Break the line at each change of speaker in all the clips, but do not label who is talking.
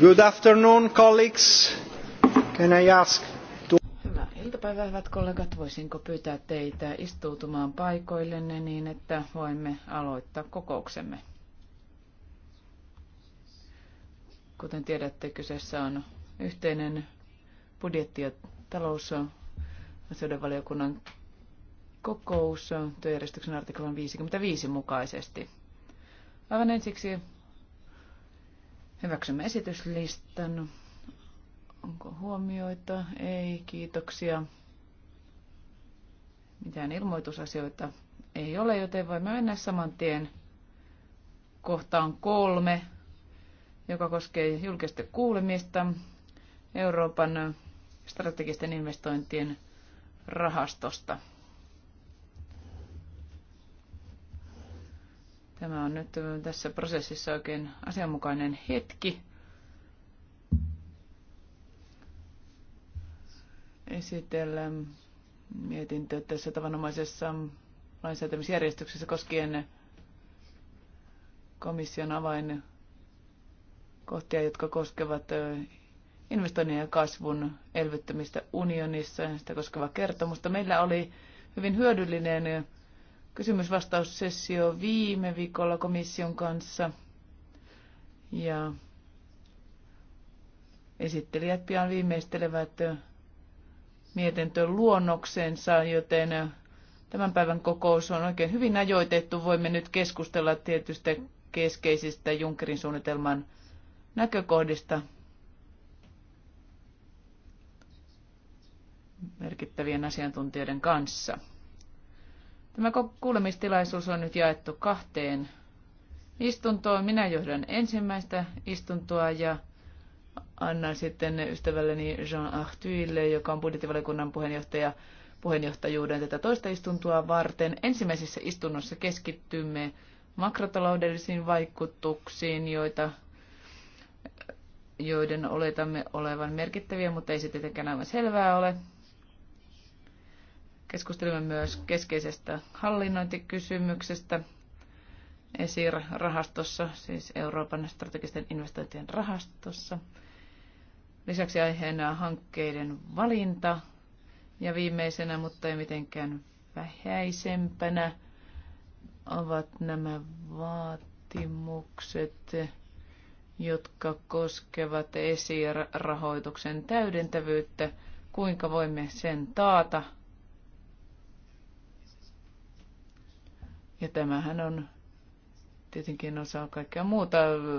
Good afternoon, colleagues. Can I ask
Hyvää iltapäivää, hyvät kollegat. Voisinko pyytää teitä istuutumaan paikoillenne niin, että voimme aloittaa kokouksemme? Kuten tiedätte, kyseessä on yhteinen budjetti- ja talousasioiden valiokunnan kokous työjärjestyksen artiklan 55 mukaisesti. Aivan ensiksi Hyväksymme esityslistan. Onko huomioita? Ei, kiitoksia. Mitään ilmoitusasioita ei ole, joten voimme mennä saman tien kohtaan kolme, joka koskee julkista kuulemista Euroopan strategisten investointien rahastosta. Tämä on nyt tässä prosessissa oikein asianmukainen hetki. Esitellä mietintö tässä tavanomaisessa lainsäätämisjärjestyksessä koskien komission avain kohtia, jotka koskevat investoinnin ja kasvun elvyttämistä unionissa ja sitä koskevaa kertomusta. Meillä oli hyvin hyödyllinen kysymysvastaussessio viime viikolla komission kanssa. Ja esittelijät pian viimeistelevät mietintön luonnoksensa, joten tämän päivän kokous on oikein hyvin ajoitettu. Voimme nyt keskustella tietystä keskeisistä Junckerin suunnitelman näkökohdista. merkittävien asiantuntijoiden kanssa. Tämä kuulemistilaisuus on nyt jaettu kahteen istuntoon. Minä johdan ensimmäistä istuntoa ja annan sitten ystävälleni Jean Artuille, joka on budjettivalikunnan puheenjohtaja, puheenjohtajuuden tätä toista istuntoa varten. Ensimmäisessä istunnossa keskittymme makrotaloudellisiin vaikutuksiin, joita, joiden oletamme olevan merkittäviä, mutta ei se tietenkään aivan selvää ole. Keskustelimme myös keskeisestä hallinnointikysymyksestä ESIR-rahastossa, siis Euroopan strategisten investointien rahastossa. Lisäksi aiheena hankkeiden valinta ja viimeisenä, mutta ei mitenkään vähäisempänä, ovat nämä vaatimukset, jotka koskevat ESIR-rahoituksen täydentävyyttä, kuinka voimme sen taata – Ja tämähän on tietenkin osa kaikkea muuta,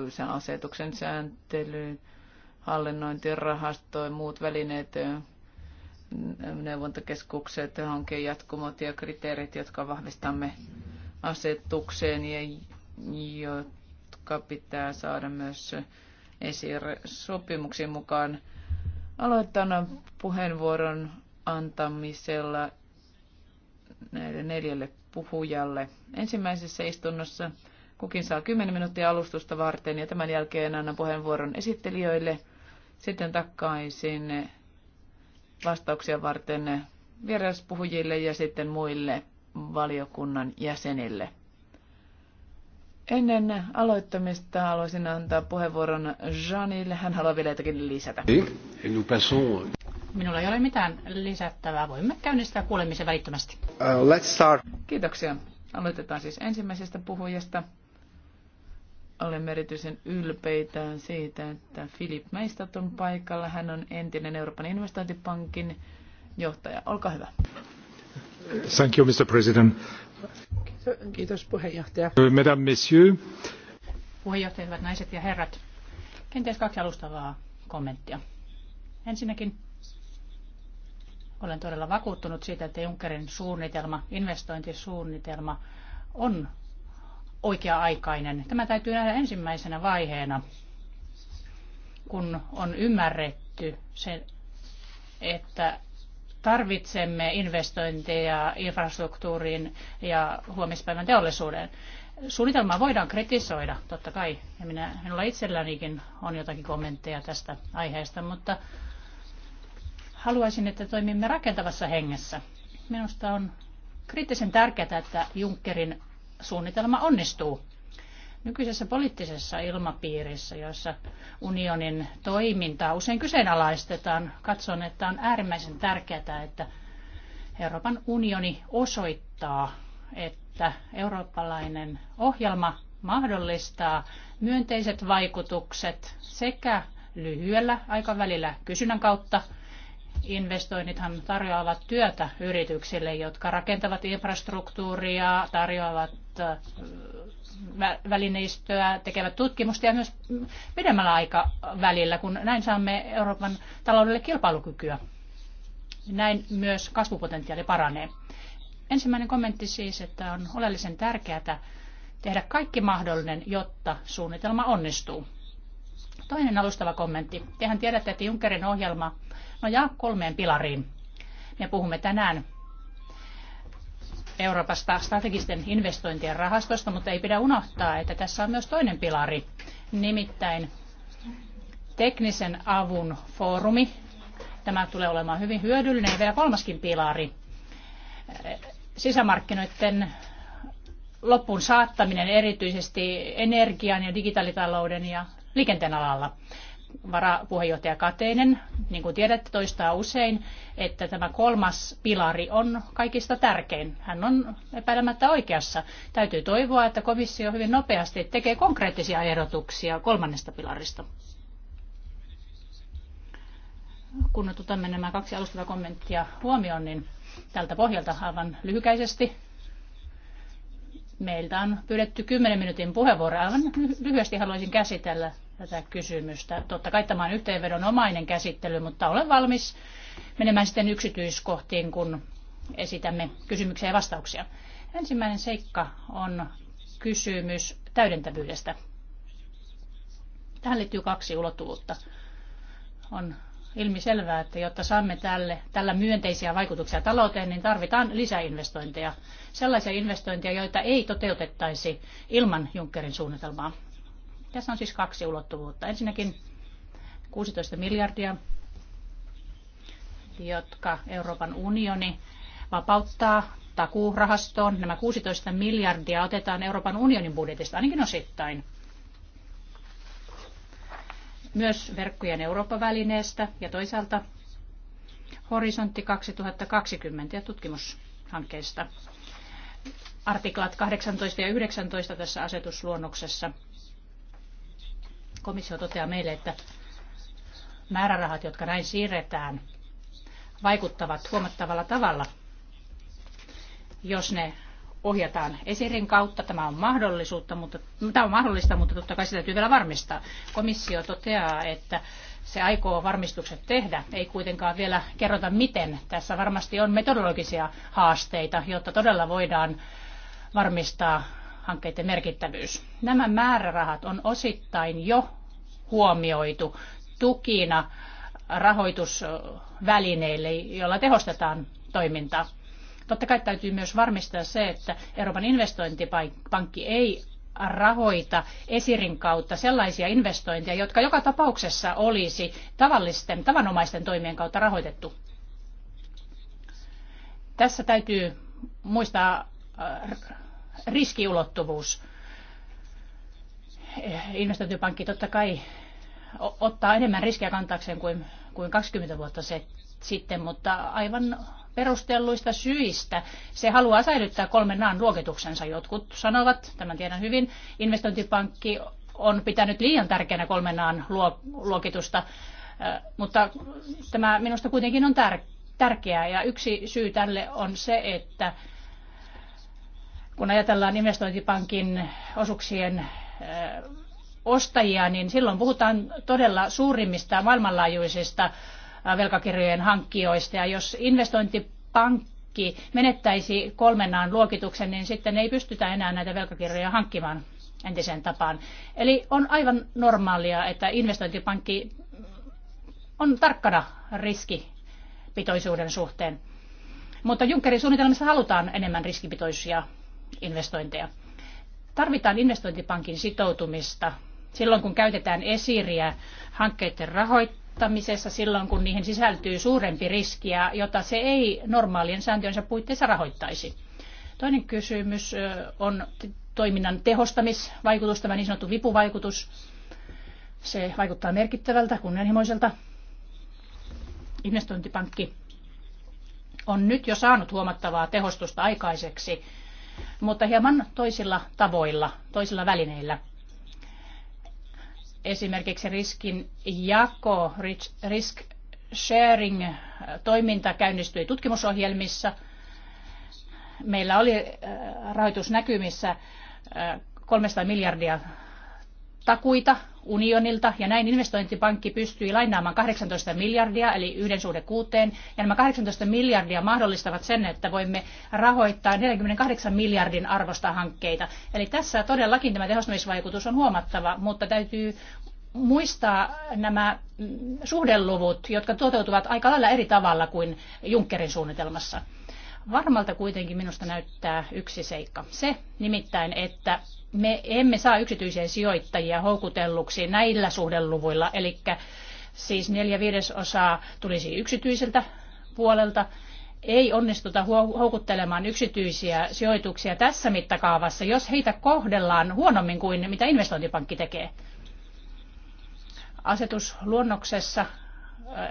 sen asetuksen sääntely, hallinnointi, ja muut välineet, neuvontakeskukset, jatkumot ja kriteerit, jotka vahvistamme asetukseen ja jotka pitää saada myös sopimuksiin mukaan. Aloitan puheenvuoron antamisella näille neljälle puhujalle. Ensimmäisessä istunnossa kukin saa 10 minuuttia alustusta varten ja tämän jälkeen annan puheenvuoron esittelijöille. Sitten takaisin vastauksia varten vieraspuhujille ja sitten muille valiokunnan jäsenille. Ennen aloittamista haluaisin antaa puheenvuoron Jeanille. Hän haluaa vielä jotakin lisätä.
Minulla ei ole mitään lisättävää. Voimme käynnistää kuulemisen välittömästi.
Uh, let's start.
Kiitoksia. Aloitetaan siis ensimmäisestä puhujasta.
Olemme erityisen ylpeitä siitä, että Filip Meistat on paikalla. Hän on entinen Euroopan investointipankin johtaja. Olkaa hyvä.
Thank you, Mr.
President. Kiitos puheenjohtaja. Madame, messieurs. Puheenjohtajat, hyvät naiset ja herrat. Kenties kaksi alustavaa kommenttia. Ensinnäkin olen todella vakuuttunut siitä, että Junckerin suunnitelma, investointisuunnitelma on oikea-aikainen. Tämä täytyy nähdä ensimmäisenä vaiheena, kun on ymmärretty se, että tarvitsemme investointeja infrastruktuuriin ja huomispäivän teollisuuden. Suunnitelmaa voidaan kritisoida, totta kai, ja minä, minulla itsellänikin on jotakin kommentteja tästä aiheesta, mutta haluaisin, että toimimme rakentavassa hengessä. Minusta on kriittisen tärkeää, että Junckerin suunnitelma onnistuu. Nykyisessä poliittisessa ilmapiirissä, jossa unionin toimintaa usein kyseenalaistetaan, katson, että on äärimmäisen tärkeää, että Euroopan unioni osoittaa, että eurooppalainen ohjelma mahdollistaa myönteiset vaikutukset sekä lyhyellä aikavälillä kysynnän kautta – investoinnithan tarjoavat työtä yrityksille, jotka rakentavat infrastruktuuria, tarjoavat välineistöä, tekevät tutkimusta ja myös pidemmällä aikavälillä, kun näin saamme Euroopan taloudelle kilpailukykyä. Näin myös kasvupotentiaali paranee. Ensimmäinen kommentti siis, että on oleellisen tärkeää tehdä kaikki mahdollinen, jotta suunnitelma onnistuu. Toinen alustava kommentti. Tehän tiedätte, että Junckerin ohjelma nojaa kolmeen pilariin. Me puhumme tänään Euroopasta strategisten investointien rahastosta, mutta ei pidä unohtaa, että tässä on myös toinen pilari, nimittäin teknisen avun foorumi. Tämä tulee olemaan hyvin hyödyllinen ja vielä kolmaskin pilari, sisämarkkinoiden loppuun saattaminen erityisesti energian ja digitaalitalouden ja liikenteen alalla. Varapuheenjohtaja Kateinen, niin kuin tiedätte, toistaa usein, että tämä kolmas pilari on kaikista tärkein. Hän on epäilemättä oikeassa. Täytyy toivoa, että komissio hyvin nopeasti tekee konkreettisia ehdotuksia kolmannesta pilarista. Kun nyt otamme nämä kaksi alustavaa kommenttia huomioon, niin tältä pohjalta aivan lyhykäisesti Meiltä on pyydetty 10 minuutin puheenvuoro. Aivan lyhyesti haluaisin käsitellä tätä kysymystä. Totta kai tämä on yhteenvedonomainen käsittely, mutta olen valmis menemään sitten yksityiskohtiin, kun esitämme kysymyksiä ja vastauksia. Ensimmäinen seikka on kysymys täydentävyydestä. Tähän liittyy kaksi ulottuvuutta. On ilmiselvää, että jotta saamme tälle, tällä myönteisiä vaikutuksia talouteen, niin tarvitaan lisäinvestointeja. Sellaisia investointeja, joita ei toteutettaisi ilman Junckerin suunnitelmaa. Tässä on siis kaksi ulottuvuutta. Ensinnäkin 16 miljardia, jotka Euroopan unioni vapauttaa takuurahastoon. Nämä 16 miljardia otetaan Euroopan unionin budjetista ainakin osittain myös verkkojen Eurooppa-välineestä ja toisaalta Horisontti 2020 ja tutkimushankkeista. Artiklat 18 ja 19 tässä asetusluonnoksessa. Komissio toteaa meille, että määrärahat, jotka näin siirretään, vaikuttavat huomattavalla tavalla, jos ne ohjataan esirin kautta. Tämä on, mahdollisuutta, mutta, tämä on mahdollista, mutta totta kai sitä täytyy vielä varmistaa. Komissio toteaa, että se aikoo varmistukset tehdä. Ei kuitenkaan vielä kerrota, miten. Tässä varmasti on metodologisia haasteita, jotta todella voidaan varmistaa hankkeiden merkittävyys. Nämä määrärahat on osittain jo huomioitu tukina rahoitusvälineille, joilla tehostetaan toimintaa. Totta kai täytyy myös varmistaa se, että Euroopan investointipankki ei rahoita esirin kautta sellaisia investointeja, jotka joka tapauksessa olisi tavallisten, tavanomaisten toimien kautta rahoitettu. Tässä täytyy muistaa äh, riskiulottuvuus. Investointipankki totta kai ottaa enemmän riskiä kantaakseen kuin, kuin 20 vuotta sitten, mutta aivan perustelluista syistä. Se haluaa säilyttää kolmen naan luokituksensa. Jotkut sanovat, tämän tiedän hyvin, investointipankki on pitänyt liian tärkeänä kolmen naan luokitusta, äh, mutta tämä minusta kuitenkin on tärkeää. Ja yksi syy tälle on se, että kun ajatellaan investointipankin osuuksien äh, ostajia, niin silloin puhutaan todella suurimmista maailmanlaajuisista Äh, velkakirjojen hankkijoista. Ja jos investointipankki menettäisi kolmennaan luokituksen, niin sitten ei pystytä enää näitä velkakirjoja hankkimaan entiseen tapaan. Eli on aivan normaalia, että investointipankki on tarkkana riskipitoisuuden suhteen. Mutta Junckerin suunnitelmissa halutaan enemmän riskipitoisia investointeja. Tarvitaan investointipankin sitoutumista silloin, kun käytetään esiriä hankkeiden rahoittamiseen rahoittamisessa silloin, kun niihin sisältyy suurempi riski, jota se ei normaalien sääntöjensä puitteissa rahoittaisi. Toinen kysymys on toiminnan tehostamisvaikutus, tämä niin sanottu vipuvaikutus. Se vaikuttaa merkittävältä, kunnianhimoiselta. Investointipankki on nyt jo saanut huomattavaa tehostusta aikaiseksi, mutta hieman toisilla tavoilla, toisilla välineillä. Esimerkiksi riskin jako, risk sharing äh, toiminta käynnistyi tutkimusohjelmissa. Meillä oli äh, rahoitusnäkymissä 300 äh, miljardia takuita unionilta ja näin investointipankki pystyi lainaamaan 18 miljardia eli yhden suhde kuuteen. Ja nämä 18 miljardia mahdollistavat sen, että voimme rahoittaa 48 miljardin arvosta hankkeita. Eli tässä todellakin tämä tehostamisvaikutus on huomattava, mutta täytyy muistaa nämä suhdeluvut, jotka toteutuvat aika lailla eri tavalla kuin Junckerin suunnitelmassa. Varmalta kuitenkin minusta näyttää yksi seikka. Se nimittäin, että me emme saa yksityisiä sijoittajia houkutelluksi näillä suhdeluvuilla, eli siis neljä viidesosaa tulisi yksityiseltä puolelta, ei onnistuta houkuttelemaan yksityisiä sijoituksia tässä mittakaavassa, jos heitä kohdellaan huonommin kuin mitä investointipankki tekee. Asetusluonnoksessa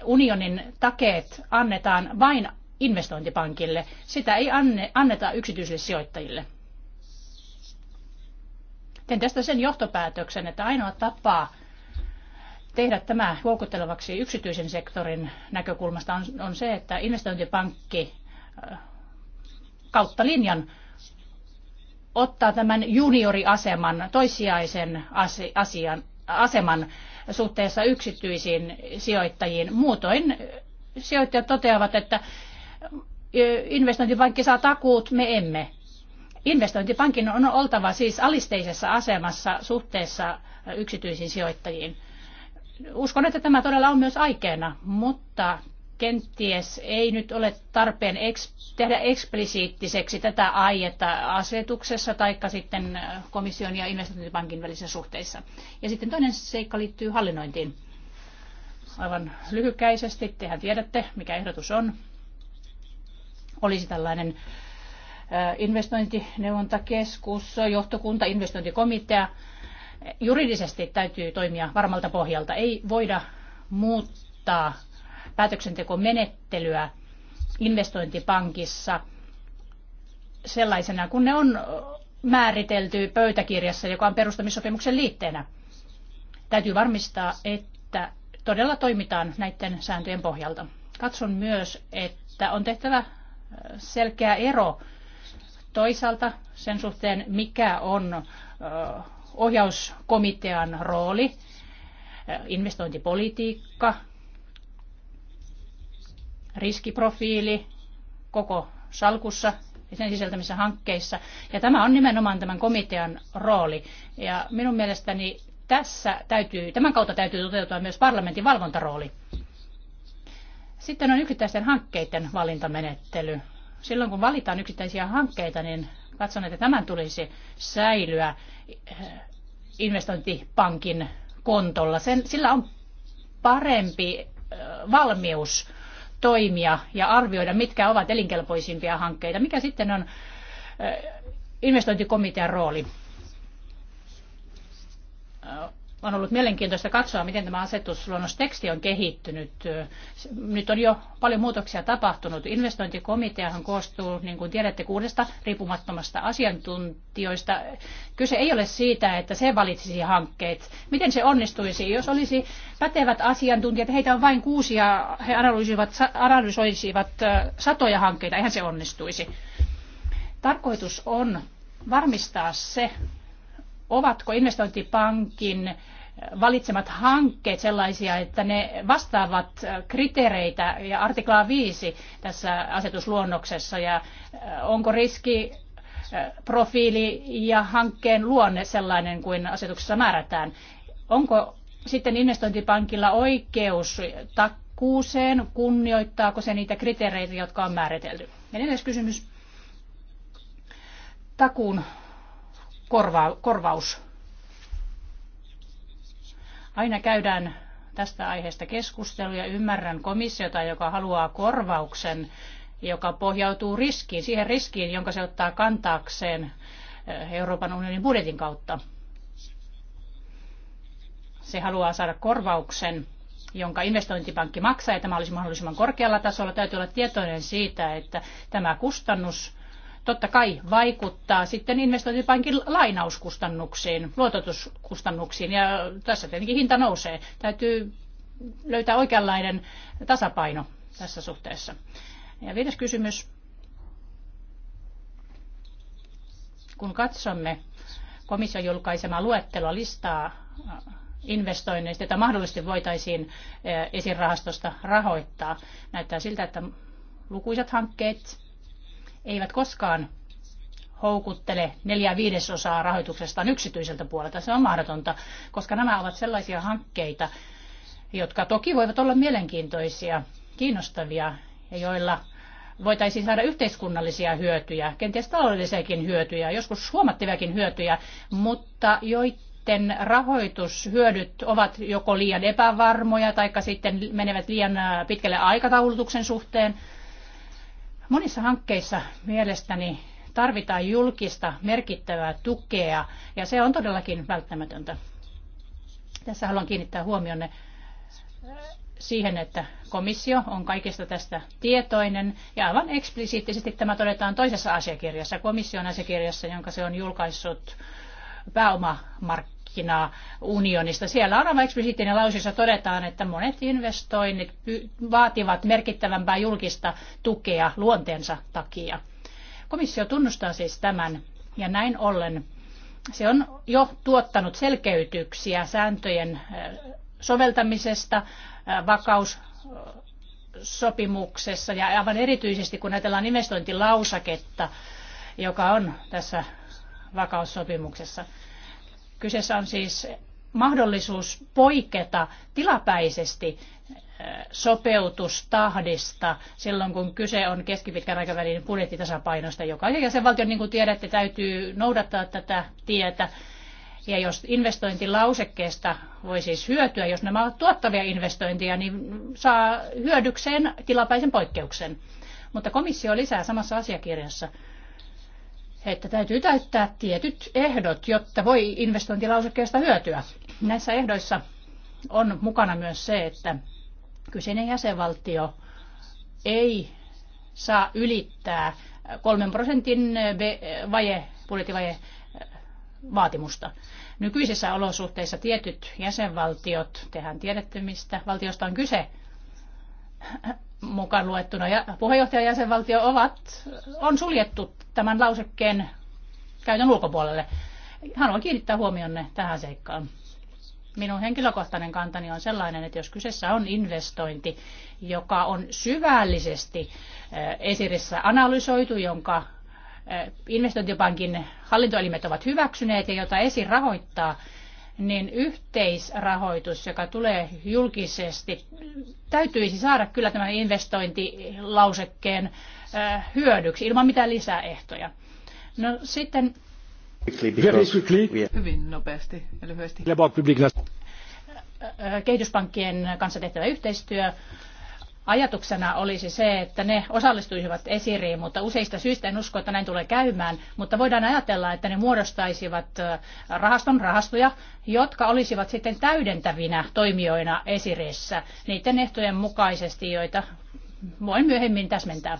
unionin takeet annetaan vain investointipankille. Sitä ei anne, anneta yksityisille sijoittajille. Teen tästä sen johtopäätöksen, että ainoa tapa tehdä tämä huokuttelevaksi yksityisen sektorin näkökulmasta on, on se, että investointipankki äh, kautta linjan ottaa tämän junioriaseman, toissijaisen asian, aseman suhteessa yksityisiin sijoittajiin. Muutoin sijoittajat toteavat, että investointipankki saa takuut, me emme. Investointipankin on oltava siis alisteisessa asemassa suhteessa yksityisiin sijoittajiin. Uskon, että tämä todella on myös aikeena, mutta kenties ei nyt ole tarpeen eks, tehdä eksplisiittiseksi tätä aietta asetuksessa tai sitten komission ja investointipankin välisissä suhteissa. Ja sitten toinen seikka liittyy hallinnointiin. Aivan lyhykäisesti, tehän tiedätte, mikä ehdotus on olisi tällainen investointineuvontakeskus, johtokunta, investointikomitea. Juridisesti täytyy toimia varmalta pohjalta. Ei voida muuttaa päätöksentekomenettelyä investointipankissa sellaisena, kun ne on määritelty pöytäkirjassa, joka on perustamissopimuksen liitteenä. Täytyy varmistaa, että todella toimitaan näiden sääntöjen pohjalta. Katson myös, että on tehtävä selkeä ero toisaalta sen suhteen, mikä on ohjauskomitean rooli, investointipolitiikka, riskiprofiili koko salkussa ja sen sisältämissä hankkeissa. Ja tämä on nimenomaan tämän komitean rooli. Ja minun mielestäni tässä täytyy, tämän kautta täytyy toteuttaa myös parlamentin valvontarooli. Sitten on yksittäisten hankkeiden valintamenettely. Silloin kun valitaan yksittäisiä hankkeita, niin katson, että tämän tulisi säilyä eh, investointipankin kontolla. Sen, sillä on parempi eh, valmius toimia ja arvioida, mitkä ovat elinkelpoisimpia hankkeita. Mikä sitten on eh, investointikomitean rooli? on ollut mielenkiintoista katsoa, miten tämä asetusluonnosteksti on kehittynyt. Nyt on jo paljon muutoksia tapahtunut. Investointikomiteahan koostuu, niin kuin tiedätte, kuudesta riippumattomasta asiantuntijoista. Kyse ei ole siitä, että se valitsisi hankkeet. Miten se onnistuisi, jos olisi pätevät asiantuntijat, heitä on vain kuusi ja he analysoisivat, analysoisivat satoja hankkeita, eihän se onnistuisi. Tarkoitus on varmistaa se, ovatko investointipankin valitsemat hankkeet sellaisia, että ne vastaavat kriteereitä ja artiklaa 5 tässä asetusluonnoksessa ja äh, onko riski äh, profiili ja hankkeen luonne sellainen kuin asetuksessa määrätään. Onko sitten investointipankilla oikeus takkuuseen, kunnioittaako se niitä kriteereitä, jotka on määritelty? Ja neljäs kysymys. Takuun korva, korvaus. Aina käydään tästä aiheesta keskusteluja. Ymmärrän komissiota, joka haluaa korvauksen, joka pohjautuu riskiin, siihen riskiin, jonka se ottaa kantaakseen eh, Euroopan unionin budjetin kautta. Se haluaa saada korvauksen, jonka investointipankki maksaa, ja tämä olisi mahdollisimman korkealla tasolla. Täytyy olla tietoinen siitä, että tämä kustannus totta kai vaikuttaa sitten investointipankin lainauskustannuksiin, luototuskustannuksiin ja tässä tietenkin hinta nousee. Täytyy löytää oikeanlainen tasapaino tässä suhteessa. Ja viides kysymys. Kun katsomme komission julkaisemaa luettelua listaa äh, investoinneista, joita mahdollisesti voitaisiin äh, esirahastosta rahoittaa, näyttää siltä, että lukuisat hankkeet eivät koskaan houkuttele neljä viidesosaa rahoituksestaan yksityiseltä puolelta. Se on mahdotonta, koska nämä ovat sellaisia hankkeita, jotka toki voivat olla mielenkiintoisia, kiinnostavia ja joilla voitaisiin saada yhteiskunnallisia hyötyjä, kenties taloudellisiakin hyötyjä, joskus huomattaviakin hyötyjä, mutta joiden rahoitushyödyt ovat joko liian epävarmoja tai sitten menevät liian äh, pitkälle aikataulutuksen suhteen – Monissa hankkeissa mielestäni tarvitaan julkista merkittävää tukea ja se on todellakin välttämätöntä. Tässä haluan kiinnittää huomionne äh, siihen, että komissio on kaikesta tästä tietoinen ja aivan eksplisiittisesti tämä todetaan toisessa asiakirjassa, komission asiakirjassa, jonka se on julkaissut pääomamarkkinoista markkinaunionista. Siellä on oma eksplisiittinen lause, jossa todetaan, että monet investoinnit vaativat merkittävämpää julkista tukea luonteensa takia. Komissio tunnustaa siis tämän ja näin ollen se on jo tuottanut selkeytyksiä sääntöjen äh, soveltamisesta, äh, vakaus sopimuksessa ja aivan erityisesti kun ajatellaan investointilausaketta, joka on tässä vakaussopimuksessa. Kyseessä on siis mahdollisuus poiketa tilapäisesti eh, sopeutustahdista silloin, kun kyse on keskipitkän aikavälin budjettitasapainosta. joka jäsenvaltion, niin kuin tiedätte, täytyy noudattaa tätä tietä. Ja jos investointilausekkeesta voi siis hyötyä, jos nämä ovat tuottavia investointeja, niin saa hyödykseen tilapäisen poikkeuksen. Mutta komissio lisää samassa asiakirjassa että täytyy täyttää tietyt ehdot, jotta voi investointilausekkeesta hyötyä. Näissä ehdoissa on mukana myös se, että kyseinen jäsenvaltio ei saa ylittää kolmen prosentin vaje, budjettivaje eh, vaatimusta. Nykyisissä olosuhteissa tietyt jäsenvaltiot, tehän tiedätte mistä valtiosta on kyse, mukaan luettuna ja jäsenvaltio ovat, on suljettu tämän lausekkeen käytön ulkopuolelle. Haluan kiinnittää huomionne tähän seikkaan. Minun henkilökohtainen kantani on sellainen, että jos kyseessä on investointi, joka on syvällisesti eh, esirissä analysoitu, jonka eh, investointipankin hallintoelimet ovat hyväksyneet ja jota esirahoittaa, rahoittaa, niin yhteisrahoitus, joka tulee julkisesti, täytyisi saada kyllä tämän investointilausekkeen hyödyksi ilman mitään lisäehtoja. No sitten
Hyvin nopeasti ja lyhyesti.
Kehityspankkien kanssa tehtävä yhteistyö Ajatuksena olisi se, että ne osallistuisivat esiriin, mutta useista syistä en usko, että näin tulee käymään. Mutta voidaan ajatella, että ne muodostaisivat rahaston rahastoja, jotka olisivat sitten täydentävinä toimijoina esirissä niiden ehtojen mukaisesti, joita voin myöhemmin täsmentää.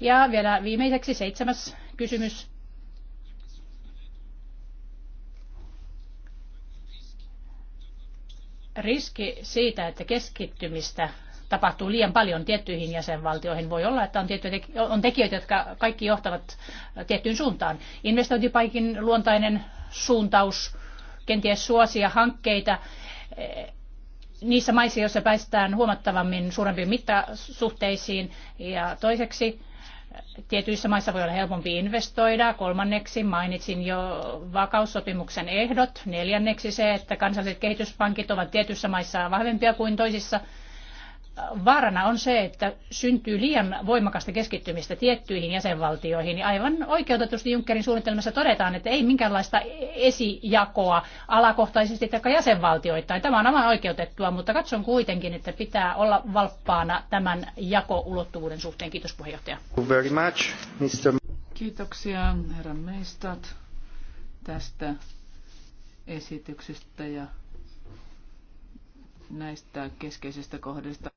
Ja vielä viimeiseksi seitsemäs kysymys. riski siitä, että keskittymistä tapahtuu liian paljon tiettyihin jäsenvaltioihin. Voi olla, että on, on tekijöitä, jotka kaikki johtavat tiettyyn suuntaan. Investointipaikin luontainen suuntaus, kenties suosia hankkeita eh, niissä maissa, joissa päästään huomattavammin suurempiin mittasuhteisiin. Ja toiseksi tietyissä maissa voi olla helpompi investoida. Kolmanneksi mainitsin jo vakaussopimuksen ehdot. Neljänneksi se, että kansalliset kehityspankit ovat tietyissä maissa vahvempia kuin toisissa vaarana on se, että syntyy liian voimakasta keskittymistä tiettyihin jäsenvaltioihin. Ja aivan oikeutetusti Junckerin suunnitelmassa todetaan, että ei minkäänlaista esijakoa alakohtaisesti tai jäsenvaltioittain. Tämä on aivan oikeutettua, mutta katson kuitenkin, että pitää olla valppaana tämän jakoulottuvuuden suhteen. Kiitos puheenjohtaja.
Very much, Mr.
Kiitoksia
herra Meistat tästä esityksestä ja näistä keskeisistä kohdista.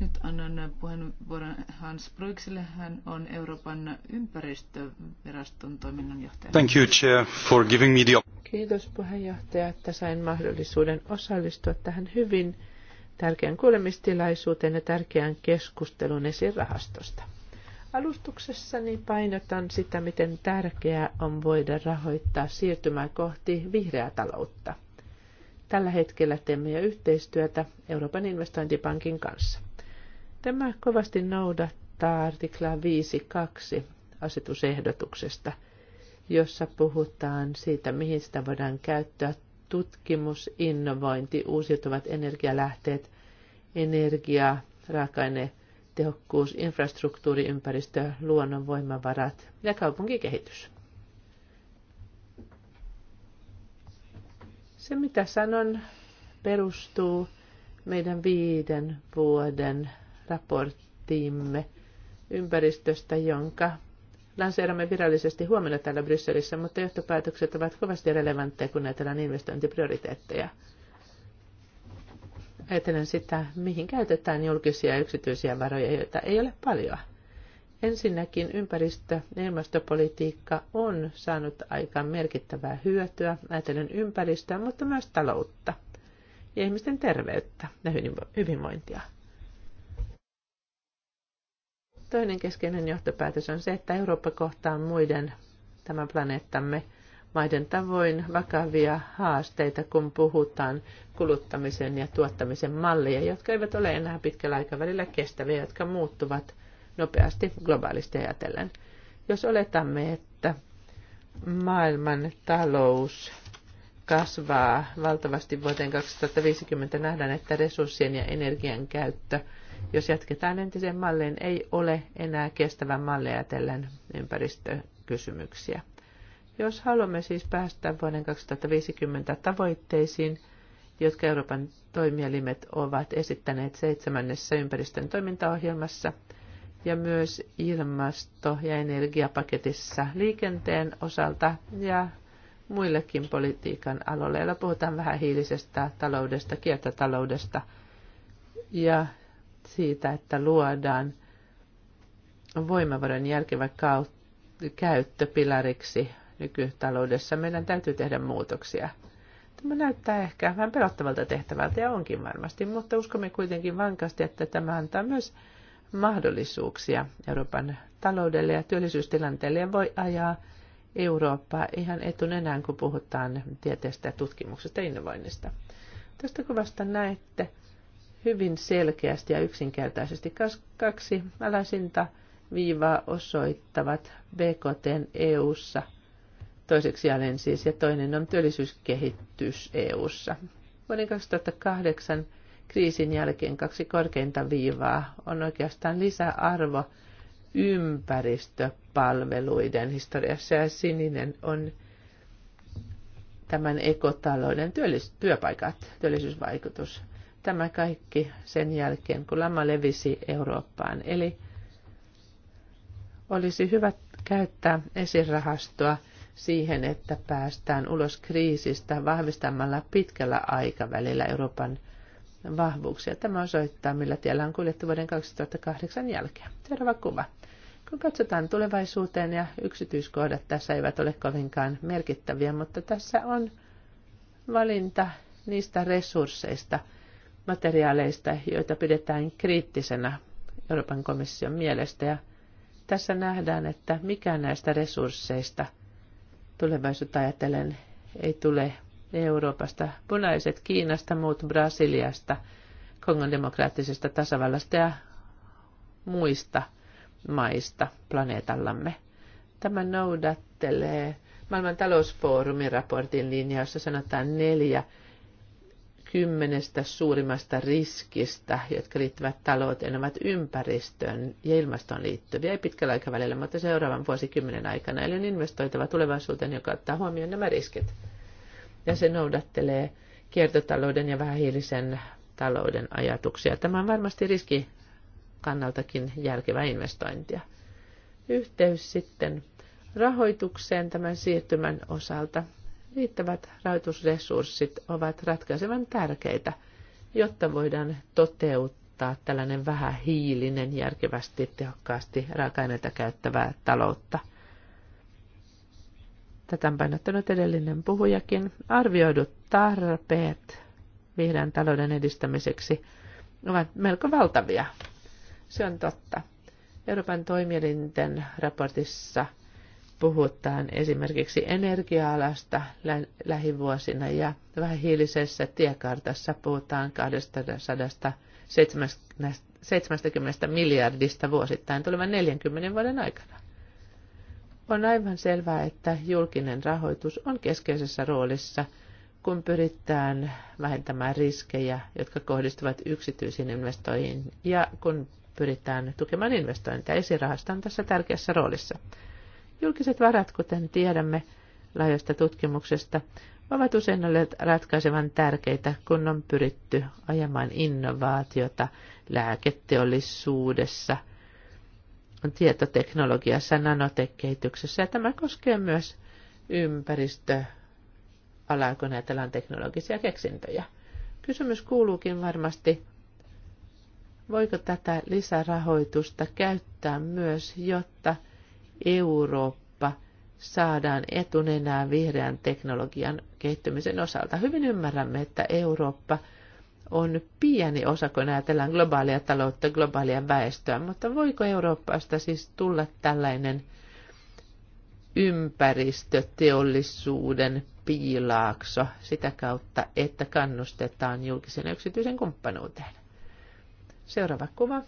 Nyt annan puheenvuoron Hans Bruikselle. Hän on Euroopan ympäristöviraston toiminnanjohtaja. Thank you,
Chair, for giving me the...
Kiitos puheenjohtaja, että sain mahdollisuuden osallistua tähän hyvin tärkeän kuulemistilaisuuteen ja tärkeän keskustelun esirahastosta. Alustuksessani painotan sitä, miten tärkeää on voida rahoittaa siirtymää kohti vihreää taloutta. Tällä hetkellä teemme jo yhteistyötä Euroopan investointipankin kanssa. Tämä kovasti noudattaa artiklaa 5.2 asetusehdotuksesta, jossa puhutaan siitä, mihin sitä voidaan käyttää tutkimus, innovointi, uusiutuvat energialähteet, energia, raaka-aine, tehokkuus, infrastruktuuri, ympäristö, luonnonvoimavarat ja kaupunkikehitys. Se, mitä sanon, perustuu meidän viiden vuoden raporttiimme ympäristöstä, jonka lanseeramme virallisesti huomenna täällä Brysselissä, mutta johtopäätökset ovat kovasti relevantteja, kun ajatellaan investointiprioriteetteja. Ajattelen sitä, mihin käytetään julkisia ja yksityisiä varoja, joita ei ole paljon. Ensinnäkin ympäristö- ja ilmastopolitiikka on saanut aikaan merkittävää hyötyä, ajatellen ympäristöä, mutta myös taloutta ja ihmisten terveyttä ja hyvinvointia. Toinen keskeinen johtopäätös on se, että Eurooppa kohtaa muiden tämän planeettamme maiden tavoin vakavia haasteita, kun puhutaan kuluttamisen ja tuottamisen malleja, jotka eivät ole enää pitkällä aikavälillä kestäviä, jotka muuttuvat nopeasti globaalisti ajatellen. Jos oletamme, että maailman talous kasvaa valtavasti vuoteen 2050, nähdään, että resurssien ja energian käyttö – jos jatketaan entiseen malliin, ei ole enää kestävän malli ajatellen ympäristökysymyksiä. Jos haluamme siis päästä vuoden 2050 tavoitteisiin, jotka Euroopan toimielimet ovat esittäneet seitsemännessä ympäristön toimintaohjelmassa ja myös ilmasto- ja energiapaketissa liikenteen osalta ja muillekin politiikan aloille, puhutaan vähän hiilisestä taloudesta, kiertotaloudesta ja siitä, että luodaan voimavarojen järkevä käyttö pilariksi nykytaloudessa. Meidän täytyy tehdä muutoksia. Tämä näyttää ehkä vähän pelottavalta tehtävältä ja onkin varmasti, mutta uskomme kuitenkin vankasti, että tämä antaa myös mahdollisuuksia Euroopan taloudelle ja työllisyystilanteelle ja voi ajaa Eurooppaa ihan etunenään, kun puhutaan tieteestä ja tutkimuksesta ja innovoinnista. Tästä kuvasta näette, hyvin selkeästi ja yksinkertaisesti. Kaksi alaisinta viivaa osoittavat BKT EU-ssa, toiseksi jälleen siis, ja toinen on työllisyyskehitys EU-ssa. Vuoden 2008 kriisin jälkeen kaksi korkeinta viivaa on oikeastaan lisäarvo ympäristöpalveluiden historiassa, ja sininen on tämän ekotalouden työllis- työpaikat, työllisyysvaikutus – Tämä kaikki sen jälkeen, kun lama levisi Eurooppaan. Eli olisi hyvä käyttää esirahastoa siihen, että päästään ulos kriisistä vahvistamalla pitkällä aikavälillä Euroopan vahvuuksia. Tämä osoittaa, millä tiellä on kuljettu vuoden 2008 jälkeen. Seuraava kuva. Kun katsotaan tulevaisuuteen ja yksityiskohdat tässä eivät ole kovinkaan merkittäviä, mutta tässä on valinta niistä resursseista, materiaaleista, joita pidetään kriittisenä Euroopan komission mielestä. Ja tässä nähdään, että mikä näistä resursseista tulevaisuutta ajatellen ei tule Euroopasta. Punaiset Kiinasta, muut Brasiliasta, Kongon demokraattisesta tasavallasta ja muista maista planeetallamme. Tämä noudattelee maailman talousfoorumin raportin linjaussa sanotaan neljä kymmenestä suurimmasta riskistä, jotka liittyvät talouteen, ovat ympäristöön ja ilmastoon liittyviä, ei pitkällä aikavälillä, mutta seuraavan vuosikymmenen aikana. Eli on investoitava tulevaisuuteen, joka ottaa huomioon nämä riskit. Ja se noudattelee kiertotalouden ja vähähiilisen talouden ajatuksia. Tämä on varmasti riski kannaltakin järkevää investointia. Yhteys sitten rahoitukseen tämän siirtymän osalta riittävät rahoitusresurssit ovat ratkaisevan tärkeitä, jotta voidaan toteuttaa tällainen vähän hiilinen järkevästi, tehokkaasti raaka-aineita käyttävää taloutta. Tätä on painottanut edellinen puhujakin. Arvioidut tarpeet vihreän talouden edistämiseksi ovat melko valtavia. Se on totta. Euroopan toimielinten raportissa – puhutaan esimerkiksi energia-alasta lä- lähivuosina ja vähähiilisessä tiekartassa puhutaan 270 miljardista vuosittain tulevan 40 vuoden aikana. On aivan selvää, että julkinen rahoitus on keskeisessä roolissa, kun pyritään vähentämään riskejä, jotka kohdistuvat yksityisiin investoihin ja kun pyritään tukemaan investointeja. Esirahasto on tässä tärkeässä roolissa. Julkiset varat, kuten tiedämme laajasta tutkimuksesta, ovat usein olleet ratkaisevan tärkeitä, kun on pyritty ajamaan innovaatiota lääketeollisuudessa, tietoteknologiassa, nanotekehityksessä. Ja tämä koskee myös ympäristöalaa, kun ajatellaan teknologisia keksintöjä. Kysymys kuuluukin varmasti, voiko tätä lisärahoitusta käyttää myös, jotta Eurooppa saadaan etunenää vihreän teknologian kehittymisen osalta. Hyvin ymmärrämme, että Eurooppa on pieni osa, kun ajatellaan globaalia taloutta, globaalia väestöä, mutta voiko Euroopasta siis tulla tällainen ympäristöteollisuuden piilaakso sitä kautta, että kannustetaan julkisen ja yksityisen kumppanuuteen? Seuraava kuva.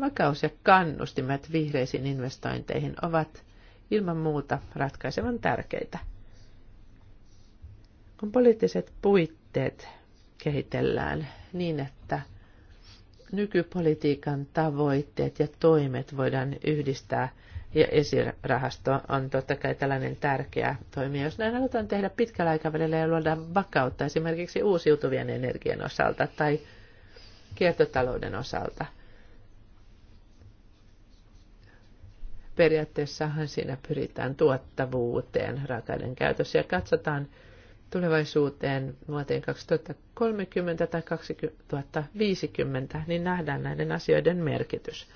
Vakaus ja kannustimet vihreisiin investointeihin ovat ilman muuta ratkaisevan tärkeitä. Kun poliittiset puitteet kehitellään niin, että nykypolitiikan tavoitteet ja toimet voidaan yhdistää ja esirahasto on totta kai tällainen tärkeä toimija. Jos näin halutaan tehdä pitkällä aikavälillä ja luoda vakautta esimerkiksi uusiutuvien energian osalta tai kiertotalouden osalta, periaatteessahan siinä pyritään tuottavuuteen raakaiden käytössä ja katsotaan tulevaisuuteen vuoteen 2030 tai 2050, niin nähdään näiden asioiden merkitys.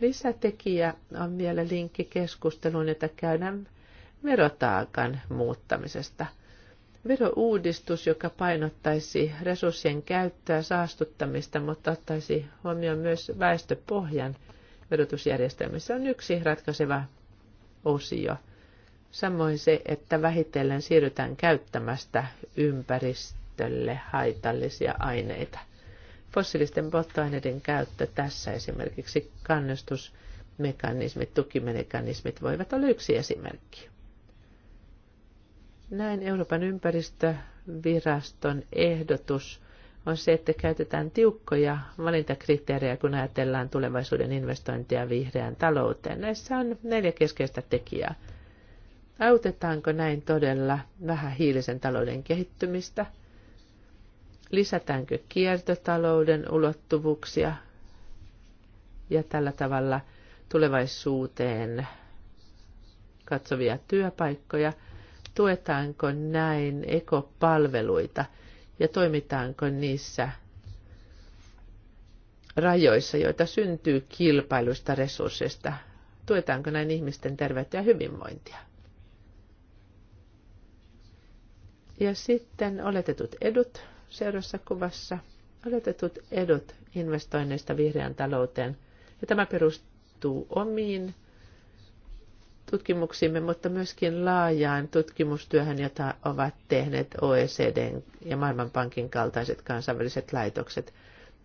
Lisätekijä on vielä linkki keskusteluun, jota käydään verotaakan muuttamisesta. Verouudistus, joka painottaisi resurssien käyttöä saastuttamista, mutta ottaisi huomioon myös väestöpohjan – verotusjärjestelmissä on yksi ratkaiseva osio. Samoin se, että vähitellen siirrytään käyttämästä ympäristölle haitallisia aineita. Fossiilisten polttoaineiden käyttö tässä esimerkiksi kannustusmekanismit, tukimekanismit voivat olla yksi esimerkki. Näin Euroopan ympäristöviraston ehdotus on se, että käytetään tiukkoja valintakriteerejä, kun ajatellaan tulevaisuuden investointia vihreään talouteen. Näissä on neljä keskeistä tekijää. Autetaanko näin todella vähän hiilisen talouden kehittymistä? Lisätäänkö kiertotalouden ulottuvuuksia? Ja tällä tavalla tulevaisuuteen katsovia työpaikkoja. Tuetaanko näin ekopalveluita – ja toimitaanko niissä rajoissa, joita syntyy kilpailusta resursseista. Tuetaanko näin ihmisten terveyttä ja hyvinvointia? Ja sitten oletetut edut seuraavassa kuvassa. Oletetut edut investoinneista vihreän talouteen. Ja tämä perustuu omiin tutkimuksiimme, mutta myöskin laajaan tutkimustyöhön, jota ovat tehneet OECD ja Maailmanpankin kaltaiset kansainväliset laitokset.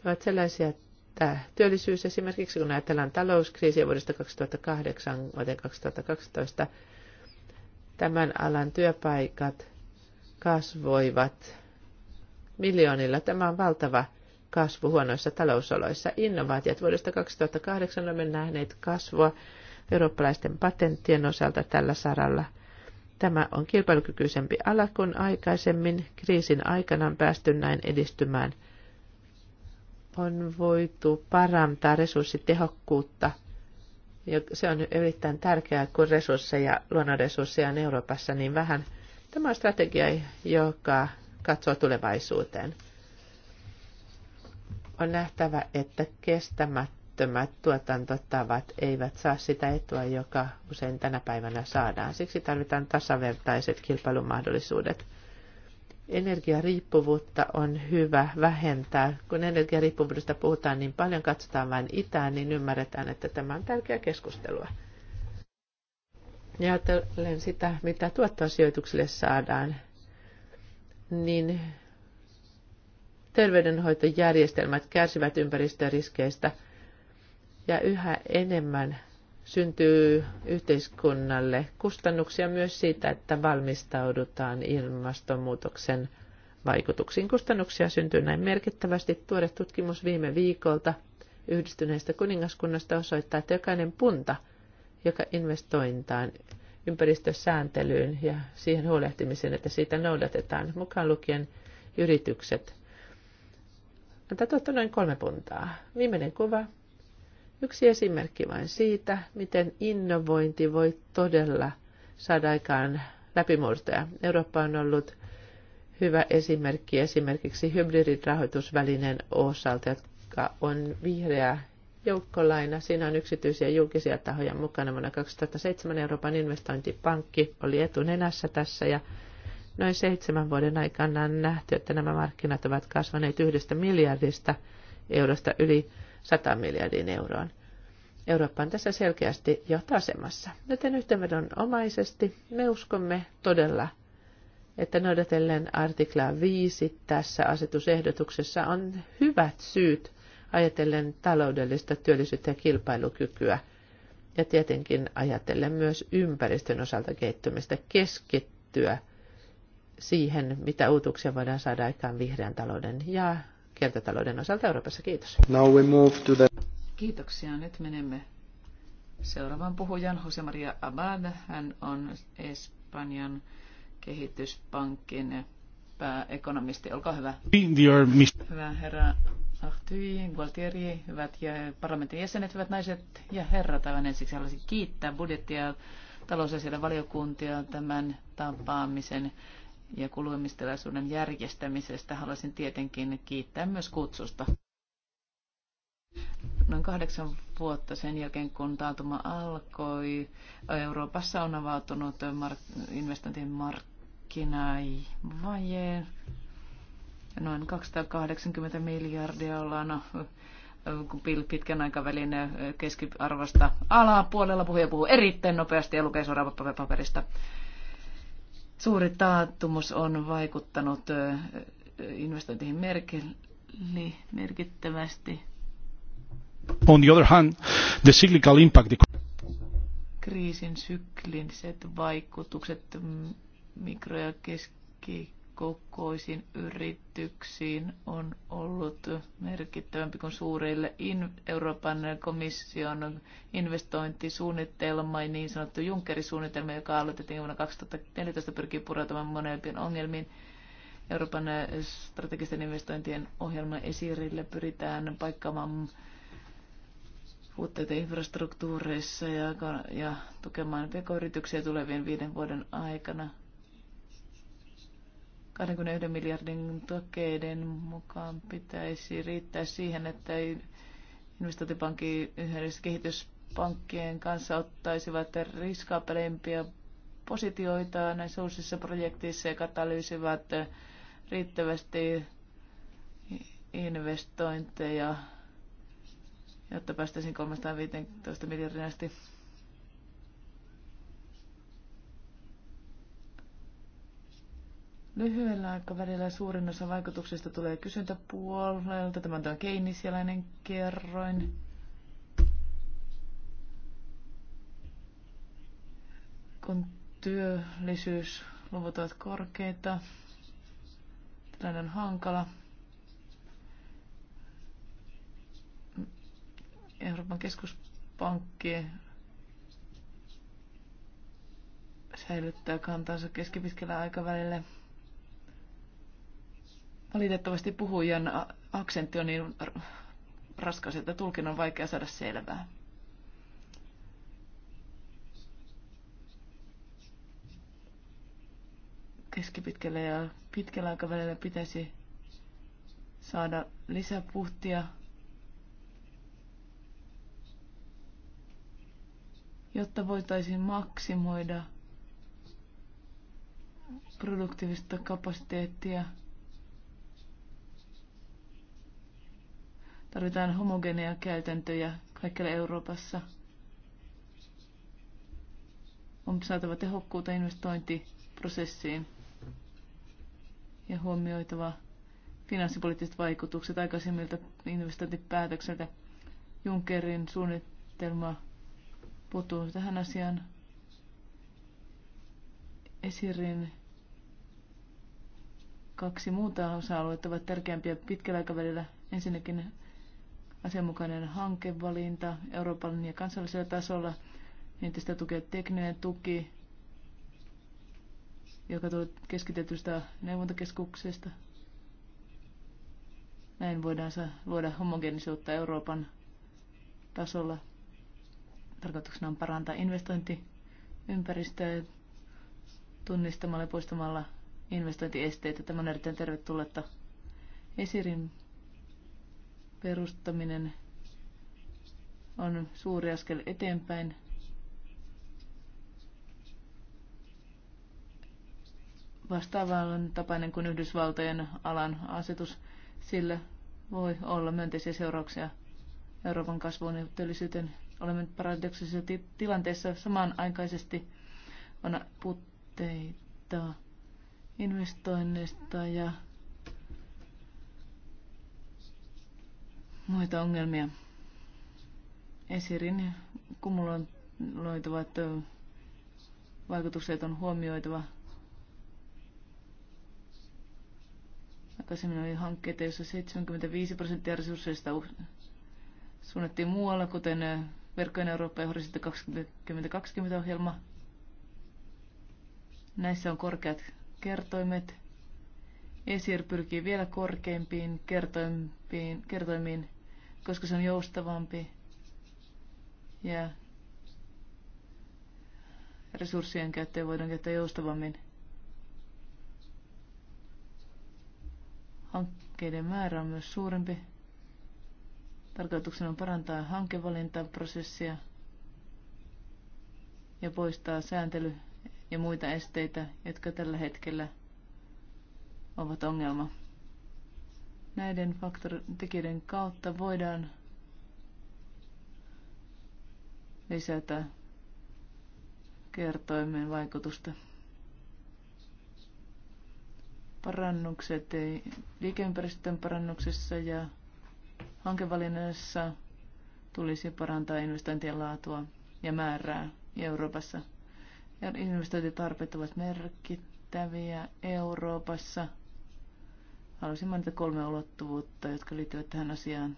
Ne ovat sellaisia, että työllisyys esimerkiksi, kun ajatellaan talouskriisiä vuodesta 2008 vuoteen 2012, tämän alan työpaikat kasvoivat miljoonilla. Tämä on valtava kasvu huonoissa talousoloissa. Innovaatiot vuodesta 2008 olemme nähneet kasvua eurooppalaisten patenttien osalta tällä saralla. Tämä on kilpailukykyisempi ala kuin aikaisemmin. Kriisin aikana on päästy näin edistymään. On voitu parantaa resurssitehokkuutta. Ja se on erittäin tärkeää, kun resursseja, luonnonresursseja on Euroopassa niin vähän. Tämä on strategia, joka katsoo tulevaisuuteen. On nähtävä, että kestämättä työttömät tuotantotavat eivät saa sitä etua, joka usein tänä päivänä saadaan. Siksi tarvitaan tasavertaiset kilpailumahdollisuudet. Energiariippuvuutta on hyvä vähentää. Kun energiariippuvuudesta puhutaan niin paljon, katsotaan vain itään, niin ymmärretään, että tämä on tärkeä keskustelua. Ja ajattelen sitä, mitä tuottosijoituksille saadaan, niin terveydenhoitojärjestelmät kärsivät ympäristöriskeistä – ja yhä enemmän syntyy yhteiskunnalle kustannuksia myös siitä, että valmistaudutaan ilmastonmuutoksen vaikutuksiin. Kustannuksia syntyy näin merkittävästi. Tuore tutkimus viime viikolta yhdistyneestä kuningaskunnasta osoittaa, että jokainen punta, joka investointaan ympäristösääntelyyn ja siihen huolehtimiseen, että siitä noudatetaan, mukaan lukien yritykset, antaa tuotto noin kolme puntaa. Viimeinen kuva Yksi esimerkki vain siitä, miten innovointi voi todella saada aikaan läpimurtoja. Eurooppa on ollut hyvä esimerkki esimerkiksi hybridirahoitusvälineen osalta, joka on vihreä joukkolaina. Siinä on yksityisiä ja julkisia tahoja mukana. Vuonna 2007 Euroopan investointipankki oli etunenässä tässä ja noin seitsemän vuoden aikana on nähty, että nämä markkinat ovat kasvaneet yhdestä miljardista eurosta yli 100 miljardiin euroon. Eurooppa on tässä selkeästi jo tasemassa. Joten yhteenvedonomaisesti me uskomme todella, että noudatellen artiklaa 5 tässä asetusehdotuksessa on hyvät syyt ajatellen taloudellista työllisyyttä ja kilpailukykyä ja tietenkin ajatellen myös ympäristön osalta kehittymistä keskittyä siihen, mitä uutuksia voidaan saada aikaan vihreän talouden ja
kiertotalouden osalta Euroopassa. Kiitos.
Now we move to the...
Kiitoksia. Nyt menemme seuraavaan puhujan Jose Maria Abad. Hän on Espanjan kehityspankin pääekonomisti. Olkaa hyvä. Hyvä herra Ahtyi, Gualtieri, hyvät ja parlamentin jäsenet, hyvät naiset ja herrat. Aivan ensiksi haluaisin kiittää budjettia talousasioiden valiokuntia tämän tapaamisen ja kuulemistilaisuuden järjestämisestä. Haluaisin tietenkin kiittää myös kutsusta. Noin kahdeksan vuotta sen jälkeen, kun taantuma alkoi, Euroopassa on avautunut mark- investointien markkinavaje. Noin 280 miljardia ollaan no, pitkän aikavälin keskiarvosta alapuolella. Puhuja puhuu erittäin nopeasti ja lukee seuraava paperista. Suuri taattumus on vaikuttanut investointeihin merkittävästi.
On the other hand, the cyclical
impact... Kriisin syklin, vaikutukset mikro- ja keski keskikokoisiin yrityksiin on ollut merkittävämpi kuin suurille Euroopan komission investointisuunnitelma, niin sanottu Junckerin suunnitelma, joka aloitettiin vuonna 2014, pyrkii pureutumaan monempiin ongelmiin. Euroopan strategisten investointien ohjelma esirille pyritään paikkaamaan puutteita infrastruktuureissa ja, ja tukemaan pk-yrityksiä tulevien viiden vuoden aikana 21 miljardin takeiden mukaan pitäisi riittää siihen, että investointipankki yhdessä kehityspankkien kanssa ottaisivat riskaapelempia positioita näissä uusissa projekteissa ja katalyysivät riittävästi investointeja, jotta päästäisiin 315 miljardin asti Lyhyellä aikavälillä suurin osa vaikutuksista tulee kysyntäpuolelta. Tämä on tämä keinisialainen kerroin. Kun työllisyysluvut ovat korkeita, tilanne on hankala. Euroopan keskuspankki säilyttää kantansa keskipitkällä aikavälillä. Valitettavasti puhujan aksentti on niin raskas, että tulkin on vaikea saada selvää. Keskipitkällä ja pitkällä aikavälillä pitäisi saada lisäpuhtia, jotta voitaisiin maksimoida produktiivista kapasiteettia – Tarvitaan homogeneja käytäntöjä kaikkialla Euroopassa. On saatava tehokkuutta investointiprosessiin ja huomioitava finanssipoliittiset vaikutukset aikaisemmilta investointipäätökseltä. Junckerin suunnitelma puuttuu tähän asiaan. Esirin kaksi muuta osa-aluetta ovat tärkeämpiä pitkällä aikavälillä. Ensinnäkin asianmukainen hankevalinta Euroopan ja kansallisella tasolla, entistä tukea tekninen tuki, joka tulee keskitetystä neuvontakeskuksesta. Näin voidaan luoda homogeenisuutta Euroopan tasolla. Tarkoituksena on parantaa investointiympäristöä tunnistamalla ja poistamalla investointiesteitä. Tämä on erittäin tervetulletta Esirin perustaminen on suuri askel eteenpäin. Vastaavan tapainen kuin Yhdysvaltojen alan asetus, sillä voi olla myönteisiä seurauksia Euroopan kasvuun ja työllisyyteen. Olemme paradoksisessa tilanteessa samanaikaisesti on puutteita investoinneista ja muita ongelmia. Esirin kumuloituvat vaikutukset on huomioitava. Aikaisemmin oli hankkeita, joissa 75 prosenttia resursseista suunnattiin muualla, kuten Verkkojen Eurooppa ja Horisontti 2020 ohjelma. Näissä on korkeat kertoimet. ESIR pyrkii vielä korkeimpiin kertoimiin, kertoimiin koska se on joustavampi ja resurssien käyttöä voidaan käyttää joustavammin. Hankkeiden määrä on myös suurempi. Tarkoituksena on parantaa hankevalintaprosessia ja poistaa sääntely ja muita esteitä, jotka tällä hetkellä ovat ongelma. Näiden faktoritekijöiden kautta voidaan lisätä kertoimen vaikutusta. Parannukset liikeympäristön parannuksessa ja hankevalinnassa tulisi parantaa investointien laatua ja määrää Euroopassa. ja Investointitarpeet ovat merkittäviä Euroopassa – Haluaisin mainita kolme ulottuvuutta, jotka liittyvät tähän asiaan.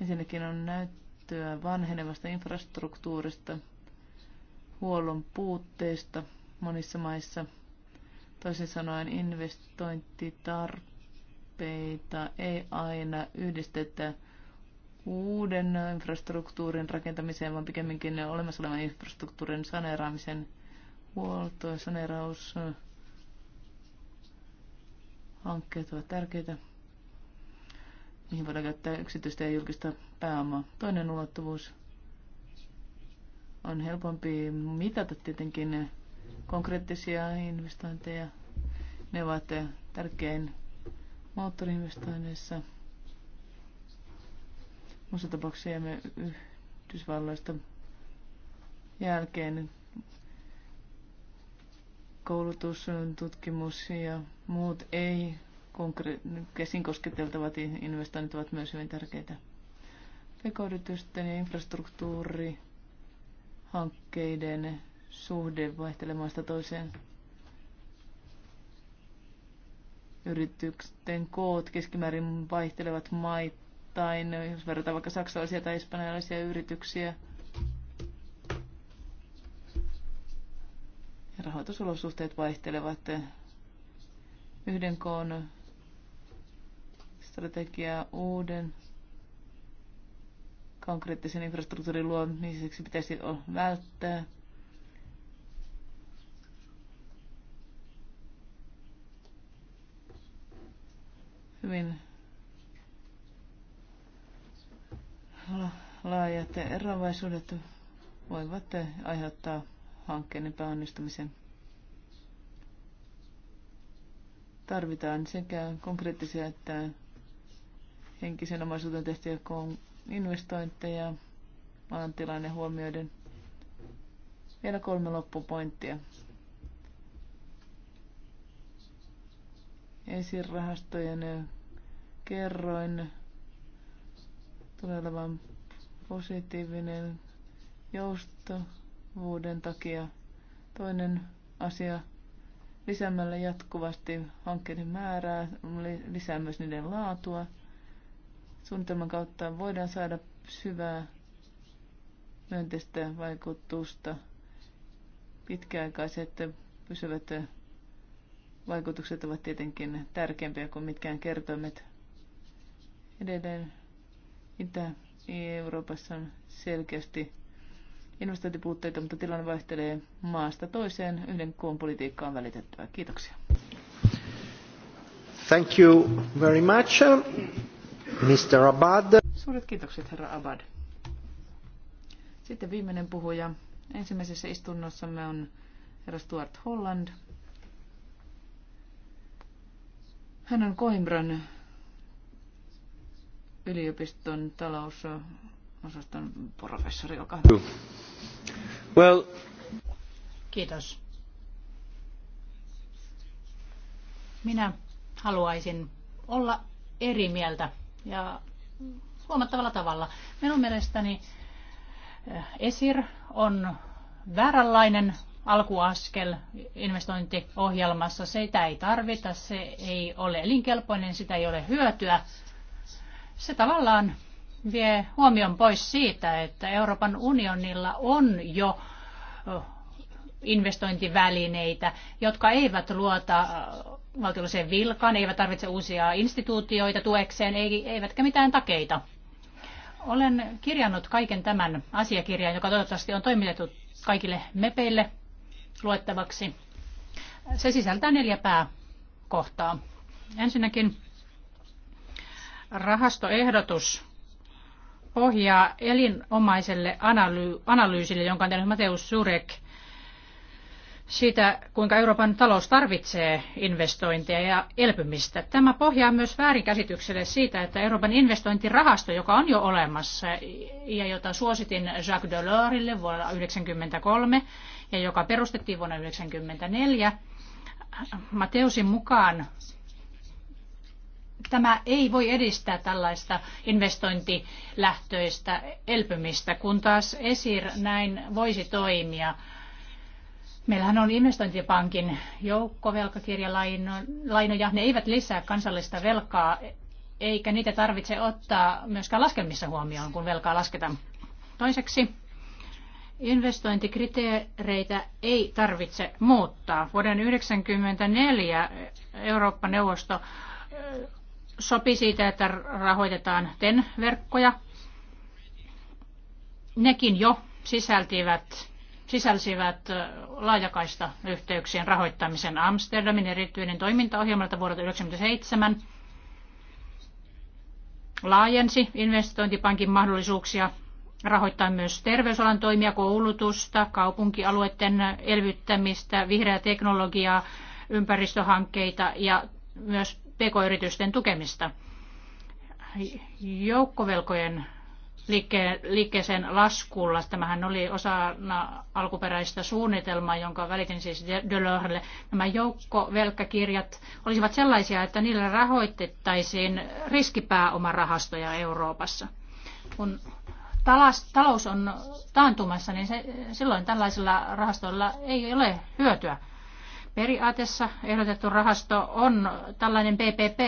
Ensinnäkin on näyttöä vanhenevasta infrastruktuurista, huollon puutteesta monissa maissa. Toisin sanoen investointitarpeita ei aina yhdistetä uuden infrastruktuurin rakentamiseen, vaan pikemminkin olemassa olevan infrastruktuurin saneeraamisen huolto ja saneeraus hankkeet ovat tärkeitä, mihin voidaan käyttää yksityistä ja julkista pääomaa. Toinen ulottuvuus on helpompi mitata tietenkin konkreettisia investointeja. Ne ovat tärkein moottoriinvestoinneissa. Muussa tapauksessa jäämme Yhdysvalloista jälkeen koulutus, tutkimus ja muut ei käsin kosketeltavat investoinnit ovat myös hyvin tärkeitä. Pekoyritysten ja hankkeiden suhde vaihtelemasta toiseen. Yritysten koot keskimäärin vaihtelevat maittain, jos verrataan vaikka saksalaisia tai espanjalaisia yrityksiä – rahoitusolosuhteet vaihtelevat. Yhden koon strategia uuden konkreettisen infrastruktuurin luomiseksi pitäisi välttää. Hyvin laajat eroavaisuudet voivat aiheuttaa hankkeen epäonnistumisen. Tarvitaan sekä konkreettisia että henkisen omaisuuteen tehtyjä investointeja maantilanne huomioiden. Vielä kolme loppupointtia. rahastojen kerroin tulee olemaan positiivinen jousto vuoden takia. Toinen asia lisäämällä jatkuvasti hankkeiden määrää, lisää myös niiden laatua. Suunnitelman kautta voidaan saada syvää myönteistä vaikutusta. Pitkäaikaiset pysyvät vaikutukset ovat tietenkin tärkeämpiä kuin mitkään kertoimet. Edelleen Itä-Euroopassa on selkeästi investointipuutteita, mutta tilanne vaihtelee maasta toiseen. Yhden koon politiikka on välitettävä. Kiitoksia.
Thank you very much, Mr. Abad.
Suuret kiitokset, herra Abad. Sitten viimeinen puhuja. Ensimmäisessä istunnossamme on herra Stuart Holland. Hän on Coimbran yliopiston talousosaston professori, joka... Well.
Kiitos. Minä haluaisin olla eri mieltä ja huomattavalla tavalla. Minun mielestäni eh, ESIR on vääränlainen alkuaskel investointiohjelmassa. Sitä ei tarvita, se ei ole elinkelpoinen, sitä ei ole hyötyä. Se tavallaan vie huomion pois siitä, että Euroopan unionilla on jo investointivälineitä, jotka eivät luota valtiolliseen vilkaan, eivät tarvitse uusia instituutioita tuekseen, eivätkä mitään takeita. Olen kirjannut kaiken tämän asiakirjan, joka toivottavasti on toimitettu kaikille mepeille luettavaksi. Se sisältää neljä pääkohtaa. Ensinnäkin rahastoehdotus pohjaa elinomaiselle analy- analyysille, jonka on tehnyt Mateus Surek siitä, kuinka Euroopan talous tarvitsee investointeja ja elpymistä. Tämä pohjaa myös väärinkäsitykselle siitä, että Euroopan investointirahasto, joka on jo olemassa ja jota suositin Jacques Delorsille vuonna 1993 ja joka perustettiin vuonna 1994, Mateusin mukaan tämä ei voi edistää tällaista investointilähtöistä elpymistä, kun taas ESIR näin voisi toimia. Meillähän on investointipankin joukkovelkakirjalainoja. Ne eivät lisää kansallista velkaa, eikä niitä tarvitse ottaa myöskään laskelmissa huomioon, kun velkaa lasketaan. Toiseksi investointikriteereitä ei tarvitse muuttaa. Vuoden 1994 Eurooppa-neuvosto sopi siitä, että rahoitetaan TEN-verkkoja. Nekin jo sisältivät, sisälsivät laajakaista yhteyksien rahoittamisen Amsterdamin erityinen toimintaohjelmalta vuodelta 1997 laajensi investointipankin mahdollisuuksia rahoittaa myös terveysalan toimia, koulutusta, kaupunkialueiden elvyttämistä, vihreää teknologiaa, ympäristöhankkeita ja myös pk-yritysten tukemista. Joukkovelkojen liikke- liikkeeseen laskulla. Tämähän oli osana alkuperäistä suunnitelmaa, jonka välitin siis Delorelle. Nämä joukkovelkakirjat olisivat sellaisia, että niillä rahoitettaisiin riskipääomarahastoja Euroopassa. Kun talous on taantumassa, niin se, silloin tällaisilla rahastoilla ei ole hyötyä Periaatteessa ehdotettu rahasto on tällainen PPP,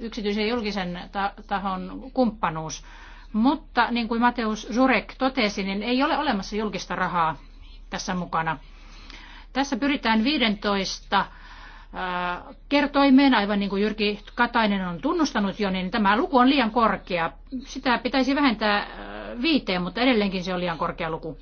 yksityisen ja julkisen tahon kumppanuus. Mutta niin kuin Mateus Zurek totesi, niin ei ole olemassa julkista rahaa tässä mukana. Tässä pyritään 15 kertoimeen, aivan niin kuin Jyrki Katainen on tunnustanut jo, niin tämä luku on liian korkea. Sitä pitäisi vähentää viiteen, mutta edelleenkin se on liian korkea luku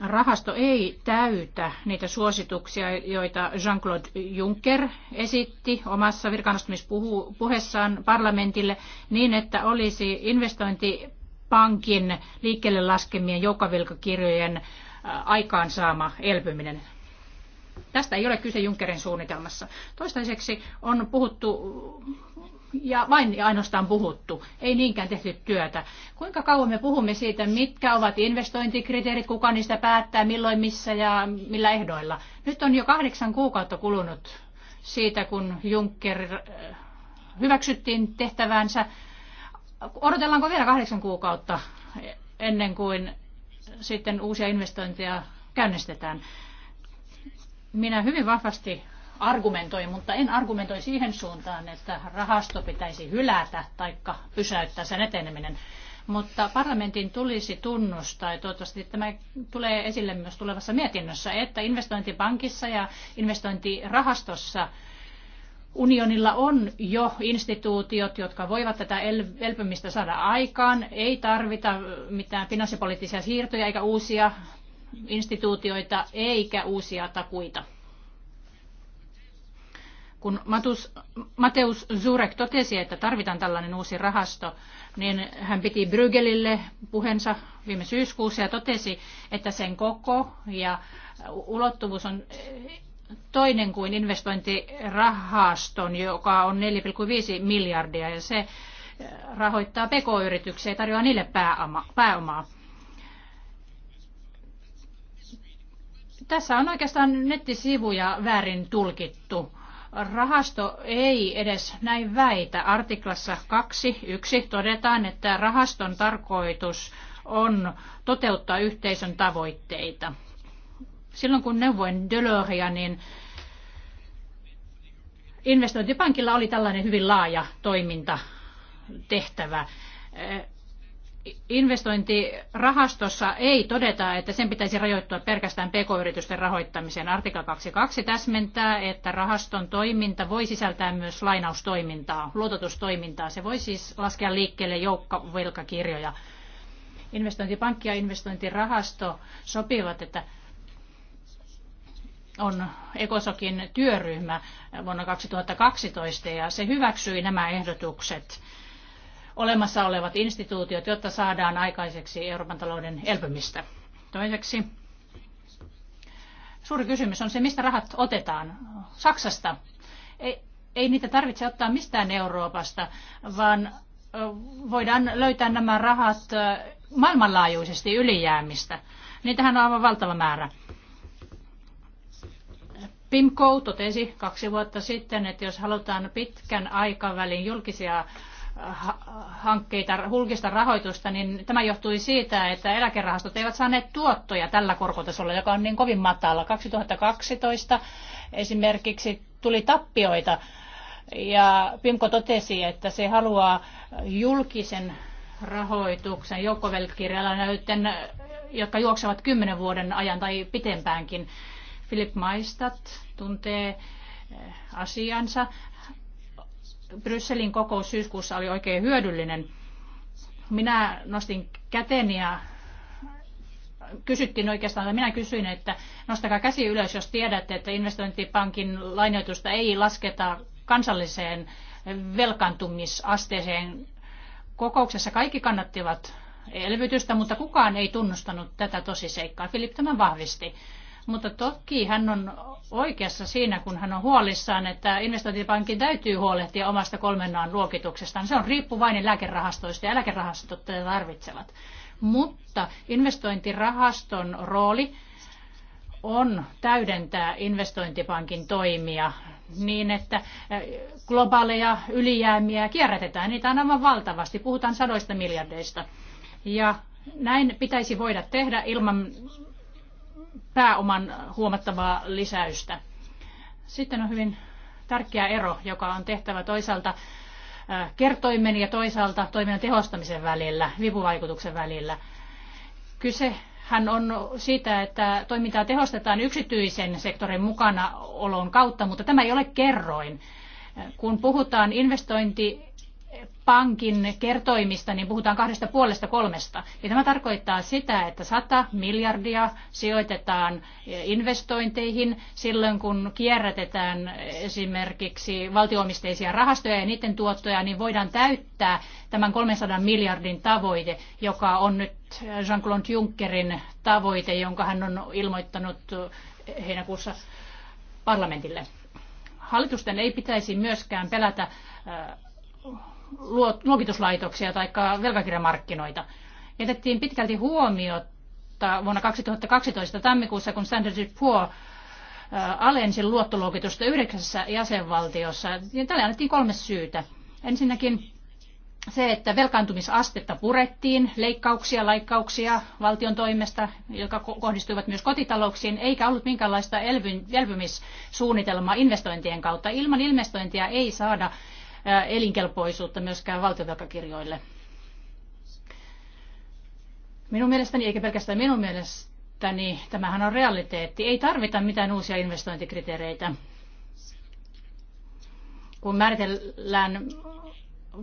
rahasto ei täytä niitä suosituksia, joita Jean-Claude Juncker esitti omassa virkaanostumispuheessaan parlamentille niin, että olisi investointipankin liikkeelle laskemien joukavelkakirjojen äh, aikaansaama elpyminen. Tästä ei ole kyse Junckerin suunnitelmassa. Toistaiseksi on puhuttu ja vain ja ainoastaan puhuttu, ei niinkään tehty työtä. Kuinka kauan me puhumme siitä, mitkä ovat investointikriteerit, kuka niistä päättää, milloin, missä ja millä ehdoilla? Nyt on jo kahdeksan kuukautta kulunut siitä, kun Juncker äh, hyväksyttiin tehtäväänsä. Odotellaanko vielä kahdeksan kuukautta ennen kuin sitten uusia investointeja käynnistetään? Minä hyvin vahvasti argumentoi, mutta en argumentoi siihen suuntaan, että rahasto pitäisi hylätä tai pysäyttää sen eteneminen. Mutta parlamentin tulisi tunnustaa, ja toivottavasti tämä tulee esille myös tulevassa mietinnössä, että investointipankissa ja investointirahastossa unionilla on jo instituutiot, jotka voivat tätä elpymistä saada aikaan. Ei tarvita mitään finanssipoliittisia siirtoja eikä uusia instituutioita eikä uusia takuita kun Matus, Mateus Zurek totesi, että tarvitaan tällainen uusi rahasto, niin hän piti Brygelille puheensa viime syyskuussa ja totesi, että sen koko ja ulottuvuus on toinen kuin investointirahaston, joka on 4,5 miljardia ja se rahoittaa pk-yrityksiä ja tarjoaa niille pääomaa. Tässä on oikeastaan nettisivuja väärin tulkittu Rahasto ei edes näin väitä. Artiklassa 2.1 todetaan, että rahaston tarkoitus on toteuttaa yhteisön tavoitteita. Silloin kun neuvoin Deloria, niin investointipankilla oli tällainen hyvin laaja toimintatehtävä investointirahastossa ei todeta, että sen pitäisi rajoittua pelkästään pk-yritysten rahoittamiseen. Artikla 22 täsmentää, että rahaston toiminta voi sisältää myös lainaustoimintaa, luototustoimintaa. Se voi siis laskea liikkeelle joukkovelkakirjoja. Investointipankki ja investointirahasto sopivat, että on Ekosokin työryhmä vuonna 2012 ja se hyväksyi nämä ehdotukset olemassa olevat instituutiot, jotta saadaan aikaiseksi Euroopan talouden elpymistä. Toiseksi suuri kysymys on se, mistä rahat otetaan. Saksasta. Ei, ei niitä tarvitse ottaa mistään Euroopasta, vaan voidaan löytää nämä rahat maailmanlaajuisesti ylijäämistä. Niitähän on aivan valtava määrä. PIMCO totesi kaksi vuotta sitten, että jos halutaan pitkän aikavälin julkisia hankkeita, hulkista rahoitusta, niin tämä johtui siitä, että eläkerahastot eivät saaneet tuottoja tällä korkotasolla, joka on niin kovin matala. 2012 esimerkiksi tuli tappioita ja Pimko totesi, että se haluaa julkisen rahoituksen joukkovelkirjalla näytten, jotka juoksevat kymmenen vuoden ajan tai pitempäänkin. Philip Maistat tuntee eh, asiansa. Brysselin kokous syyskuussa oli oikein hyödyllinen. Minä nostin käteni ja kysyttiin oikeastaan, että minä kysyin, että nostakaa käsi ylös, jos tiedätte, että investointipankin lainoitusta ei lasketa kansalliseen velkaantumisasteeseen. Kokouksessa kaikki kannattivat elvytystä, mutta kukaan ei tunnustanut tätä tosiseikkaa. Filip tämän vahvisti. Mutta toki hän on oikeassa siinä, kun hän on huolissaan, että investointipankin täytyy huolehtia omasta kolmennaan luokituksestaan. Se on riippuvainen lääkerahastoista ja tätä tarvitsevat. Mutta investointirahaston rooli on täydentää investointipankin toimia niin, että globaaleja ylijäämiä kierrätetään. Niitä on aivan valtavasti. Puhutaan sadoista miljardeista. Ja näin pitäisi voida tehdä ilman pääoman huomattavaa lisäystä. Sitten on hyvin tärkeä ero, joka on tehtävä toisaalta kertoimen ja toisaalta toiminnan tehostamisen välillä, vipuvaikutuksen välillä. Kysehän on siitä, että toimintaa tehostetaan yksityisen sektorin mukanaolon kautta, mutta tämä ei ole kerroin. Kun puhutaan investointi pankin kertoimista, niin puhutaan kahdesta puolesta kolmesta. Ja tämä tarkoittaa sitä, että 100 miljardia sijoitetaan investointeihin silloin, kun kierrätetään esimerkiksi valtioomisteisia rahastoja ja niiden tuottoja, niin voidaan täyttää tämän 300 miljardin tavoite, joka on nyt Jean-Claude Junckerin tavoite, jonka hän on ilmoittanut heinäkuussa parlamentille. Hallitusten ei pitäisi myöskään pelätä äh, luokituslaitoksia tai velkakirjamarkkinoita. Jätettiin pitkälti huomiota vuonna 2012 tammikuussa, kun Standard Poor äh, alensi luottoluokitusta yhdeksässä jäsenvaltiossa. tälle annettiin kolme syytä. Ensinnäkin se, että velkaantumisastetta purettiin, leikkauksia, laikkauksia valtion toimesta, jotka kohdistuivat myös kotitalouksiin, eikä ollut minkäänlaista elvyn, investointien kautta. Ilman investointia ei saada elinkelpoisuutta myöskään valtiovelkakirjoille. Minun mielestäni, eikä pelkästään minun mielestäni, tämähän on realiteetti. Ei tarvita mitään uusia investointikriteereitä. Kun määritellään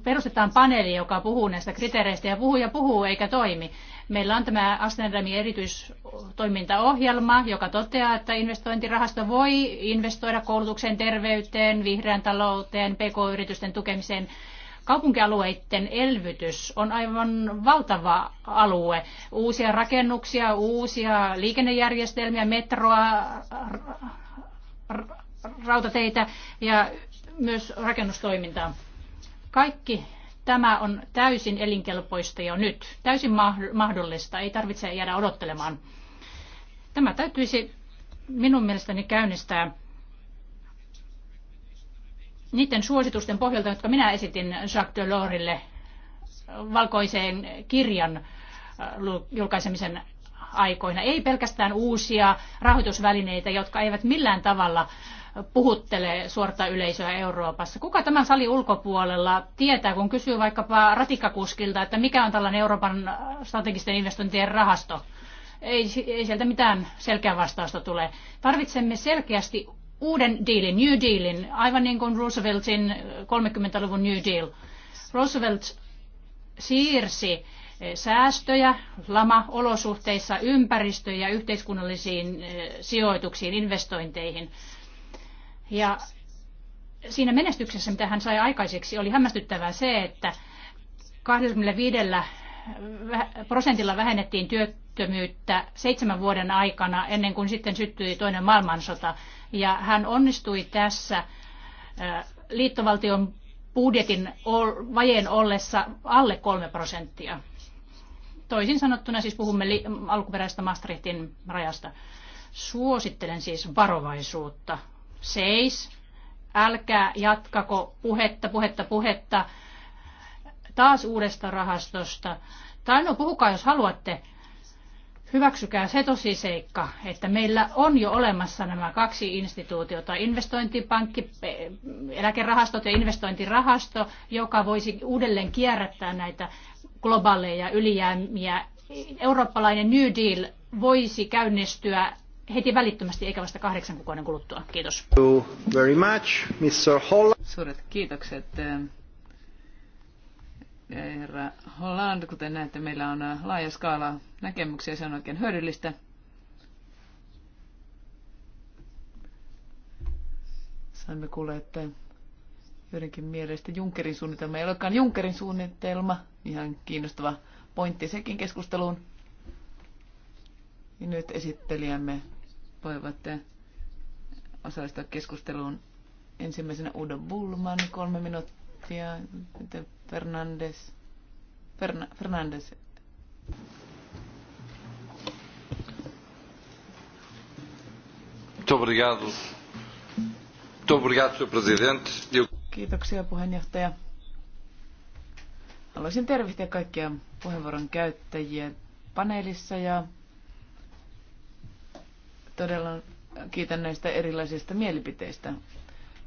perustetaan paneeli, joka puhuu näistä kriteereistä ja puhuu ja puhuu eikä toimi. Meillä on tämä Astenramin erityistoimintaohjelma, joka toteaa, että investointirahasto voi investoida koulutukseen, terveyteen, vihreän talouteen, pk-yritysten tukemiseen. Kaupunkialueiden elvytys on aivan valtava alue. Uusia rakennuksia, uusia liikennejärjestelmiä, metroa, rautateitä ja myös rakennustoimintaa. Kaikki tämä on täysin elinkelpoista jo nyt, täysin mahdollista, ei tarvitse jäädä odottelemaan. Tämä täytyisi minun mielestäni käynnistää niiden suositusten pohjalta, jotka minä esitin Jacques Delorsille valkoiseen kirjan äh, julkaisemisen aikoina. Ei pelkästään uusia rahoitusvälineitä, jotka eivät millään tavalla puhuttelee suorta yleisöä Euroopassa. Kuka tämän salin ulkopuolella tietää, kun kysyy vaikkapa ratikkakuskilta, että mikä on tällainen Euroopan strategisten investointien rahasto? Ei, ei sieltä mitään selkeää vastausta tule. Tarvitsemme selkeästi uuden dealin, New Dealin, aivan niin kuin Rooseveltin 30-luvun New Deal. Roosevelt siirsi säästöjä lama-olosuhteissa ympäristö- ja yhteiskunnallisiin eh, sijoituksiin, investointeihin. Ja siinä menestyksessä, mitä hän sai aikaiseksi, oli hämmästyttävää se, että 25 prosentilla vähennettiin työttömyyttä seitsemän vuoden aikana ennen kuin sitten syttyi toinen maailmansota. Ja hän onnistui tässä liittovaltion budjetin vajeen ollessa alle kolme prosenttia. Toisin sanottuna siis puhumme alkuperäisestä Maastrichtin rajasta. Suosittelen siis varovaisuutta seis, älkää jatkako puhetta, puhetta, puhetta, taas uudesta rahastosta. Tai no puhukaa, jos haluatte. Hyväksykää se tosiseikka, että meillä on jo olemassa nämä kaksi instituutiota, investointipankki, eläkerahastot ja investointirahasto, joka voisi uudelleen kierrättää näitä globaaleja ylijäämiä. Eurooppalainen New Deal voisi käynnistyä heti välittömästi eikä vasta kahdeksan kuukauden kuluttua. Kiitos.
very much, Mr. Holland.
Suuret kiitokset. Eh,
herra Holland, kuten näette, meillä on eh, laaja skaala näkemyksiä, se on oikein hyödyllistä. Saimme kuulla, että joidenkin mielestä Junkerin suunnitelma ei olekaan Junkerin suunnitelma. Ihan kiinnostava pointti sekin keskusteluun. Ja nyt esittelijämme voivat osallistua keskusteluun ensimmäisenä Udo Bullman, kolme minuuttia, Fernandes, Fern, Fernandes. Kiitoksia puheenjohtaja. Haluaisin tervehtiä kaikkia puheenvuoron käyttäjiä paneelissa ja Todella kiitän näistä erilaisista mielipiteistä.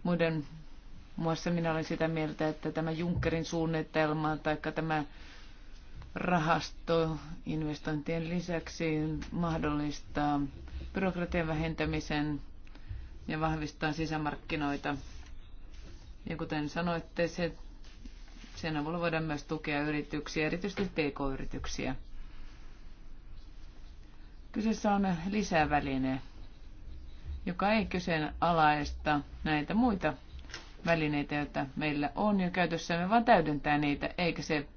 Muiden muassa minä olen sitä mieltä, että tämä Junckerin suunnitelma tai tämä rahasto investointien lisäksi mahdollistaa byrokratian vähentämisen ja vahvistaa sisämarkkinoita. Ja kuten sanoitte, se, sen avulla voidaan myös tukea yrityksiä, erityisesti pk-yrityksiä. Kyseessä on lisäväline, joka ei kyseenalaista näitä muita välineitä, joita meillä on jo käytössämme, vaan täydentää niitä, eikä se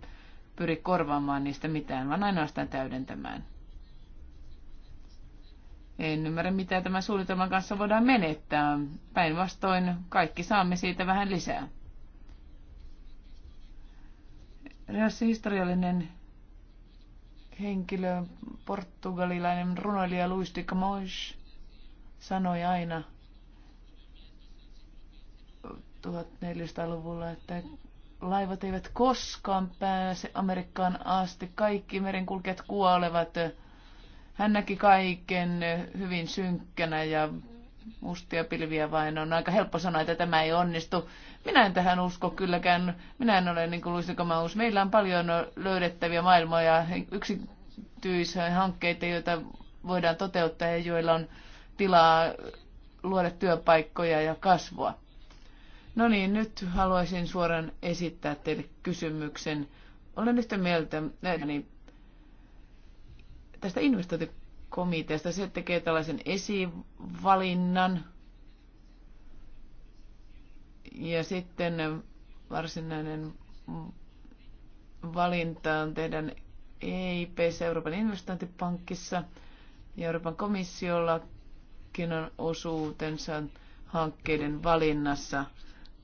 pyri korvaamaan niistä mitään, vaan ainoastaan täydentämään. En ymmärrä, mitä tämän suunnitelman kanssa voidaan menettää. Päinvastoin kaikki saamme siitä vähän lisää. Eräs historiallinen henkilö, portugalilainen runoilija Luis de Camões, sanoi aina 1400-luvulla, että laivat eivät koskaan pääse Amerikkaan asti. Kaikki merenkulkijat kuolevat. Hän näki kaiken hyvin synkkänä ja mustia pilviä vain on. Aika helppo sanoa, että tämä ei onnistu. Minä en tähän usko kylläkään. Minä en ole niin kuin luistikomaus. Meillä on paljon löydettäviä maailmoja, hankkeita, joita voidaan toteuttaa ja joilla on tilaa luoda työpaikkoja ja kasvua. No niin, nyt haluaisin suoraan esittää teille kysymyksen. Olen yhtä mieltä niin tästä investointi komiteasta. Se tekee tällaisen esivalinnan ja sitten varsinainen valinta on teidän EIPssä Euroopan investointipankissa ja Euroopan komissiollakin on osuutensa hankkeiden valinnassa.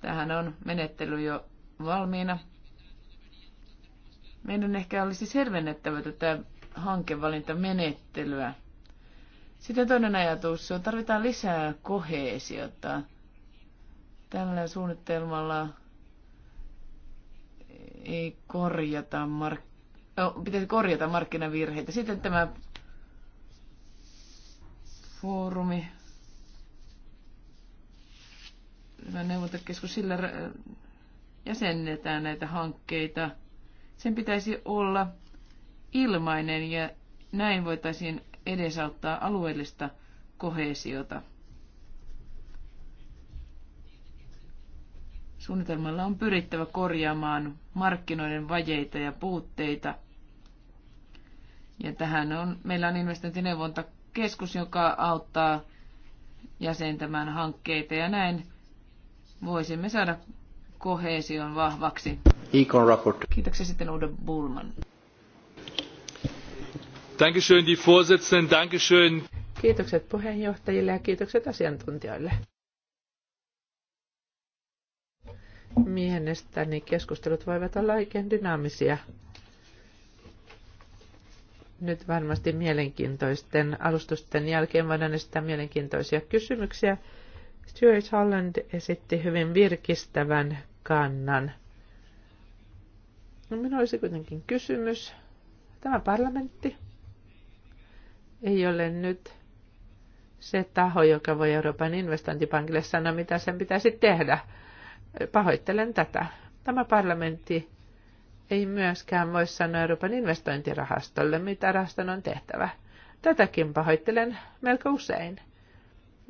Tähän on menettely jo valmiina. Meidän ehkä olisi selvennettävä siis tätä hankevalintamenettelyä. Sitten toinen ajatus, tarvitaan lisää koheesiota. Tällä suunnitelmalla ei korjata mark- no, pitäisi korjata markkinavirheitä. Sitten tämä foorumi, tämä neuvontakeskus, sillä äh, jäsennetään näitä hankkeita. Sen pitäisi olla ilmainen ja näin voitaisiin edesauttaa alueellista kohesiota. Suunnitelmalla on pyrittävä korjaamaan markkinoiden vajeita ja puutteita. Ja tähän on, meillä on investointineuvontakeskus, joka auttaa jäsentämään hankkeita ja näin voisimme saada kohesion vahvaksi. Kiitoksia sitten Uuden Bulman.
Dankeschön, die Vorsitzenden, Dankeschön. Kiitokset puheenjohtajille ja kiitokset asiantuntijoille. Mielestäni keskustelut voivat olla oikein dynaamisia. Nyt varmasti mielenkiintoisten alustusten jälkeen voidaan esittää mielenkiintoisia kysymyksiä. Stuart Holland esitti hyvin virkistävän kannan. No, minulla olisi kuitenkin kysymys. Tämä parlamentti ei ole nyt se taho, joka voi Euroopan investointipankille sanoa, mitä sen pitäisi tehdä. Pahoittelen tätä. Tämä parlamentti ei myöskään voi sanoa Euroopan investointirahastolle, mitä rahaston on tehtävä. Tätäkin pahoittelen melko usein.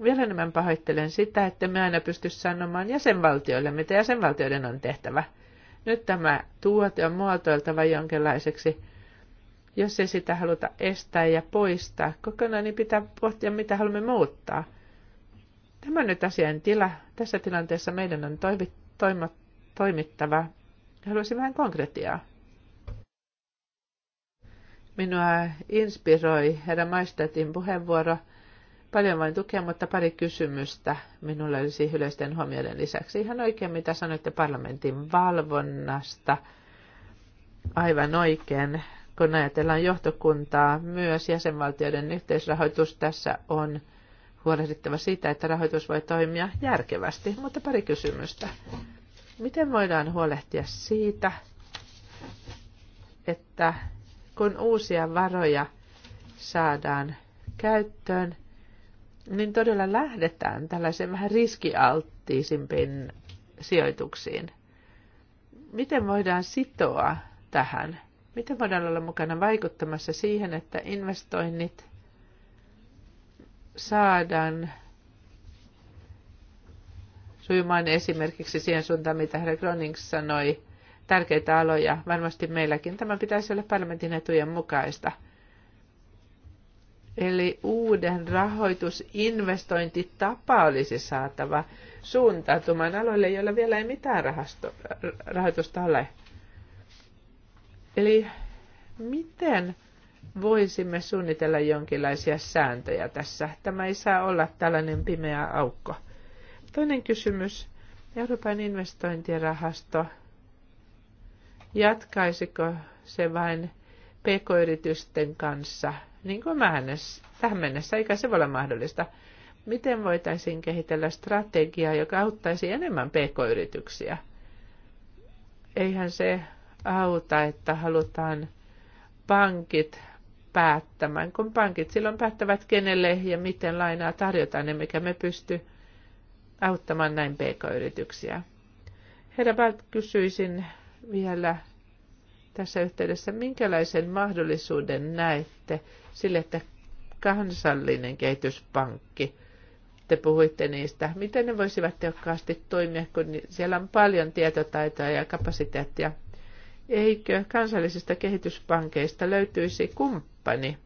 Vielä enemmän pahoittelen sitä, että me aina pysty sanomaan jäsenvaltioille, mitä jäsenvaltioiden on tehtävä. Nyt tämä tuote on muotoiltava jonkinlaiseksi jos ei sitä haluta estää ja poistaa kokonaan, niin pitää pohtia, mitä haluamme muuttaa. Tämä on nyt asian tila. Tässä tilanteessa meidän on toivi, toima, toimittava. Haluaisin vähän konkretiaa. Minua inspiroi herra Maistatin puheenvuoro. Paljon vain tukea, mutta pari kysymystä minulla olisi yleisten huomioiden lisäksi. Ihan oikein, mitä sanoitte parlamentin valvonnasta. Aivan oikein kun ajatellaan johtokuntaa, myös jäsenvaltioiden yhteisrahoitus tässä on huolehdittava siitä, että rahoitus voi toimia järkevästi. Mutta pari kysymystä. Miten voidaan huolehtia siitä, että kun uusia varoja saadaan käyttöön, niin todella lähdetään tällaiseen vähän riskialttiisimpiin sijoituksiin. Miten voidaan sitoa tähän? Miten voidaan olla mukana vaikuttamassa siihen, että investoinnit saadaan sujumaan esimerkiksi siihen suuntaan, mitä herra Gronings sanoi, tärkeitä aloja, varmasti meilläkin. Tämä pitäisi olla parlamentin etujen mukaista. Eli uuden rahoitusinvestointitapa olisi saatava suuntautumaan aloille, joilla vielä ei mitään rahasto, rahoitusta ole. Eli miten voisimme suunnitella jonkinlaisia sääntöjä tässä? Tämä ei saa olla tällainen pimeä aukko. Toinen kysymys. Euroopan investointirahasto. Jatkaisiko se vain pk-yritysten kanssa, niin kuin mäännäs, tähän mennessä, eikä se voi olla mahdollista. Miten voitaisiin kehitellä strategiaa, joka auttaisi enemmän pk-yrityksiä? Eihän se auta, että halutaan pankit päättämään, kun pankit silloin päättävät kenelle ja miten lainaa tarjotaan, emmekä me pysty auttamaan näin pk-yrityksiä. Herra Balt, kysyisin vielä tässä yhteydessä, minkälaisen mahdollisuuden näette sille, että kansallinen kehityspankki, te puhuitte niistä, miten ne voisivat tehokkaasti toimia, kun siellä on paljon tietotaitoa ja kapasiteettia Eikö kansallisista kehityspankeista löytyisi kumppani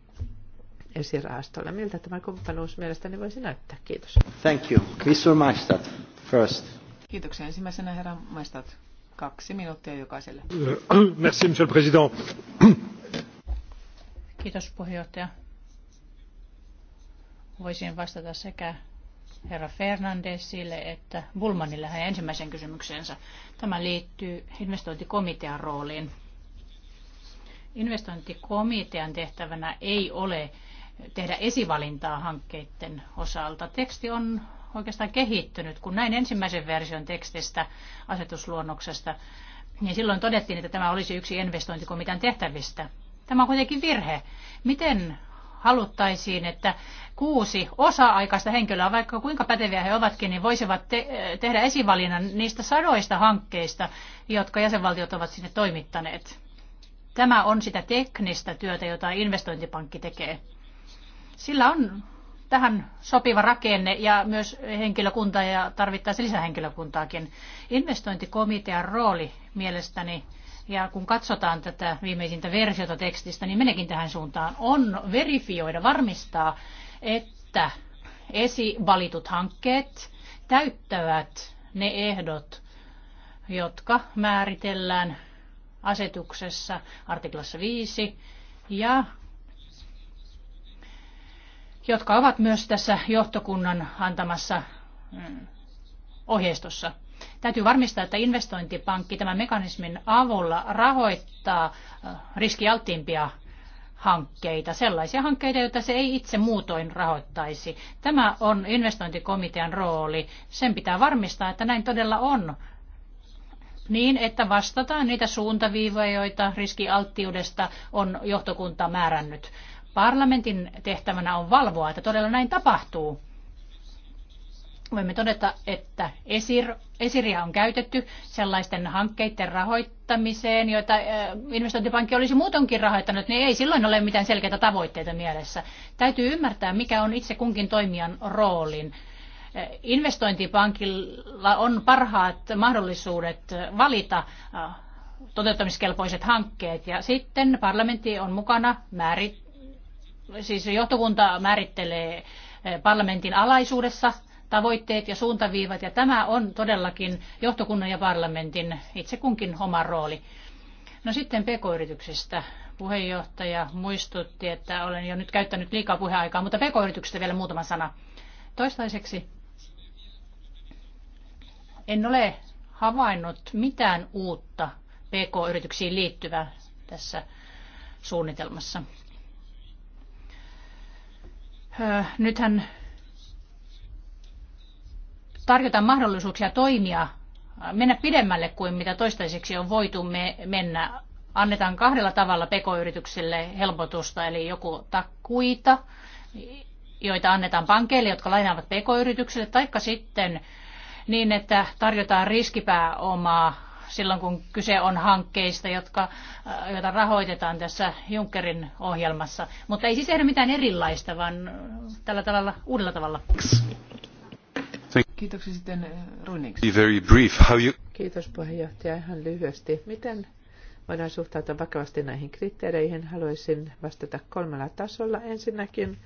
esirahastolle? Miltä tämä kumppanuus mielestäni voisi näyttää? Kiitos. Thank you. Mr. Maistat, first.
Kiitoksia. Ensimmäisenä herra Maistat. Kaksi minuuttia jokaiselle.
Merci, monsieur le président.
Kiitos puheenjohtaja. Voisin vastata sekä herra Fernandesille että Bulmanille hänen ensimmäisen kysymyksensä, Tämä liittyy investointikomitean rooliin. Investointikomitean tehtävänä ei ole tehdä esivalintaa hankkeiden osalta. Teksti on oikeastaan kehittynyt. Kun näin ensimmäisen version tekstistä asetusluonnoksesta, niin silloin todettiin, että tämä olisi yksi investointikomitean tehtävistä. Tämä on kuitenkin virhe. Miten haluttaisiin, että kuusi osa-aikaista henkilöä, vaikka kuinka päteviä he ovatkin, niin voisivat te- tehdä esivalinnan niistä sadoista hankkeista, jotka jäsenvaltiot ovat sinne toimittaneet. Tämä on sitä teknistä työtä, jota investointipankki tekee. Sillä on tähän sopiva rakenne ja myös henkilökunta ja tarvittaessa lisähenkilökuntaakin. Investointikomitean rooli mielestäni ja kun katsotaan tätä viimeisintä versiota tekstistä, niin menekin tähän suuntaan. On verifioida, varmistaa, että esivalitut hankkeet täyttävät ne ehdot, jotka määritellään asetuksessa artiklassa 5 ja jotka ovat myös tässä johtokunnan antamassa mm, ohjeistossa. Täytyy varmistaa, että investointipankki tämän mekanismin avulla rahoittaa äh, riskialttiimpia hankkeita, sellaisia hankkeita, joita se ei itse muutoin rahoittaisi. Tämä on investointikomitean rooli. Sen pitää varmistaa, että näin todella on. Niin, että vastataan niitä suuntaviivoja, joita riskialttiudesta on johtokunta määrännyt. Parlamentin tehtävänä on valvoa, että todella näin tapahtuu. Voimme todeta, että ESIR Esiriä on käytetty sellaisten hankkeiden rahoittamiseen, joita äh, investointipankki olisi muutonkin rahoittanut, niin ei silloin ole mitään selkeitä tavoitteita mielessä. Täytyy ymmärtää, mikä on itse kunkin toimijan roolin. Äh, investointipankilla on parhaat mahdollisuudet valita äh, toteuttamiskelpoiset hankkeet ja sitten parlamentti on mukana määrit, siis johtokunta määrittelee parlamentin alaisuudessa tavoitteet ja suuntaviivat, ja tämä on todellakin johtokunnan ja parlamentin itse kunkin oma rooli. No sitten pk-yrityksistä. Puheenjohtaja muistutti, että olen jo nyt käyttänyt liikaa puheaikaa, mutta pk-yrityksistä vielä muutama sana. Toistaiseksi en ole havainnut mitään uutta pk-yrityksiin liittyvää tässä suunnitelmassa. Nythän tarjota mahdollisuuksia toimia, äh, mennä pidemmälle kuin mitä toistaiseksi on voitu me, mennä. Annetaan kahdella tavalla pekoyrityksille helpotusta, eli joku takkuita, joita annetaan pankeille, jotka lainaavat pekoyrityksille, taikka sitten niin, että tarjotaan riskipääomaa silloin, kun kyse on hankkeista, jotka, äh, joita rahoitetaan tässä Junckerin ohjelmassa. Mutta ei siis tehdä mitään erilaista, vaan tällä tavalla, uudella tavalla. Kiitoksia sitten
eh, Runings. Very brief. How you... Kiitos puheenjohtaja ihan lyhyesti. Miten voidaan suhtautua vakavasti näihin kriteereihin? Haluaisin vastata kolmella tasolla. Ensinnäkin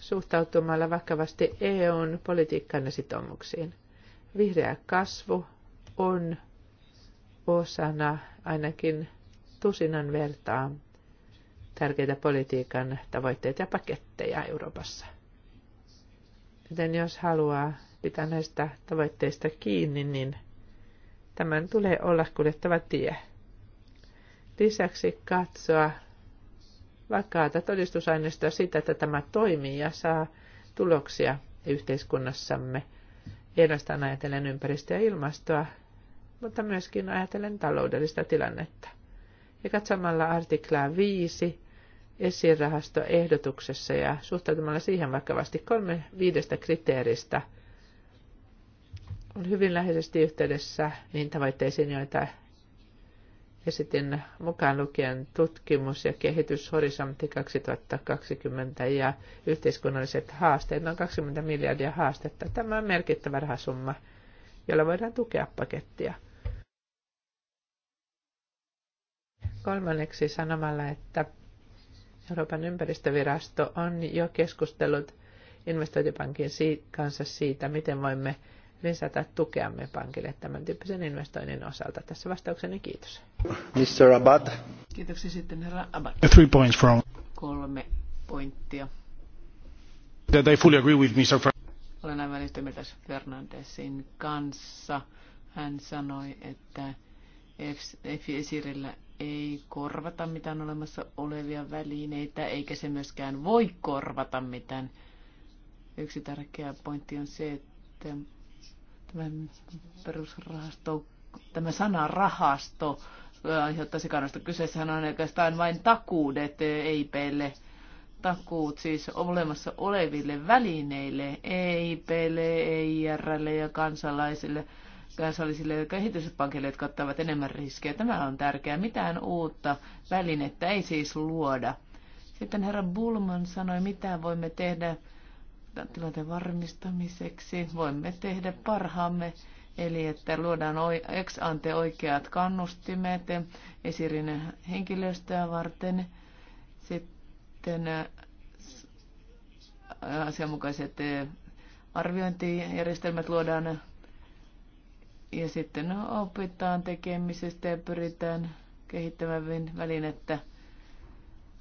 suhtautumalla vakavasti EUn politiikkaan ja sitoumuksiin. Vihreä kasvu on osana ainakin tusinan vertaa tärkeitä politiikan tavoitteita ja paketteja Euroopassa – Joten jos haluaa pitää näistä tavoitteista kiinni, niin tämän tulee olla kuljettava tie. Lisäksi katsoa vakaata todistusaineistoa siitä, että tämä toimii ja saa tuloksia yhteiskunnassamme. Ei ajatellen ympäristöä ja ilmastoa, mutta myöskin ajatellen taloudellista tilannetta. Ja katsomalla artiklaa 5 esirahastoehdotuksessa ja suhtautumalla siihen vakavasti kolme viidestä kriteeristä on hyvin läheisesti yhteydessä niin tavoitteisiin, joita esitin mukaan lukien tutkimus ja kehitys Horisontti 2020 ja yhteiskunnalliset haasteet, noin 20 miljardia haastetta. Tämä on merkittävä rahasumma, jolla voidaan tukea pakettia. Kolmanneksi sanomalla, että Euroopan ympäristövirasto on jo keskustellut investointipankin kanssa siitä, miten voimme lisätä tukeamme pankille tämän tyyppisen investoinnin osalta. Tässä
vastaukseni kiitos.
Mr. Abad.
Kiitoksia sitten herra Abad. Three points from. Kolme pointtia. That I fully agree with Mr. Olen aivan yhtä mieltä Fernandesin kanssa. Hän sanoi, että f ei korvata mitään olemassa olevia välineitä, eikä se myöskään voi korvata mitään. Yksi tärkeä pointti on se, että tämä perusrahasto, tämä sana rahasto aiheuttaa kannasta. Kyseessähän on oikeastaan vain takuudet EIPlle takuut siis olemassa oleville välineille, EIPlle, EIRlle ja kansalaisille kansallisille kehityspankille, jotka ottavat enemmän riskejä. Tämä on tärkeää. Mitään uutta välinettä ei siis luoda. Sitten herra Bulman sanoi, mitä voimme tehdä tilanteen varmistamiseksi. Voimme tehdä parhaamme, eli että luodaan ex ante oikeat kannustimet esirin henkilöstöä varten. Sitten äh, asianmukaiset äh, arviointijärjestelmät luodaan ja sitten no opitaan tekemisestä ja pyritään kehittämään välinettä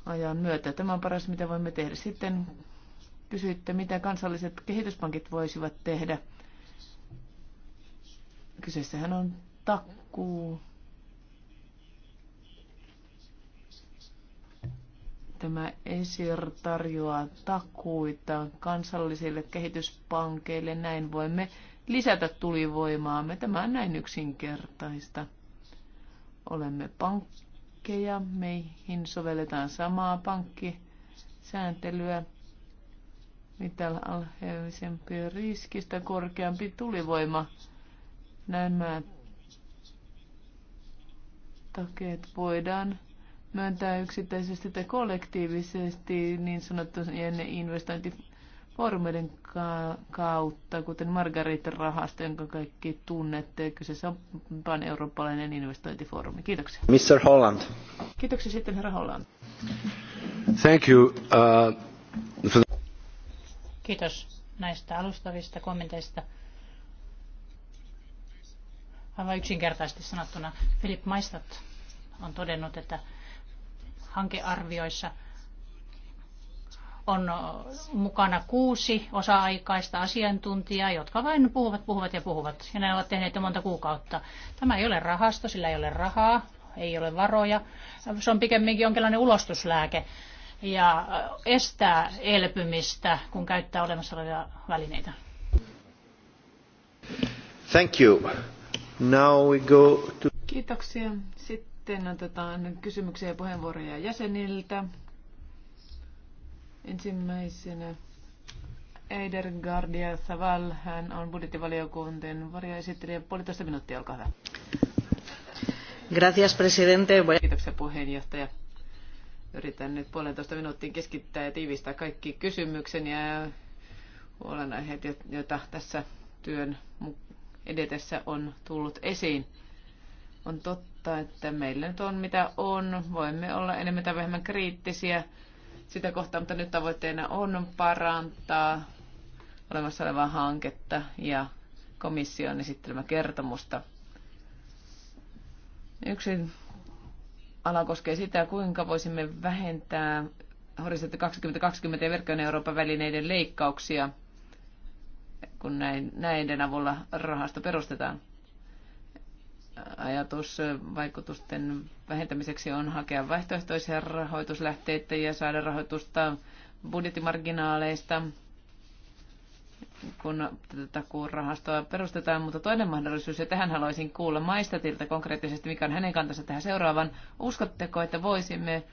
ajan myötä. Tämä on paras, mitä voimme tehdä. Sitten kysyitte, mitä kansalliset kehityspankit voisivat tehdä. Kyseessähän on takkuu. Tämä ESIR tarjoaa takuita kansallisille kehityspankeille. Näin voimme lisätä tulivoimaamme. Tämä on näin yksinkertaista. Olemme pankkeja, meihin sovelletaan samaa pankkisääntelyä. Mitä alheellisempi riskistä, korkeampi tulivoima. Nämä takeet voidaan myöntää yksittäisesti tai kollektiivisesti niin sanottujen investointi foorumeiden kautta, kuten Margarita rahasto jonka kaikki tunnette. Kyseessä on pan-eurooppalainen
investointifoorumi.
Kiitoksia. Mr. Holland.
Kiitoksia sitten, herra Holland. Thank you. Uh, the... Kiitos näistä alustavista kommenteista. Aivan yksinkertaisesti sanottuna Philip Maistat on todennut, että hankearvioissa – on mukana kuusi osa-aikaista asiantuntijaa, jotka vain puhuvat, puhuvat ja puhuvat. Ja ne ovat tehneet jo monta kuukautta. Tämä ei ole rahasto, sillä ei ole rahaa, ei ole varoja. Se on pikemminkin jonkinlainen ulostuslääke ja estää elpymistä, kun käyttää olemassa olevia välineitä.
Thank you. Now we go to...
Kiitoksia. Sitten otetaan kysymyksiä ja puheenvuoroja jäseniltä. Ensimmäisenä Eider Gardia Zaval, hän on budjettivaliokunnan varjoesittelijä. Puolitoista minuuttia, olkaa hyvä. Gracias, presidente. Kiitoksia puheenjohtaja. Yritän nyt puolentoista minuuttiin keskittää ja tiivistää kaikki kysymyksen ja huolenaiheet, joita tässä työn edetessä on tullut esiin. On totta, että meillä nyt on mitä on. Voimme olla enemmän tai vähemmän kriittisiä sitä kohtaa, mutta nyt tavoitteena on parantaa olemassa olevaa hanketta ja komission esittelemä kertomusta. Yksi ala koskee sitä, kuinka voisimme vähentää Horisontti 2020 ja Verkkojen Euroopan välineiden leikkauksia, kun näiden avulla rahasto perustetaan ajatus vaikutusten vähentämiseksi on hakea vaihtoehtoisia rahoituslähteitä ja saada rahoitusta budjettimarginaaleista, kun tätä rahastoa perustetaan. Mutta toinen mahdollisuus, ja tähän haluaisin kuulla maistatilta konkreettisesti, mikä on hänen kantansa tähän seuraavan. Uskotteko, että voisimme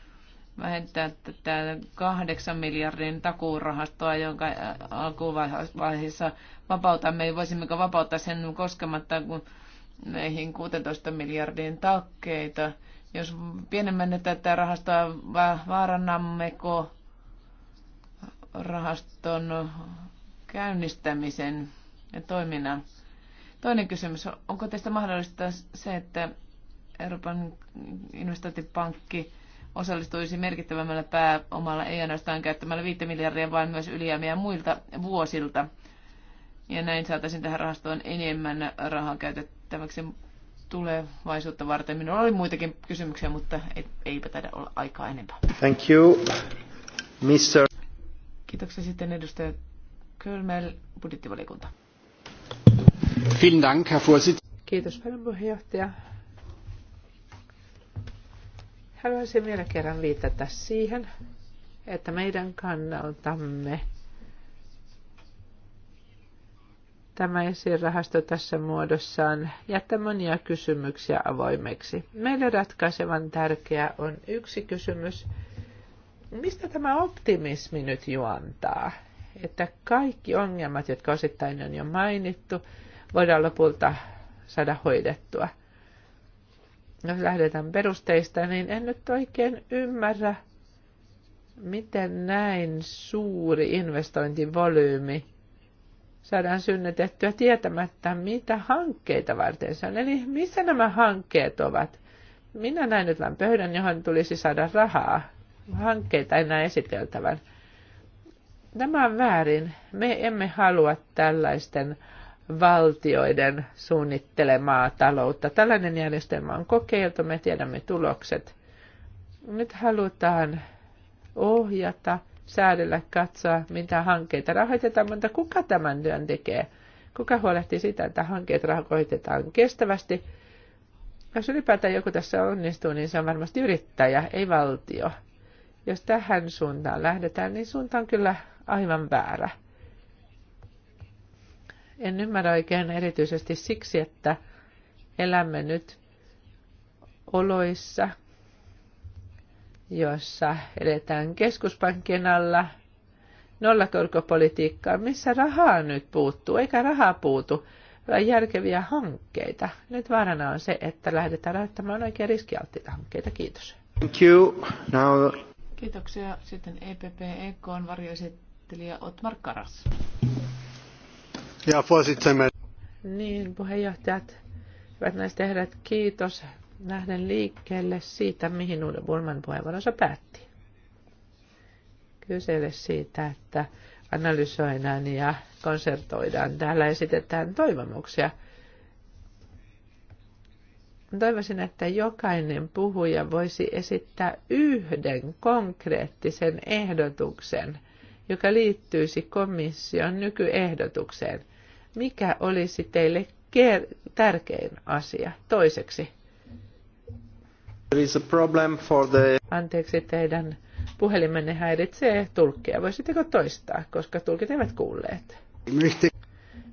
vähentää tätä kahdeksan miljardin takuurahastoa, jonka alkuvaiheessa vapautamme, voisimmeko vapauttaa sen koskematta, kun näihin 16 miljardin takkeita. Jos pienemmän tätä rahastoa vaarannammeko rahaston käynnistämisen ja toiminnan? Toinen kysymys, onko teistä mahdollista se, että Euroopan investointipankki osallistuisi merkittävämmällä pääomalla, ei ainoastaan käyttämällä 5 miljardia, vaan myös ylijäämiä muilta vuosilta. Ja näin saataisiin tähän rahastoon enemmän rahaa käytettyä mietittäväksi tulevaisuutta varten. Minulla oli muitakin kysymyksiä, mutta eipä taida olla aikaa enempää.
Thank you, Mr.
Kiitoksia sitten edustaja Kölmel, budjettivaliokunta. Vielen Dank, Herr Kiitos paljon puheenjohtaja.
Haluaisin vielä kerran viitata siihen, että meidän kannaltamme – tämä esirahasto tässä muodossaan jättää monia kysymyksiä avoimeksi. Meille ratkaisevan tärkeä on yksi kysymys. Mistä tämä optimismi nyt juontaa? Että kaikki ongelmat, jotka osittain on jo mainittu, voidaan lopulta saada hoidettua. Jos lähdetään perusteista, niin en nyt oikein ymmärrä, miten näin suuri investointivolyymi – saadaan synnytettyä tietämättä, mitä hankkeita varten se on. Eli missä nämä hankkeet ovat? Minä näin nyt vain pöydän, johon tulisi saada rahaa. Hankkeita näe esiteltävän. Tämä on väärin. Me emme halua tällaisten valtioiden suunnittelemaa taloutta. Tällainen järjestelmä on kokeiltu, me tiedämme tulokset. Nyt halutaan ohjata säädellä, katsoa, mitä hankkeita rahoitetaan, mutta kuka tämän työn tekee? Kuka huolehtii sitä, että hankkeet rahoitetaan kestävästi? Jos ylipäätään joku tässä onnistuu, niin se on varmasti yrittäjä, ei valtio. Jos tähän suuntaan lähdetään, niin suunta on kyllä aivan väärä. En ymmärrä oikein erityisesti siksi, että elämme nyt oloissa, jossa eletään keskuspankkien alla nollakorkopolitiikkaa, missä rahaa nyt puuttuu, eikä rahaa puutu, vaan järkeviä hankkeita. Nyt vaarana on se, että lähdetään rahoittamaan
oikein riskialttiita hankkeita. Kiitos.
Thank you. Now...
Kiitoksia. Sitten EPP EK on varjoesittelijä Otmar Karas.
Ja Niin, puheenjohtajat, hyvät naiset herrat, kiitos lähden liikkeelle siitä, mihin Udo Burman puheenvuoronsa päätti. Kysele siitä, että analysoidaan ja konsertoidaan. Täällä esitetään toivomuksia. Toivoisin, että jokainen puhuja voisi esittää yhden konkreettisen ehdotuksen, joka liittyisi komission nykyehdotukseen. Mikä olisi teille tärkein asia? Toiseksi, There is a problem for the... Anteeksi, teidän puhelimenne häiritsee tulkkia. Voisitteko toistaa, koska tulkit eivät kuulleet?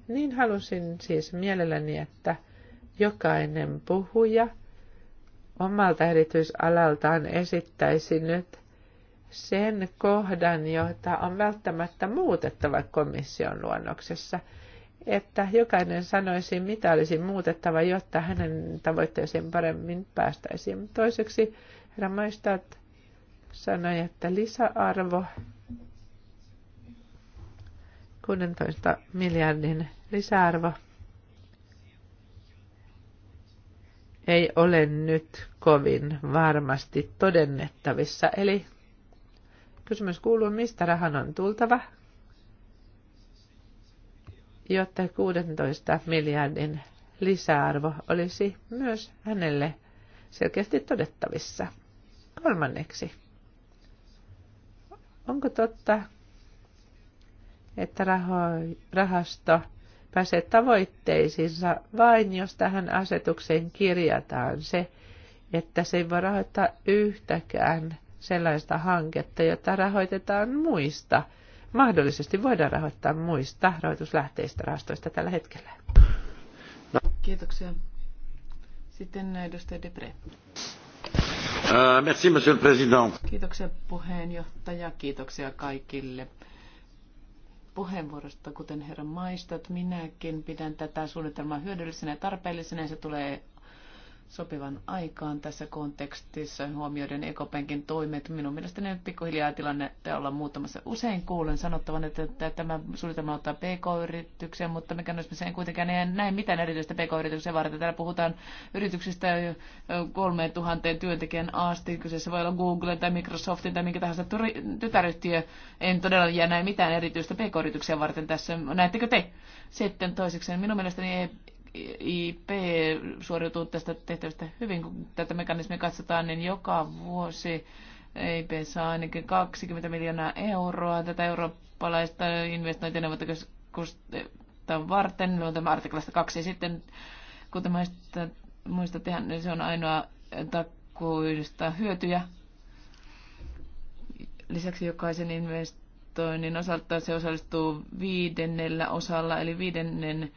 Niin halusin siis mielelläni, että jokainen puhuja omalta erityisalaltaan esittäisi nyt sen kohdan, jota on välttämättä muutettava komission luonnoksessa – että jokainen sanoisi, mitä olisi muutettava, jotta hänen tavoitteeseen paremmin päästäisiin. Toiseksi herra Maistat sanoi, että lisäarvo 16 miljardin lisäarvo ei ole nyt kovin varmasti todennettavissa. Eli kysymys kuuluu, mistä rahan on tultava, jotta 16 miljardin lisäarvo olisi myös hänelle selkeästi todettavissa. Kolmanneksi, onko totta, että raho- rahasto pääsee tavoitteisiinsa vain, jos tähän asetukseen kirjataan se, että se ei voi rahoittaa yhtäkään sellaista hanketta, jota rahoitetaan muista – mahdollisesti voidaan rahoittaa muista rahoituslähteistä rahastoista tällä
hetkellä. No. Kiitoksia. Sitten edustaja Debre.
Euh, merci, monsieur le président.
Kiitoksia puheenjohtaja, kiitoksia kaikille puheenvuorosta, kuten herra Maistat. Minäkin pidän tätä suunnitelmaa hyödyllisenä ja tarpeellisena ja se tulee sopivan aikaan tässä kontekstissa huomioiden ekopenkin toimet. Minun mielestäni nyt pikkuhiljaa tilanne olla muuttamassa. Usein kuulen sanottavan, että, että tämä suunnitelma ottaa pk-yrityksiä, mutta esimerkiksi en kuitenkaan ei näe mitään erityistä pk-yrityksiä varten. Täällä puhutaan yrityksistä 3000 työntekijän asti. Kyseessä voi olla Google tai Microsoftin tai minkä tahansa tytäryhtiö. En todella jää näe mitään erityistä pk-yrityksiä varten tässä. Näettekö te? Sitten toiseksi minun mielestäni E IP suoriutuu tästä tehtävästä hyvin, kun tätä mekanismia katsotaan, niin joka vuosi EIP saa ainakin 20 miljoonaa euroa tätä eurooppalaista investointineuvontokeskusta varten. No, tämä artiklasta kaksi. Sitten sitten, kuten muista tehdä, niin se on ainoa takuista hyötyjä. Lisäksi jokaisen investoinnin osalta se osallistuu viidennellä osalla, eli viidennen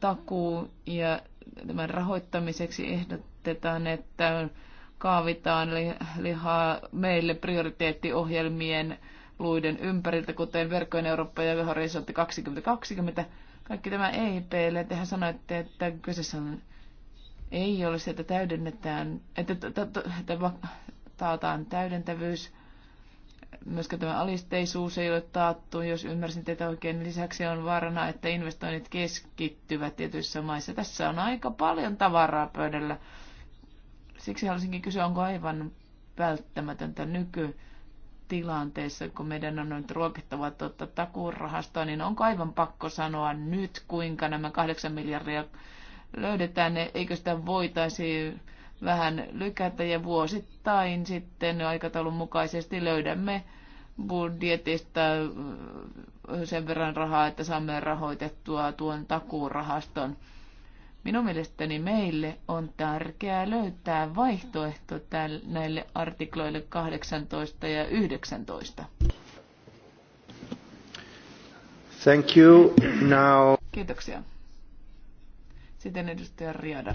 takuu ja tämän rahoittamiseksi ehdotetaan, että kaavitaan lihaa meille prioriteettiohjelmien luiden ympäriltä, kuten Verkkojen Eurooppa ja Horisontti 2020. Kaikki tämä EIPlle. Tehän sanoitte, että kyseessä on, ei ole se, että täydennetään, että taataan täydentävyys Myöskään tämä alisteisuus ei ole taattu, jos ymmärsin teitä oikein. Niin lisäksi on vaarana, että investoinnit keskittyvät tietyissä maissa. Tässä on aika paljon tavaraa pöydällä. Siksi halusinkin kysyä, onko aivan välttämätöntä nyky tilanteessa, kun meidän on nyt ruokittava tuota takuurahastoa, niin onko aivan pakko sanoa nyt, kuinka nämä kahdeksan miljardia löydetään, eikö sitä voitaisi vähän lykätä ja vuosittain sitten aikataulun mukaisesti löydämme budjetista sen verran rahaa, että saamme rahoitettua tuon takuurahaston. Minun mielestäni meille on tärkeää löytää vaihtoehto näille artikloille 18 ja 19.
Thank you. Now... Kiitoksia.
Sitten edustaja Riada.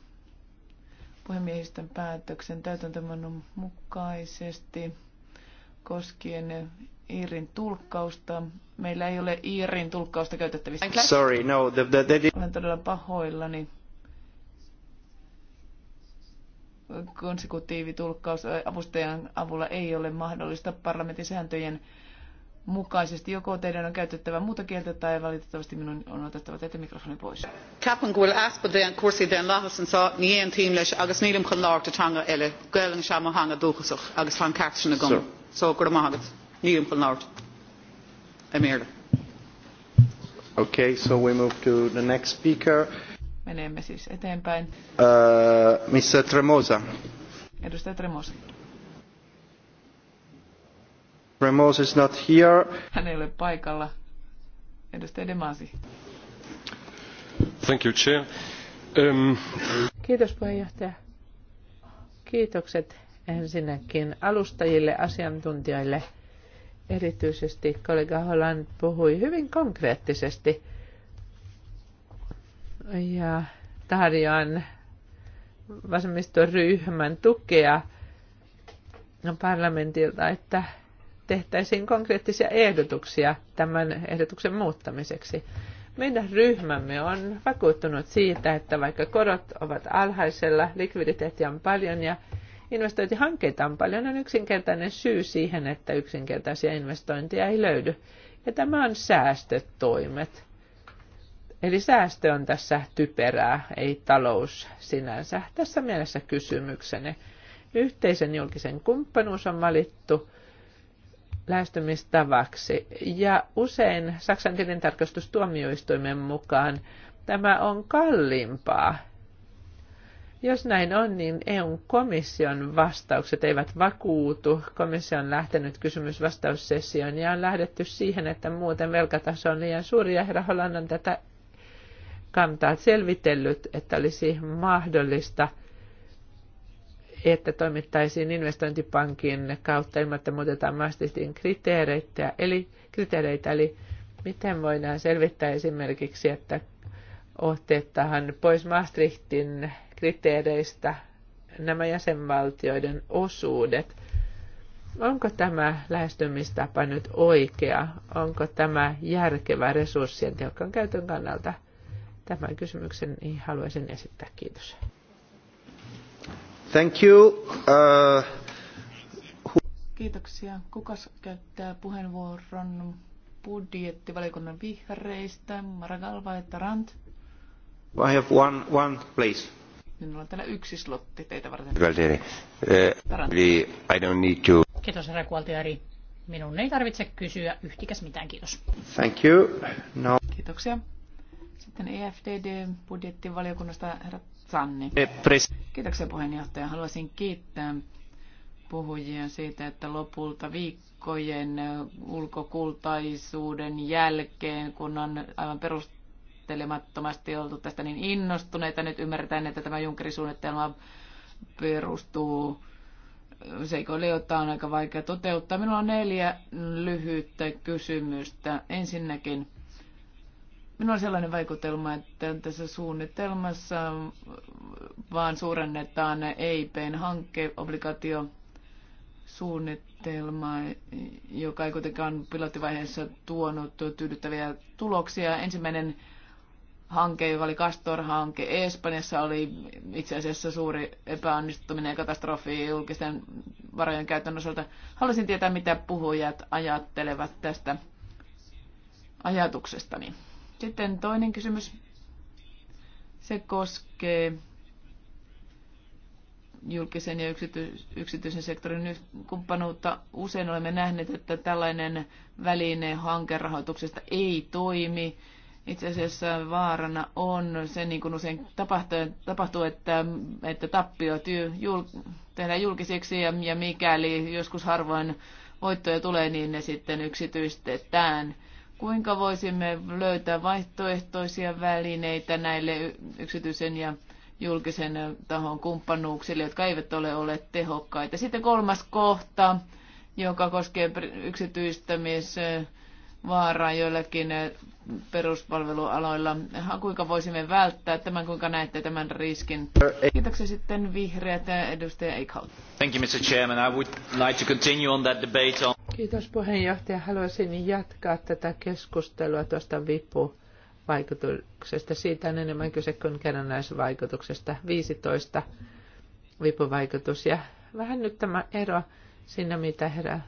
puhemiehistön päätöksen täytäntömanon mukaisesti koskien Iirin tulkkausta. Meillä ei ole Iirin tulkkausta käytettävissä. Sorry, no, the, the, the... Olen todella pahoillani. Konsekutiivitulkkaus avustajan avulla ei ole mahdollista parlamentin sääntöjen mukaisesti. Joko teidän on käytettävä muuta kieltä tai valitettavasti minun on otettava teitä mikrofoni pois.
Capan gwil aspa den kursi den
lahasan sa niin en agas leis agus nilim tanga ele gwelin shama hanga duchasach agus fan cartsin agam. So gwrda mahagat. Nilim chan lar. Emirda.
Okay, so we move to the next speaker.
Menemme siis eteenpäin.
Uh, Mr. Tremosa.
Edustaja Tremosa
is not here.
Hän ei ole paikalla. Edustaja Demasi.
Thank you, Chair. Um...
Kiitos puheenjohtaja. Kiitokset ensinnäkin alustajille, asiantuntijoille. Erityisesti kollega Holland puhui hyvin konkreettisesti ja tarjoan vasemmistoryhmän tukea no, parlamentilta, että tehtäisiin konkreettisia ehdotuksia tämän ehdotuksen muuttamiseksi. Meidän ryhmämme on vakuuttunut siitä, että vaikka korot ovat alhaisella, likviditeettiä on paljon ja investointihankkeita on paljon, on yksinkertainen syy siihen, että yksinkertaisia investointeja ei löydy. Ja tämä on säästötoimet. Eli säästö on tässä typerää, ei talous sinänsä. Tässä mielessä kysymykseni. Yhteisen julkisen kumppanuus on valittu lähestymistavaksi. Ja usein Saksan tilintarkastustuomioistuimen mukaan tämä on kalliimpaa. Jos näin on, niin EUn komission vastaukset eivät vakuutu. Komissio on lähtenyt kysymysvastaussessioon ja on lähdetty siihen, että muuten velkataso on liian suuri ja herra Hollannan tätä kantaa selvitellyt, että olisi mahdollista – että toimittaisiin investointipankin kautta ilman, että muutetaan Maastrichtin kriteereitä, eli, kriteereitä, eli miten voidaan selvittää esimerkiksi, että otetaan pois Maastrichtin kriteereistä nämä jäsenvaltioiden osuudet. Onko tämä lähestymistapa nyt oikea? Onko tämä järkevä resurssien tehokkaan käytön kannalta? Tämän kysymyksen haluaisin esittää. Kiitos. Uh,
Kiitoksia. Kukas käyttää puheenvuoron budjettivaliokunnan vihreistä? Maragal vai Tarant? I have one, one place. Minulla on täällä yksi slotti teitä varten. Gualtieri.
Uh, I don't need to... Kiitos, herra Gualtieri. Minun ei tarvitse kysyä yhtikäs mitään, kiitos. Thank you.
No.
Kiitoksia. Sitten EFDD budjettivaliokunnasta herra Sanni. Eh, Kiitoksia puheenjohtaja. Haluaisin kiittää puhujia siitä, että lopulta viikkojen eh, ulkokultaisuuden jälkeen, kun on aivan perustelemattomasti oltu tästä niin innostuneita, nyt ymmärretään, että tämä Junckerin suunnitelma perustuu eh, seikoille, joita on aika vaikea toteuttaa. Minulla on neljä lyhyttä kysymystä. Ensinnäkin, Minulla on sellainen vaikutelma, että tässä suunnitelmassa vaan suurennetaan EIPn obligaatio suunnitelma, joka ei kuitenkaan pilottivaiheessa tuonut tyydyttäviä tuloksia. Ensimmäinen hanke, joka oli Castor-hanke Espanjassa, oli itse asiassa suuri epäonnistuminen ja katastrofi julkisten varojen käytön osalta. Haluaisin tietää, mitä puhujat ajattelevat tästä ajatuksestani. Sitten toinen kysymys. Se koskee julkisen ja yksityisen sektorin kumppanuutta. Usein olemme nähneet, että tällainen väline hankerahoituksesta ei toimi. Itse asiassa vaarana on se, niin kuin usein tapahtuu, tapahtuu että, että tappiot jul, tehdään julkiseksi ja, ja mikäli joskus harvoin voittoja tulee, niin ne sitten yksityistetään. Kuinka voisimme löytää vaihtoehtoisia välineitä näille yksityisen ja julkisen tahon kumppanuuksille, jotka eivät ole olleet tehokkaita. Sitten kolmas kohta, joka koskee yksityistämisvaaraa joillakin peruspalvelualoilla. Kuinka voisimme välttää tämän, kuinka näette tämän riskin? Kiitoksia sitten vihreät ja edustaja Eichholt.
Thank you, Mr. Chairman. I would like to
continue on that debate on...
Kiitos puheenjohtaja. Haluaisin jatkaa tätä keskustelua tuosta vipu vaikutuksesta. Siitä on enemmän kyse kuin kerrannaisvaikutuksesta. 15 vipuvaikutus. Ja vähän nyt tämä ero siinä, mitä herra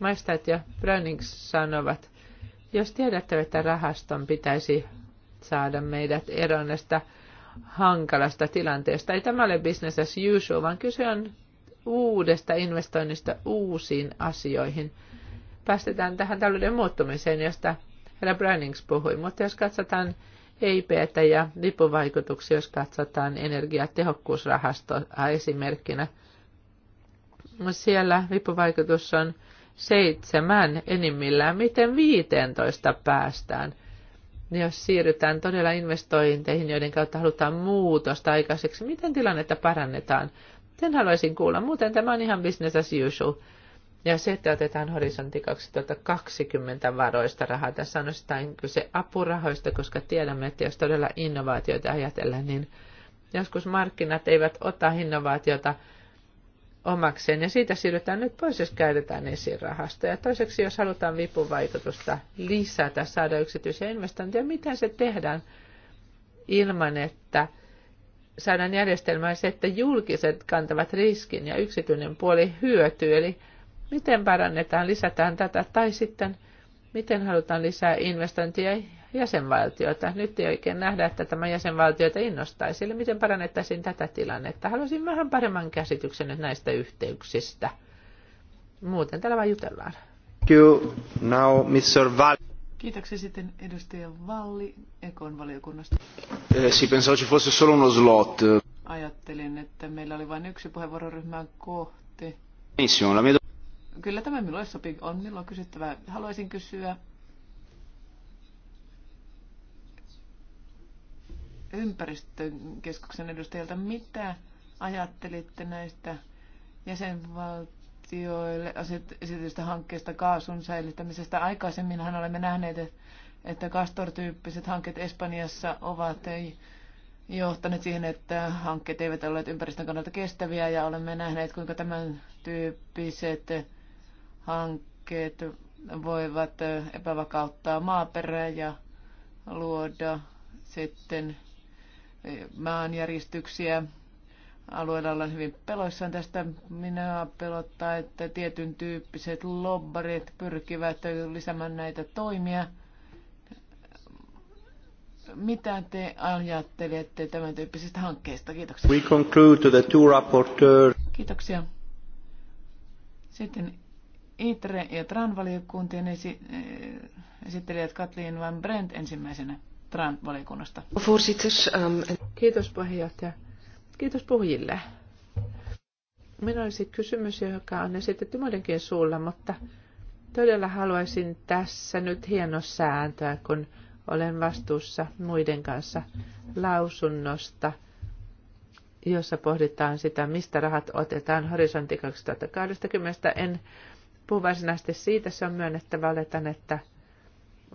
Maistat ja Browning sanovat jos tiedätte, että rahaston pitäisi saada meidät eroon näistä hankalasta tilanteesta, ei tämä ole business as usual, vaan kyse on uudesta investoinnista uusiin asioihin. Päästetään tähän talouden muuttumiseen, josta herra Brannings puhui, mutta jos katsotaan EIP ja lipuvaikutuksia, jos katsotaan energiatehokkuusrahastoa esimerkkinä, siellä lipuvaikutus on seitsemän enimmillään, miten 15 päästään. Jos siirrytään todella investointeihin, joiden kautta halutaan muutosta aikaiseksi, miten tilannetta parannetaan? Sen haluaisin kuulla. Muuten tämä on ihan business as usual. Ja se, että otetaan horisontti 2020 varoista rahaa. Tässä on osittain kyse apurahoista, koska tiedämme, että jos todella innovaatioita ajatellaan, niin joskus markkinat eivät ota innovaatiota omakseen ja siitä siirrytään nyt pois, jos käytetään esirahasta. Ja toiseksi, jos halutaan vipuvaikutusta lisätä, saada yksityisiä investointeja, miten se tehdään ilman, että saadaan järjestelmään se, että julkiset kantavat riskin ja yksityinen puoli hyötyy. Eli miten parannetaan, lisätään tätä tai sitten miten halutaan lisää investointia jäsenvaltiota. Nyt ei oikein nähdä, että tämä jäsenvaltioita innostaisi. Eli miten parannettaisiin tätä tilannetta? Haluaisin vähän paremman käsityksen nyt näistä yhteyksistä.
Muuten täällä vain jutellaan.
Now, Mr. Val-
Kiitoksia sitten edustaja Valli Ekon valiokunnasta. Eh, si pensavo ci fosse solo uno slot. Ajattelin, että meillä oli vain yksi puheenvuororyhmän kohti. Kyllä tämä minulle sopii. On minulla kysyttävää. Haluaisin kysyä ympäristökeskuksen edustajilta, mitä ajattelitte näistä jäsenvaltioille esitystä hankkeesta kaasun säilyttämisestä? Aikaisemminhan olemme nähneet, että Castor-tyyppiset hankkeet Espanjassa ovat johtaneet siihen, että hankkeet eivät olleet ympäristön kannalta kestäviä ja olemme nähneet, kuinka tämän tyyppiset hankkeet voivat epävakauttaa maaperää ja luoda sitten maanjäristyksiä. Alueella ollaan hyvin peloissaan tästä. Minä pelottaa, että tietyn tyyppiset lobbarit pyrkivät lisäämään näitä toimia. Mitä te ajattelette tämän tyyppisistä hankkeista? Kiitoksia. We
conclude the two rapporteurs.
Kiitoksia. Sitten ITRE ja TRAN-valiokuntien eh, esittelijät Katliin Van Brent ensimmäisenä. TRAN-valiokunnasta. Ehm, Kiitos
puheenjohtaja. Kiitos puhujille. Minulla olisi kysymys, joka on esitetty muidenkin suulla, mutta todella haluaisin tässä nyt sääntöä, kun olen vastuussa muiden kanssa lausunnosta, jossa pohditaan sitä, mistä rahat otetaan horisontti 2020. En puhu varsinaisesti siitä, se on myönnettävä. Oletan, että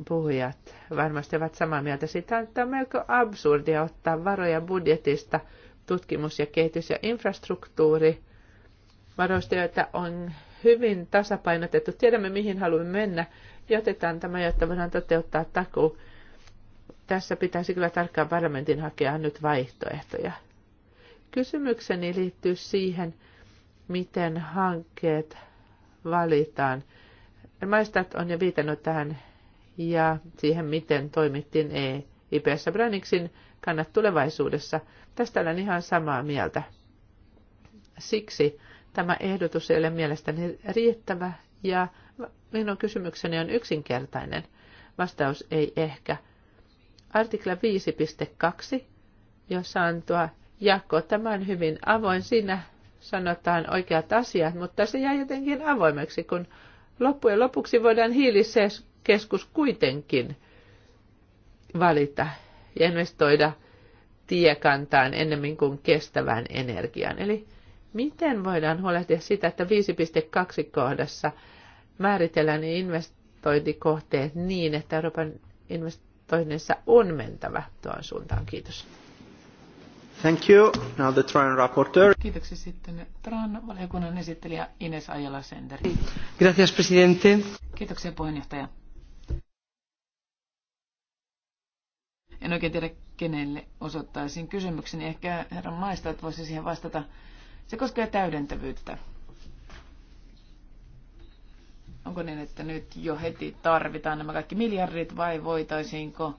puhujat varmasti ovat samaa mieltä siitä, että on melko absurdia ottaa varoja budjetista tutkimus- ja kehitys- ja infrastruktuuri varoista, joita on hyvin tasapainotettu. Tiedämme, mihin haluamme mennä ja otetaan tämä, jotta voidaan toteuttaa takuu. Tässä pitäisi kyllä tarkkaan parlamentin hakea nyt vaihtoehtoja. Kysymykseni liittyy siihen, miten hankkeet valitaan. Maistat on jo viitannut tähän ja siihen, miten toimittiin e IPS Branniksin kannat tulevaisuudessa. Tästä olen ihan samaa mieltä. Siksi tämä ehdotus ei ole mielestäni riittävä ja minun kysymykseni on yksinkertainen. Vastaus ei ehkä. Artikla 5.2, jossa on tuo jako, tämä on hyvin avoin. Siinä sanotaan oikeat asiat, mutta se jää jotenkin avoimeksi, kun loppujen lopuksi voidaan hiilises keskus kuitenkin valita ja investoida tiekantaan ennemmin kuin kestävään energiaan. Eli miten voidaan huolehtia sitä, että 5.2 kohdassa määritellään investointikohteet niin, että Euroopan investoinnissa on mentävä tuon suuntaan. Kiitos. Thank you. Now the Tran rapporteur.
Kiitoksia sitten Tran valiokunnan esittelijä Ines Ajala-Sender.
Gracias, presidente.
Kiitoksia puheenjohtaja. En oikein tiedä, kenelle osoittaisin kysymyksen. Ehkä herran että voisi siihen vastata. Se koskee täydentävyyttä. Onko niin, että nyt jo heti tarvitaan nämä kaikki miljardit vai voitaisiinko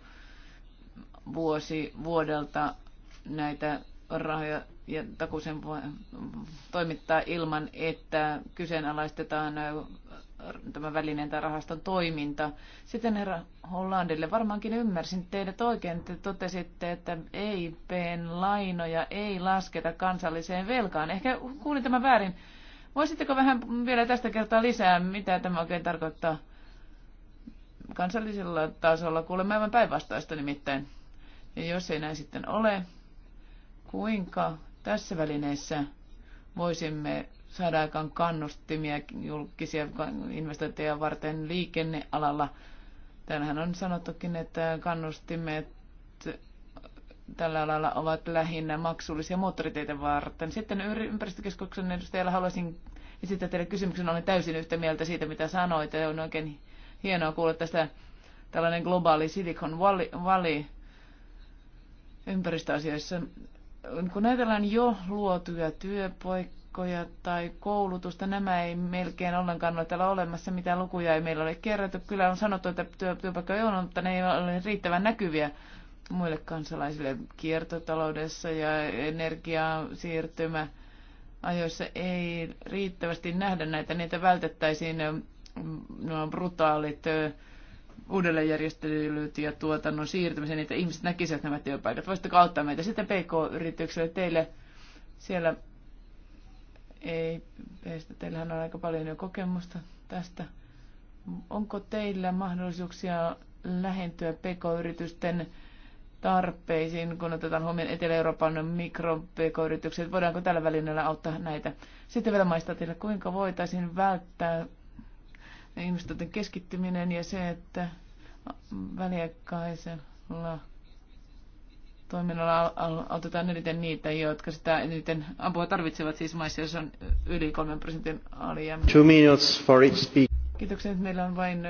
vuosi vuodelta näitä rahoja ja takuisen toimittaa ilman, että kyseenalaistetaan tämä välineen tai rahaston toiminta. Sitten herra Hollandille, varmaankin ymmärsin teidät oikein, te totesitte, että EIPn lainoja ei lasketa kansalliseen velkaan. Ehkä kuulin tämän väärin. Voisitteko vähän vielä tästä kertaa lisää, mitä tämä oikein tarkoittaa? Kansallisella tasolla kuulemme aivan päinvastaista nimittäin. Ja jos ei näin sitten ole, kuinka tässä välineessä voisimme saada aikaan kannustimia julkisia investointeja varten liikennealalla. Täällähän on sanottukin, että kannustimet tällä alalla ovat lähinnä maksullisia moottoriteitä varten. Sitten ympäristökeskuksen edustajalla haluaisin esittää teille kysymyksen. Olen täysin yhtä mieltä siitä, mitä sanoit. on oikein hienoa kuulla tästä tällainen globaali Silicon Valley, Valley ympäristöasioissa. Kun ajatellaan jo luotuja työpaikkoja, työpaikkoja tai koulutusta. Nämä ei melkein ollenkaan ole täällä olemassa. Mitä lukuja ei meillä ole kerrottu. Kyllä on sanottu, että työ, työpaikka on, mutta ne ei ole riittävän näkyviä muille kansalaisille kiertotaloudessa ja energiasiirtymä ajoissa ei riittävästi nähdä näitä, niitä vältettäisiin mm, nuo brutaalit uudelleenjärjestelyt ja tuotannon siirtymisen, niitä ihmiset näkisivät nämä työpaikat. Voisitteko auttaa meitä sitten PK-yritykselle teille siellä ei, teillähän on aika paljon jo kokemusta tästä. Onko teillä mahdollisuuksia lähentyä pk-yritysten tarpeisiin, kun otetaan huomioon Etelä-Euroopan mikro yritykset Voidaanko tällä välineellä auttaa näitä? Sitten vielä maistaa teille, kuinka voitaisiin välttää investointien keskittyminen ja se, että väliaikaisella toiminnalla autetaan eniten niitä, jotka sitä eniten apua tarvitsevat, siis maissa, joissa on yli 3 prosentin alijäämä.
Two minutes for each speaker.
Kiitoksia, että meillä on vain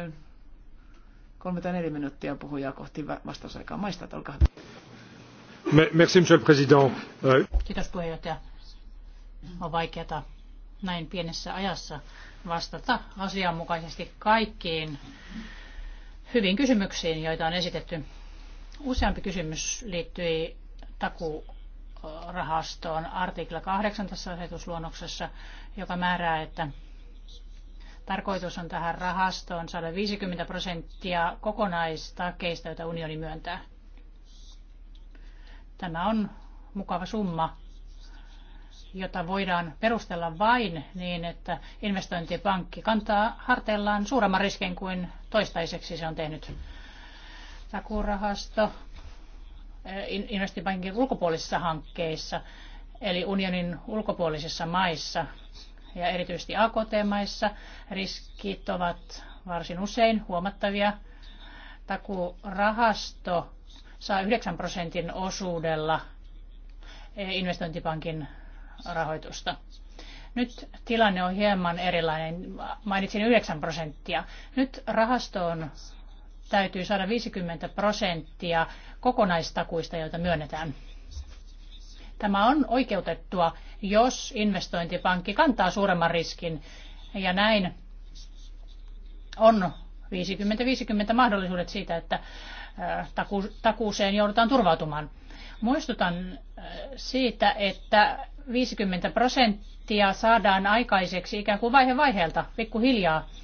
kolme tai neljä minuuttia puhujaa kohti vastausaikaa. Maistat, olkaa hyvä.
Merci, monsieur le président. Euh, Kiitos puheenjohtaja. On vaikeata näin pienessä ajassa vastata asianmukaisesti kaikkiin hyvin kysymyksiin, joita on esitetty. Useampi kysymys liittyi takurahastoon artikla 8 tässä asetusluonnoksessa, joka määrää, että tarkoitus on tähän rahastoon saada 50 prosenttia kokonaistakeista, joita unioni myöntää. Tämä on mukava summa, jota voidaan perustella vain niin, että investointipankki kantaa harteillaan suuremman riskin kuin toistaiseksi se on tehnyt takurahasto eh, investointipankin ulkopuolisissa hankkeissa, eli unionin ulkopuolisissa maissa ja erityisesti AKT-maissa riskit ovat varsin usein huomattavia. Takurahasto saa 9 prosentin osuudella eh, investointipankin rahoitusta. Nyt tilanne on hieman erilainen. Mainitsin 9 prosenttia. Nyt rahasto on täytyy saada 50 prosenttia kokonaistakuista, joita myönnetään. Tämä on oikeutettua, jos investointipankki kantaa suuremman riskin ja näin on 50-50 mahdollisuudet siitä, että takuuseen joudutaan turvautumaan. Muistutan siitä, että 50 prosenttia saadaan aikaiseksi ikään kuin vaihe vaiheelta, pikkuhiljaa. hiljaa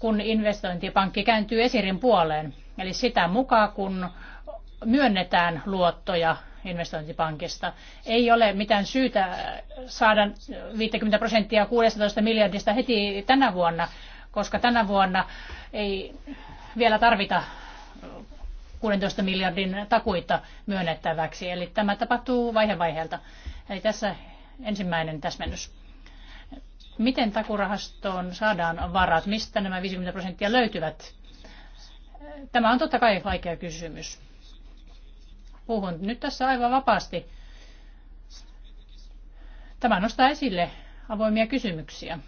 kun investointipankki kääntyy esirin puoleen. Eli sitä mukaan, kun myönnetään luottoja investointipankista. Ei ole mitään syytä saada 50 prosenttia 16 miljardista heti tänä vuonna, koska tänä vuonna ei vielä tarvita 16 miljardin takuita myönnettäväksi. Eli tämä tapahtuu vaihe vaiheelta. Eli tässä ensimmäinen täsmennys. Miten takurahastoon saadaan varat? Mistä nämä 50 prosenttia löytyvät? Tämä on totta kai vaikea kysymys. Puhun nyt tässä aivan vapaasti. Tämä nostaa esille avoimia kysymyksiä.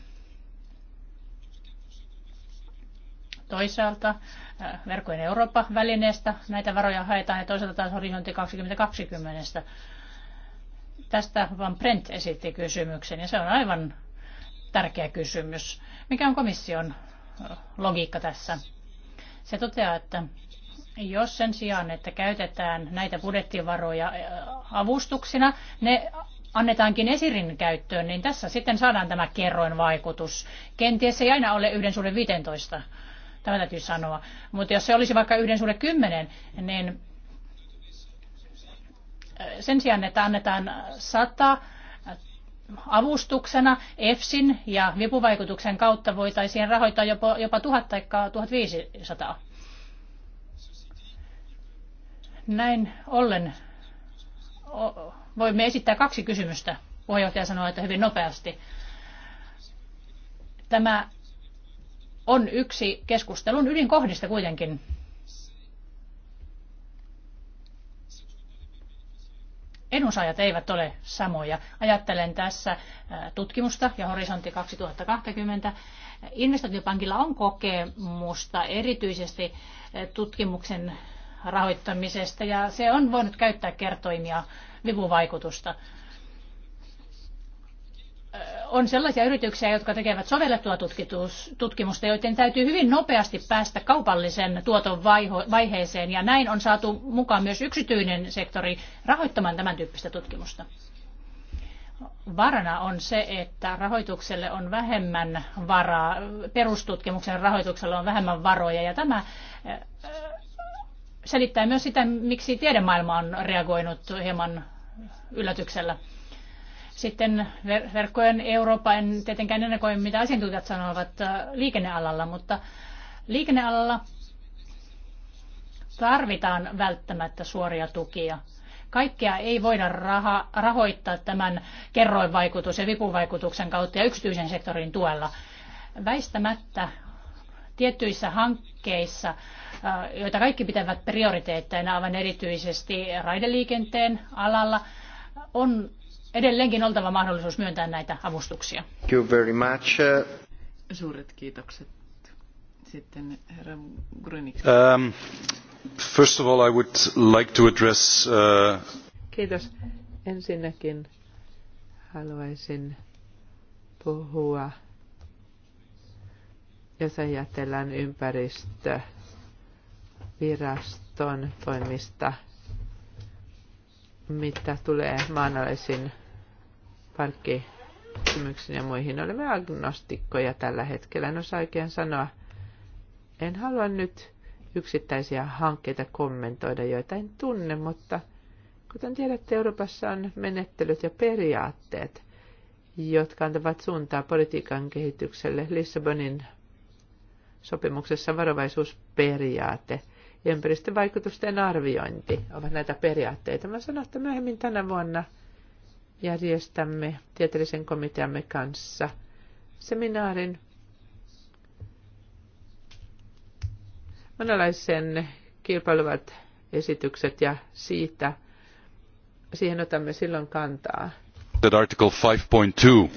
Toisaalta äh, verkkojen Eurooppa-välineestä näitä varoja haetaan ja toisaalta taas horisontti 2020. Tästä Van Brent esitti kysymyksen ja se on aivan tärkeä kysymys. Mikä on komission logiikka tässä? Se toteaa, että jos sen sijaan, että käytetään näitä budjettivaroja avustuksina, ne annetaankin esirin käyttöön, niin tässä sitten saadaan tämä kerroinvaikutus. Kenties ei aina ole yhden suhde 15, tämä täytyy sanoa. Mutta jos se olisi vaikka yhden suhde 10, niin sen sijaan, että annetaan 100 avustuksena EFSin ja vipuvaikutuksen kautta voitaisiin rahoittaa jopa, jopa 1000 tai 1500. Näin ollen voimme esittää kaksi kysymystä. Puheenjohtaja sanoi, että hyvin nopeasti. Tämä on yksi keskustelun ydinkohdista kuitenkin. edunsaajat eivät ole samoja. Ajattelen tässä äh, tutkimusta ja horisontti 2020. Investointipankilla on kokemusta erityisesti äh, tutkimuksen rahoittamisesta ja se on voinut käyttää kertoimia vivuvaikutusta on sellaisia yrityksiä, jotka tekevät sovellettua tutkimusta, joiden täytyy hyvin nopeasti päästä kaupallisen tuoton vaiheeseen. Ja näin on saatu mukaan myös yksityinen sektori rahoittamaan tämän tyyppistä tutkimusta. Varana on se, että rahoitukselle on vähemmän varaa, perustutkimuksen rahoituksella on vähemmän varoja. Ja tämä äh, selittää myös sitä, miksi tiedemaailma on reagoinut hieman yllätyksellä. Sitten ver- verkkojen Eurooppa, en tietenkään ennakoi mitä asiantuntijat sanovat äh, liikennealalla, mutta liikennealalla tarvitaan välttämättä suoria tukia. Kaikkea ei voida raha- rahoittaa tämän kerroinvaikutus- ja vipuvaikutuksen kautta ja yksityisen sektorin tuella. Väistämättä tiettyissä hankkeissa, äh, joita kaikki pitävät prioriteetteina aivan erityisesti raideliikenteen alalla, on edelleenkin oltava mahdollisuus myöntää näitä avustuksia.
Thank you very much.
Suuret
kiitokset. Sitten
herra Grunik. Um, first of all, I would like to address... Uh...
Kiitos.
Ensinnäkin haluaisin puhua, jos ajatellaan ympäristöviraston toimista, mitä tulee maanalaisin parkkikysymyksiin ja muihin. Olemme agnostikkoja tällä hetkellä, en osaa oikein sanoa. En halua nyt yksittäisiä hankkeita kommentoida, joita en tunne, mutta kuten tiedätte, Euroopassa on menettelyt ja periaatteet, jotka antavat suuntaa politiikan kehitykselle. Lissabonin sopimuksessa varovaisuusperiaate ja ympäristövaikutusten arviointi ovat näitä periaatteita. Mä sanon, että myöhemmin tänä vuonna – järjestämme tieteellisen komiteamme kanssa seminaarin monenlaisen kilpailuvat esitykset ja siitä siihen otamme silloin kantaa.
article 5.2 uh,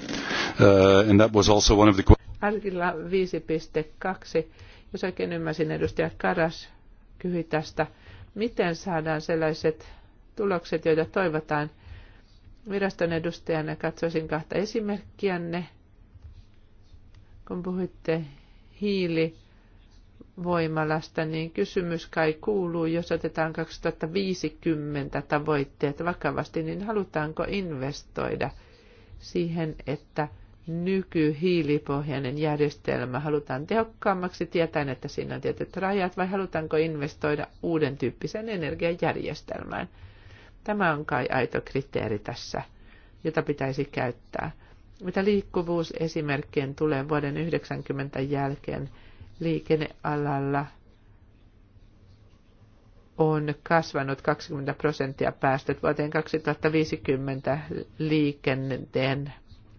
and that was also one of the
Artikla 5.2, jos oikein ymmärsin edustaja Karas kyhy tästä, miten saadaan sellaiset tulokset, joita toivotaan – viraston edustajana katsoisin kahta esimerkkiänne, kun puhuitte hiilivoimalasta, niin kysymys kai kuuluu, jos otetaan 2050 tavoitteet vakavasti, niin halutaanko investoida siihen, että nykyhiilipohjainen järjestelmä halutaan tehokkaammaksi tietäen, että siinä on tietyt rajat, vai halutaanko investoida uuden tyyppiseen energiajärjestelmään – Tämä on kai aito kriteeri tässä, jota pitäisi käyttää. Mitä liikkuvuus liikkuvuusesimerkkien tulee vuoden 90 jälkeen liikennealalla on kasvanut 20 prosenttia päästöt. Vuoteen 2050 liikenteen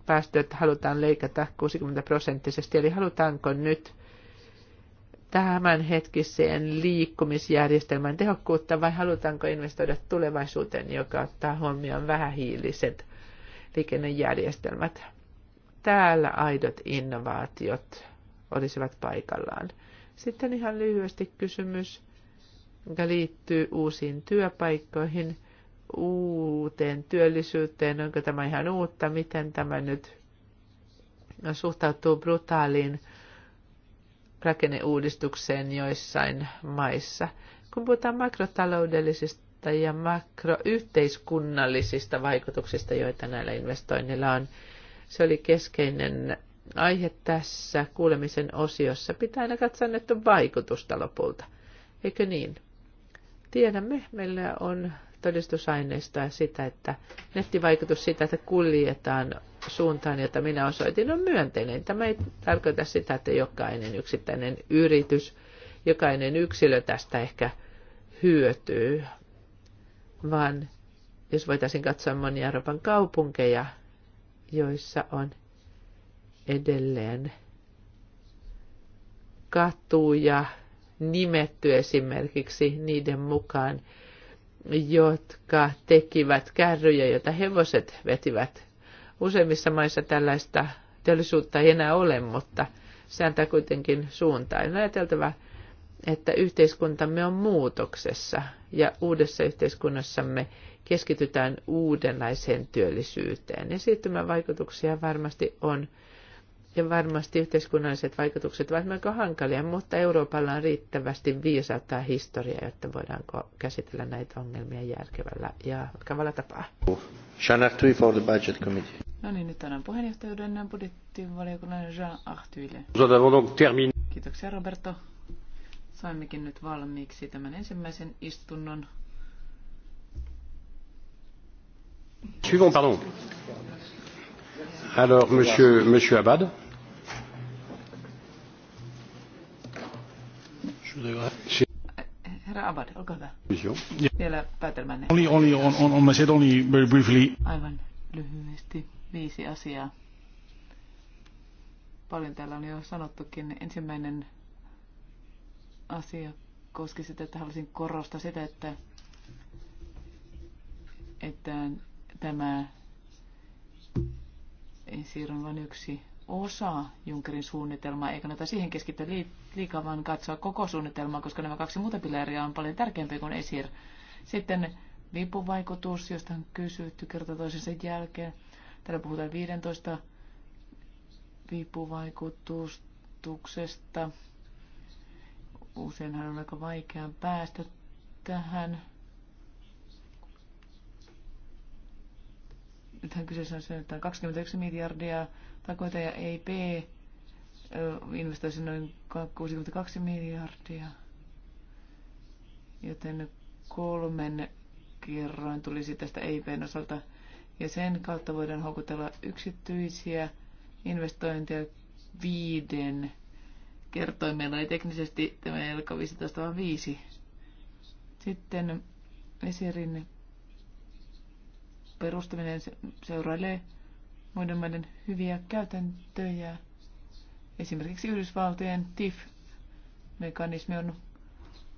päästöt halutaan leikata 60 prosenttisesti. Eli halutaanko nyt tämänhetkiseen liikkumisjärjestelmän tehokkuutta vai halutaanko investoida tulevaisuuteen, joka ottaa huomioon vähähiiliset liikennejärjestelmät. Täällä aidot innovaatiot olisivat paikallaan. Sitten ihan lyhyesti kysymys, joka liittyy uusiin työpaikkoihin, uuteen työllisyyteen. Onko tämä ihan uutta? Miten tämä nyt suhtautuu brutaaliin rakenneuudistukseen joissain maissa. Kun puhutaan makrotaloudellisista ja makroyhteiskunnallisista vaikutuksista, joita näillä investoinneilla on, se oli keskeinen aihe tässä kuulemisen osiossa. Pitää aina katsoa nyt vaikutusta lopulta. Eikö niin? Tiedämme, meillä on todistusaineistoa sitä, että nettivaikutus sitä, että kuljetaan suuntaan, jota minä osoitin, on myönteinen. Tämä ei tarkoita sitä, että jokainen yksittäinen yritys, jokainen yksilö tästä ehkä hyötyy, vaan jos voitaisiin katsoa monia Euroopan kaupunkeja, joissa on edelleen katuja nimetty esimerkiksi niiden mukaan, jotka tekivät kärryjä, joita hevoset vetivät. Useimmissa maissa tällaista teollisuutta ei enää ole, mutta se antaa kuitenkin suuntaa. On ajateltava, että yhteiskuntamme on muutoksessa ja uudessa yhteiskunnassamme keskitytään uudenlaiseen työllisyyteen. Ja siirtymävaikutuksia varmasti on ja varmasti yhteiskunnalliset vaikutukset ovat melko hankalia, mutta Euroopalla on riittävästi viisautta historiaa, jotta voidaan käsitellä näitä ongelmia järkevällä ja vakavalla tapaa. Jean for the budget committee.
No niin, nyt annan puheenjohtajuuden budjettivaliokunnan Jean Artuille. Kiitoksia Roberto. Saimmekin nyt valmiiksi tämän ensimmäisen istunnon.
Suivons, pardon. Alors, monsieur, monsieur Abad.
Herra Abad, olkaa hyvä. Vielä päätelmänne. Oli, oli, on, on, on, se only very briefly. Aivan lyhyesti viisi asiaa. Paljon täällä on jo sanottukin. Ensimmäinen asia koski sitä, että halusin korostaa sitä, että, että tämä ei siirron vain yksi osa Junckerin suunnitelmaa, eikä näitä siihen keskittyä liikaa, vaan katsoa koko suunnitelmaa, koska nämä kaksi muuta pilaria on paljon tärkeämpiä kuin ESIR. Sitten vipuvaikutus, josta on kysytty kerta toisensa jälkeen. Täällä puhutaan 15 vipuvaikutuksesta. Useinhan on aika vaikea päästä tähän. Nythän kyseessä on se, että 21 miljardia takoita ja B e investoisi noin 62 miljardia, joten kolmen kerroin tulisi tästä EIPn osalta ja sen kautta voidaan houkutella yksityisiä investointeja viiden kertoimella, eli teknisesti tämä ei ole 15 vaan 5. Sitten Esirin perustaminen seurailee muiden maiden hyviä käytäntöjä. Esimerkiksi Yhdysvaltojen TIF-mekanismi on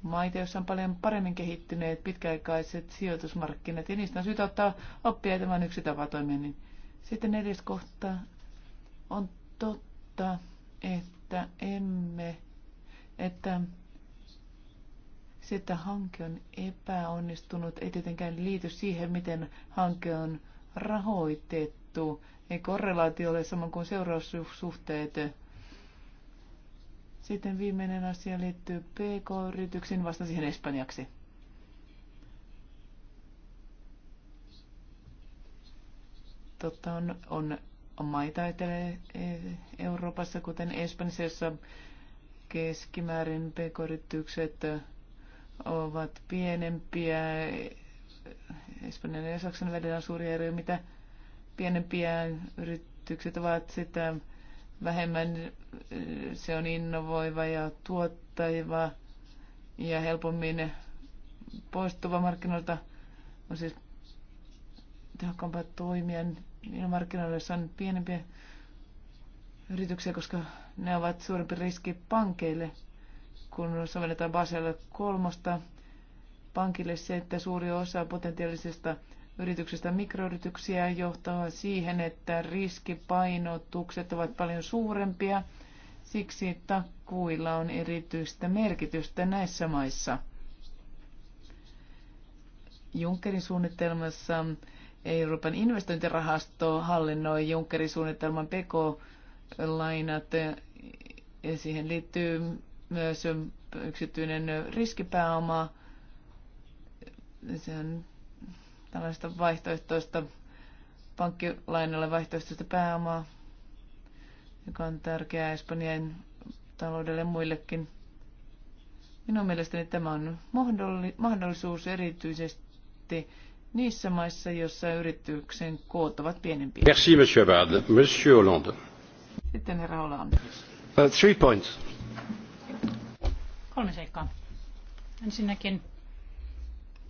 maita, joissa on paljon paremmin kehittyneet pitkäaikaiset sijoitusmarkkinat, ja niistä on syytä ottaa oppia, ja tämä on yksi tapa toimia. Niin. Sitten neljäs kohta on totta, että emme, että se, että hanke on epäonnistunut, ei tietenkään liity siihen, miten hanke on rahoitettu ei korrelaatio ole sama kuin seuraussuhteet. Sitten viimeinen asia liittyy PK-yrityksiin, vasta siihen espanjaksi. Totta on, on maita Etelä-Euroopassa, e, kuten Espanjassa, jossa keskimäärin pk-yritykset ovat pienempiä. Espanjan ja Saksan välillä on suuria eroja, mitä Pienempiä yritykset ovat sitä vähemmän, se on innovoiva ja tuottava ja helpommin poistuva markkinoilta on siis tehokkaampaa toimia niillä markkinoilla, joissa on pienempiä yrityksiä, koska ne ovat suurempi riski pankeille, kun sovelletaan Basel kolmosta. Pankille se, että suuri osa potentiaalisesta yrityksistä mikroyrityksiä johtaa siihen, että riskipainotukset ovat paljon suurempia. Siksi takkuilla on erityistä merkitystä näissä maissa. Junckerin suunnitelmassa Euroopan investointirahasto hallinnoi Junckerin suunnitelman PK-lainat ja siihen liittyy myös yksityinen riskipääoma. Se on tällaista vaihtoehtoista pankkilainalle vaihtoehtoista pääomaa, joka on tärkeää Espanjan taloudelle muillekin. Minun mielestäni tämä on mahdollisuus erityisesti niissä maissa, joissa yrityksen koot ovat pienempiä.
Merci, monsieur Vard. Monsieur Hollande.
Sitten herra Hollande.
Uh, three points.
Kolme seikkaa. Ensinnäkin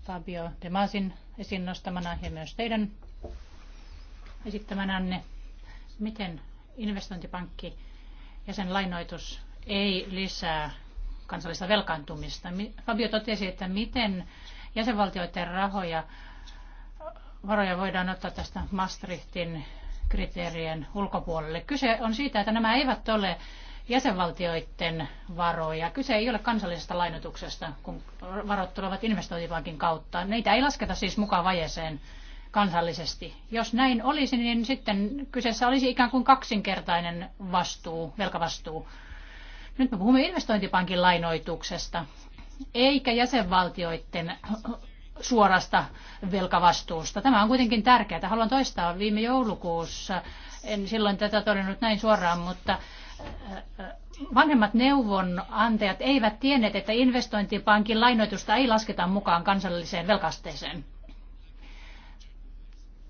Fabio de Masin esiin nostamana ja myös teidän esittämänänne. Miten investointipankki ja sen lainoitus ei lisää kansallista velkaantumista? Fabio totesi, että miten jäsenvaltioiden rahoja, varoja voidaan ottaa tästä Maastrichtin kriteerien ulkopuolelle. Kyse on siitä, että nämä eivät ole jäsenvaltioiden varoja. Kyse ei ole kansallisesta lainotuksesta, kun varot tulevat investointipankin kautta. Neitä ei lasketa siis mukaan vajeeseen kansallisesti. Jos näin olisi, niin sitten kyseessä olisi ikään kuin kaksinkertainen vastuu, velkavastuu. Nyt me puhumme investointipankin lainoituksesta, eikä jäsenvaltioiden suorasta velkavastuusta. Tämä on kuitenkin tärkeää. Haluan toistaa viime joulukuussa, en silloin tätä todennut näin suoraan, mutta vanhemmat neuvonantajat eivät tienneet, että investointipankin lainoitusta ei lasketa mukaan kansalliseen velkasteeseen.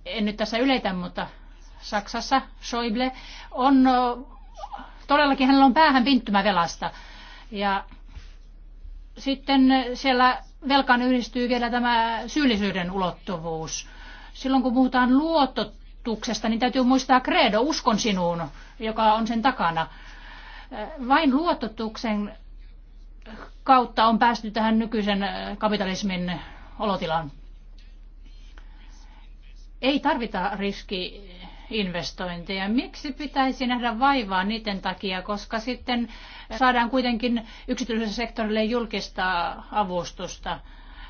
En nyt tässä yleitä, mutta Saksassa Schäuble on, todellakin hänellä on päähän pinttymä velasta. Ja sitten siellä velkaan yhdistyy vielä tämä syyllisyyden ulottuvuus. Silloin kun puhutaan luottot luotuksesta, niin täytyy muistaa credo, uskon sinuun, joka on sen takana. Vain luottotuksen kautta on päästy tähän nykyisen äh, kapitalismin olotilaan. Ei tarvita riski investointeja. Miksi pitäisi nähdä vaivaa niiden takia, koska sitten saadaan kuitenkin yksityiselle sektorille julkista avustusta.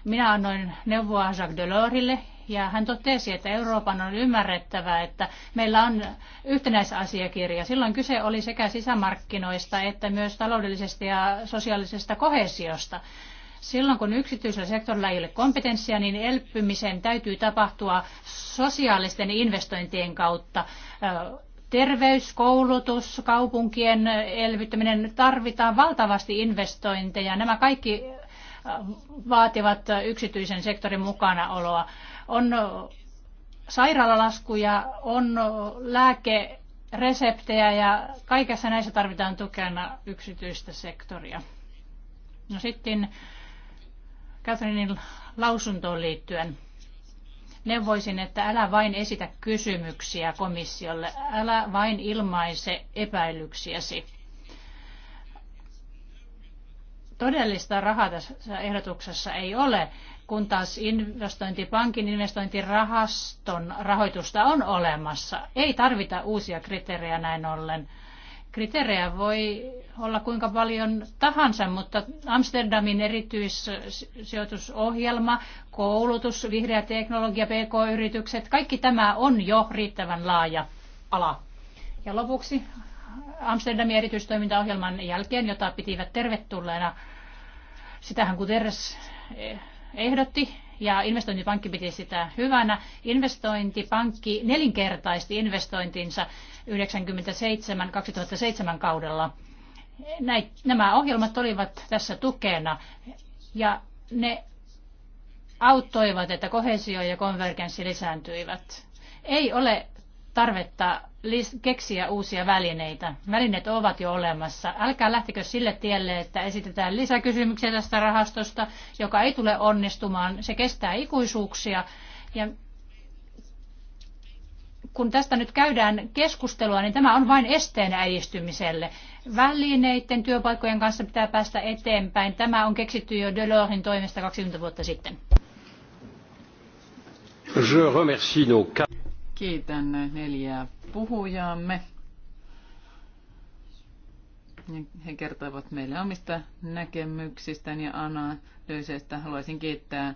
Minä annoin neuvoa Jacques Delorsille, ja hän totesi, että Euroopan on ymmärrettävä, että meillä on yhtenäisasiakirja. Silloin kyse oli sekä sisämarkkinoista että myös taloudellisesta ja sosiaalisesta kohesiosta. Silloin kun yksityisellä sektorilla ei ole kompetenssia, niin elpymisen täytyy tapahtua sosiaalisten investointien kautta. Terveys, koulutus, kaupunkien elvyttäminen, tarvitaan valtavasti investointeja. Nämä kaikki vaativat yksityisen sektorin mukanaoloa on sairaalalaskuja, on lääkereseptejä ja kaikessa näissä tarvitaan tukena yksityistä sektoria. No sitten Katrinin lausuntoon liittyen neuvoisin, että älä vain esitä kysymyksiä komissiolle, älä vain ilmaise epäilyksiäsi. Todellista rahaa tässä ehdotuksessa ei ole kun taas investointipankin investointirahaston rahoitusta on olemassa. Ei tarvita uusia kriteerejä näin ollen. Kriteerejä voi olla kuinka paljon tahansa, mutta Amsterdamin erityissijoitusohjelma, koulutus, vihreä teknologia, pk-yritykset, kaikki tämä on jo riittävän laaja ala. Ja lopuksi Amsterdamin erityistoimintaohjelman jälkeen, jota pitivät tervetulleena, sitähän Guterres ehdotti ja investointipankki piti sitä hyvänä. Investointipankki nelinkertaisti investointinsa 97-2007 kaudella. nämä ohjelmat olivat tässä tukena ja ne auttoivat, että kohesio ja konvergenssi lisääntyivät. Ei ole tarvetta keksiä uusia välineitä. Välineet ovat jo olemassa. Älkää lähtikö sille tielle, että esitetään lisäkysymyksiä tästä rahastosta, joka ei tule onnistumaan. Se kestää ikuisuuksia. Ja kun tästä nyt käydään keskustelua, niin tämä on vain esteenä edistymiselle. Välineiden työpaikkojen kanssa pitää päästä eteenpäin. Tämä on keksitty jo Delorin toimesta 20 vuotta sitten. Je remercie nos...
Kiitän neljää puhujaamme. He kertoivat meille omista näkemyksistään ja analyyseistä. Haluaisin kiittää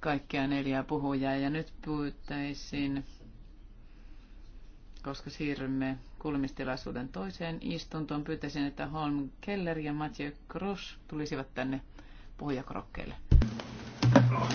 kaikkia neljää puhujaa ja nyt pyytäisin, koska siirrymme kulmistilaisuuden toiseen istuntoon, pyytäisin, että Holm Keller ja Matthew Cross tulisivat tänne puhujakrokkeille. Oh.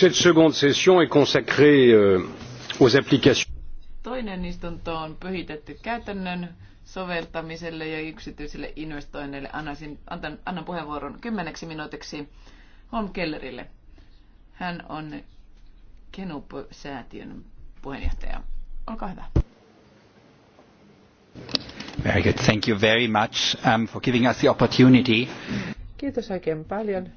Cette seconde session est consacrée euh, aux applications.
Toinen istunto on pyhitetty käytännön soveltamiselle ja yksityisille investoinneille. Annasin, antan, annan puheenvuoron kymmeneksi minuutiksi Holm Kellerille. Hän on Kenup-säätiön puheenjohtaja. Olkaa hyvä.
Very good. Thank you very much um, for giving us the opportunity.
Kiitos oikein
paljon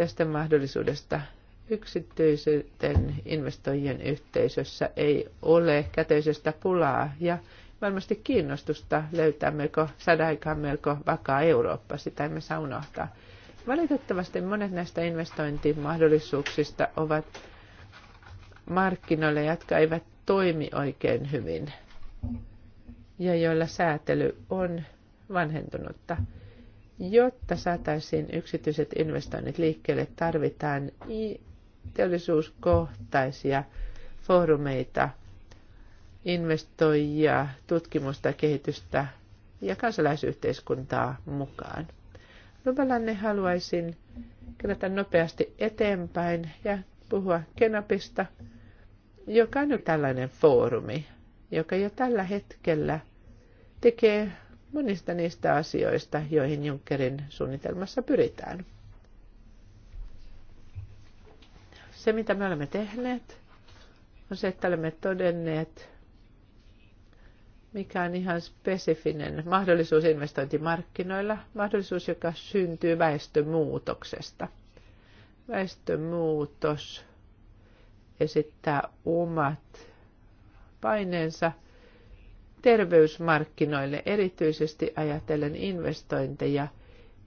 tästä mahdollisuudesta yksityisten investoijien yhteisössä ei ole käteisestä pulaa ja varmasti kiinnostusta löytää melko, sadaikaan melko vakaa Eurooppa, sitä emme saa unohtaa. Valitettavasti monet näistä investointimahdollisuuksista ovat markkinoille, jotka eivät toimi oikein hyvin ja joilla säätely on vanhentunutta. Jotta saataisiin yksityiset investoinnit liikkeelle, tarvitaan teollisuuskohtaisia foorumeita, investoijia, tutkimusta, kehitystä ja kansalaisyhteiskuntaa mukaan. Lubelanne haluaisin kerätä nopeasti eteenpäin ja puhua Kenapista, joka on tällainen foorumi, joka jo tällä hetkellä tekee monista niistä asioista, joihin Junckerin suunnitelmassa pyritään. Se, mitä me olemme tehneet, on se, että olemme todenneet, mikä on ihan spesifinen mahdollisuus investointimarkkinoilla, mahdollisuus, joka syntyy väestömuutoksesta. Väestömuutos esittää omat paineensa – terveysmarkkinoille, erityisesti ajatellen investointeja,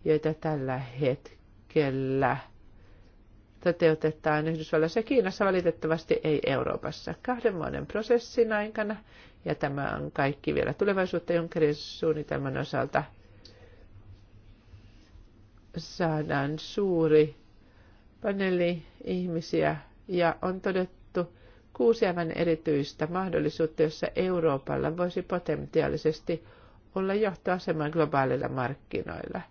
joita tällä hetkellä toteutetaan Yhdysvalloissa ja Kiinassa, valitettavasti ei Euroopassa. Kahden vuoden prosessin aikana, ja tämä on kaikki vielä tulevaisuutta Junckerin suunnitelman osalta, saadaan suuri paneeli ihmisiä, ja on todettu, kuusi aivan erityistä mahdollisuutta, jossa Euroopalla voisi potentiaalisesti olla johtoasema globaaleilla markkinoilla.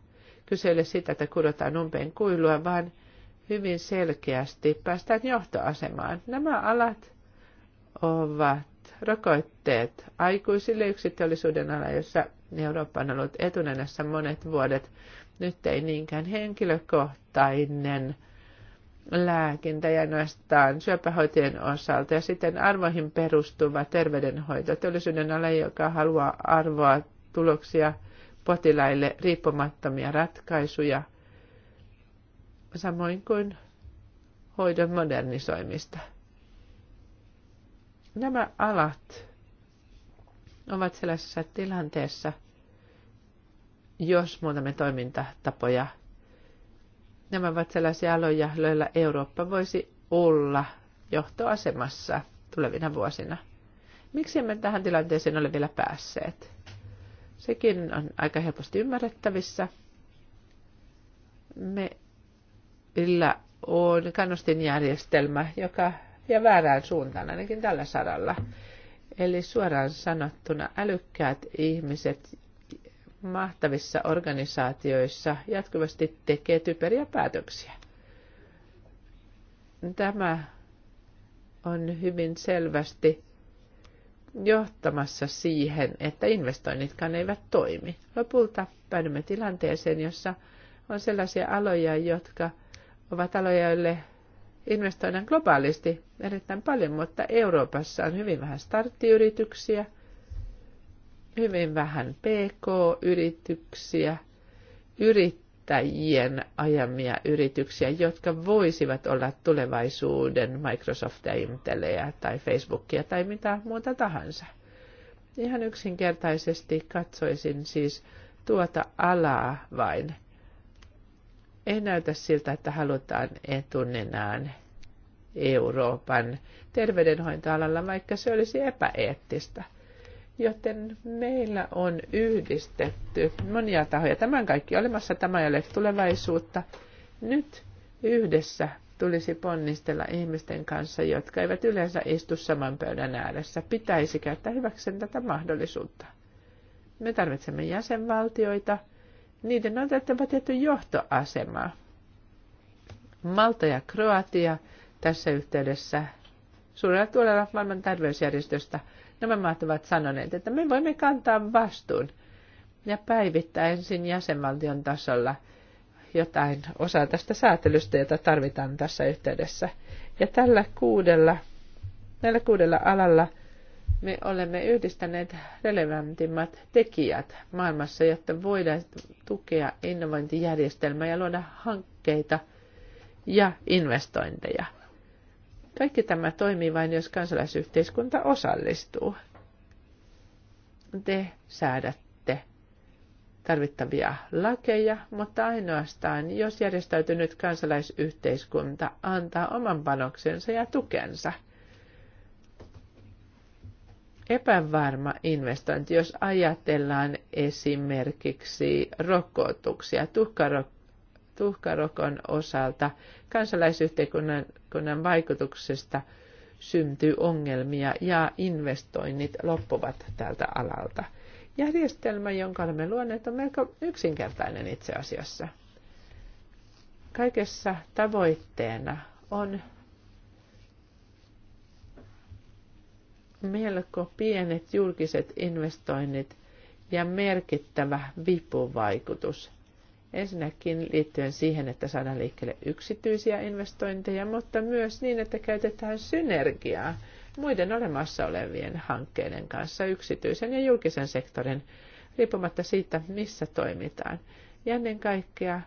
Kyse ei ole sitä, että kudotaan umpeen kuilua, vaan hyvin selkeästi päästään johtoasemaan. Nämä alat ovat rokotteet aikuisille yksi ala, jossa Eurooppa on ollut etunenässä monet vuodet. Nyt ei niinkään henkilökohtainen lääkintä ja nostetaan syöpähoitojen osalta ja sitten arvoihin perustuva terveydenhoito teollisuuden ala, joka haluaa arvoa tuloksia potilaille riippumattomia ratkaisuja, samoin kuin hoidon modernisoimista. Nämä alat ovat sellaisessa tilanteessa, jos muutamme toimintatapoja – Nämä ovat sellaisia aloja, joilla Eurooppa voisi olla johtoasemassa tulevina vuosina. Miksi emme tähän tilanteeseen ole vielä päässeet? Sekin on aika helposti ymmärrettävissä. Meillä on kannustinjärjestelmä, joka vie väärään suuntaan ainakin tällä saralla. Eli suoraan sanottuna älykkäät ihmiset mahtavissa organisaatioissa jatkuvasti tekee typeriä päätöksiä. Tämä on hyvin selvästi johtamassa siihen, että investoinnitkaan eivät toimi. Lopulta päädymme tilanteeseen, jossa on sellaisia aloja, jotka ovat aloja, joille investoidaan globaalisti erittäin paljon, mutta Euroopassa on hyvin vähän starttiyrityksiä – hyvin vähän PK-yrityksiä, yrittäjien ajamia yrityksiä, jotka voisivat olla tulevaisuuden Microsoftia, Intelejä tai Facebookia tai mitä muuta tahansa. Ihan yksinkertaisesti katsoisin siis tuota alaa vain. Ei näytä siltä, että halutaan etunenään Euroopan terveydenhoitoalalla, vaikka se olisi epäeettistä – Joten meillä on yhdistetty monia tahoja. Tämän kaikki olemassa, tämä ei ole tulevaisuutta. Nyt yhdessä tulisi ponnistella ihmisten kanssa, jotka eivät yleensä istu saman pöydän ääressä. Pitäisi käyttää hyväkseen tätä mahdollisuutta. Me tarvitsemme jäsenvaltioita. Niiden on otettava tietty johtoasemaa. Malta ja Kroatia tässä yhteydessä suurella tuolella maailman terveysjärjestöstä – Nämä maat ovat sanoneet, että me voimme kantaa vastuun ja päivittää ensin jäsenvaltion tasolla jotain osaa tästä säätelystä, jota tarvitaan tässä yhteydessä. Ja tällä kuudella, näillä kuudella alalla me olemme yhdistäneet relevantimmat tekijät maailmassa, jotta voidaan tukea innovointijärjestelmää ja luoda hankkeita ja investointeja – kaikki tämä toimii vain, jos kansalaisyhteiskunta osallistuu. Te säädätte tarvittavia lakeja, mutta ainoastaan, jos järjestäytynyt kansalaisyhteiskunta antaa oman panoksensa ja tukensa – epävarma investointi, jos ajatellaan esimerkiksi rokotuksia, tuhkarokotuksia, tuhkarokon osalta kansalaisyhteiskunnan vaikutuksesta syntyy ongelmia ja investoinnit loppuvat tältä alalta. Järjestelmä, jonka olemme luoneet, on melko yksinkertainen itse asiassa. Kaikessa tavoitteena on melko pienet julkiset investoinnit ja merkittävä vipuvaikutus – Ensinnäkin liittyen siihen, että saadaan liikkeelle yksityisiä investointeja, mutta myös niin, että käytetään synergiaa muiden olemassa olevien hankkeiden kanssa yksityisen ja julkisen sektorin, riippumatta siitä, missä toimitaan. Ja ennen kaikkea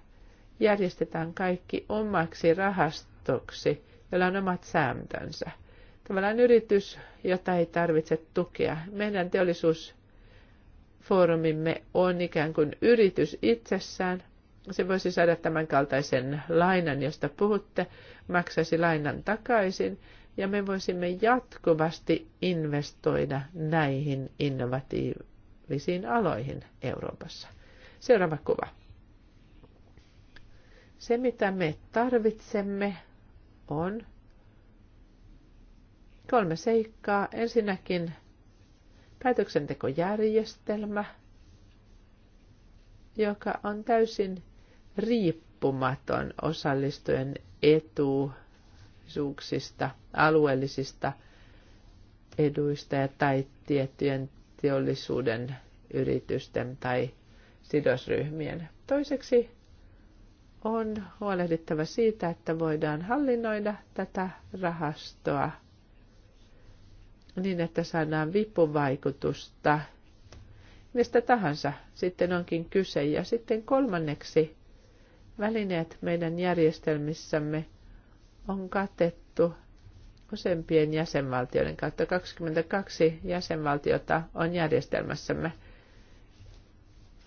järjestetään kaikki omaksi rahastoksi, jolla on omat sääntönsä. Tavallaan yritys, jota ei tarvitse tukea. Meidän teollisuusfoorumimme on ikään kuin yritys itsessään – se voisi saada tämän kaltaisen lainan, josta puhutte, maksaisi lainan takaisin ja me voisimme jatkuvasti investoida näihin innovatiivisiin aloihin Euroopassa. Seuraava kuva. Se, mitä me tarvitsemme, on kolme seikkaa. Ensinnäkin päätöksentekojärjestelmä, joka on täysin riippumaton osallistujen etuisuuksista, alueellisista eduista ja tai tiettyjen teollisuuden yritysten tai sidosryhmien. Toiseksi on huolehdittava siitä, että voidaan hallinnoida tätä rahastoa niin, että saadaan vipuvaikutusta mistä tahansa sitten onkin kyse. Ja sitten kolmanneksi välineet meidän järjestelmissämme on katettu useimpien jäsenvaltioiden kautta. 22 jäsenvaltiota on järjestelmässämme.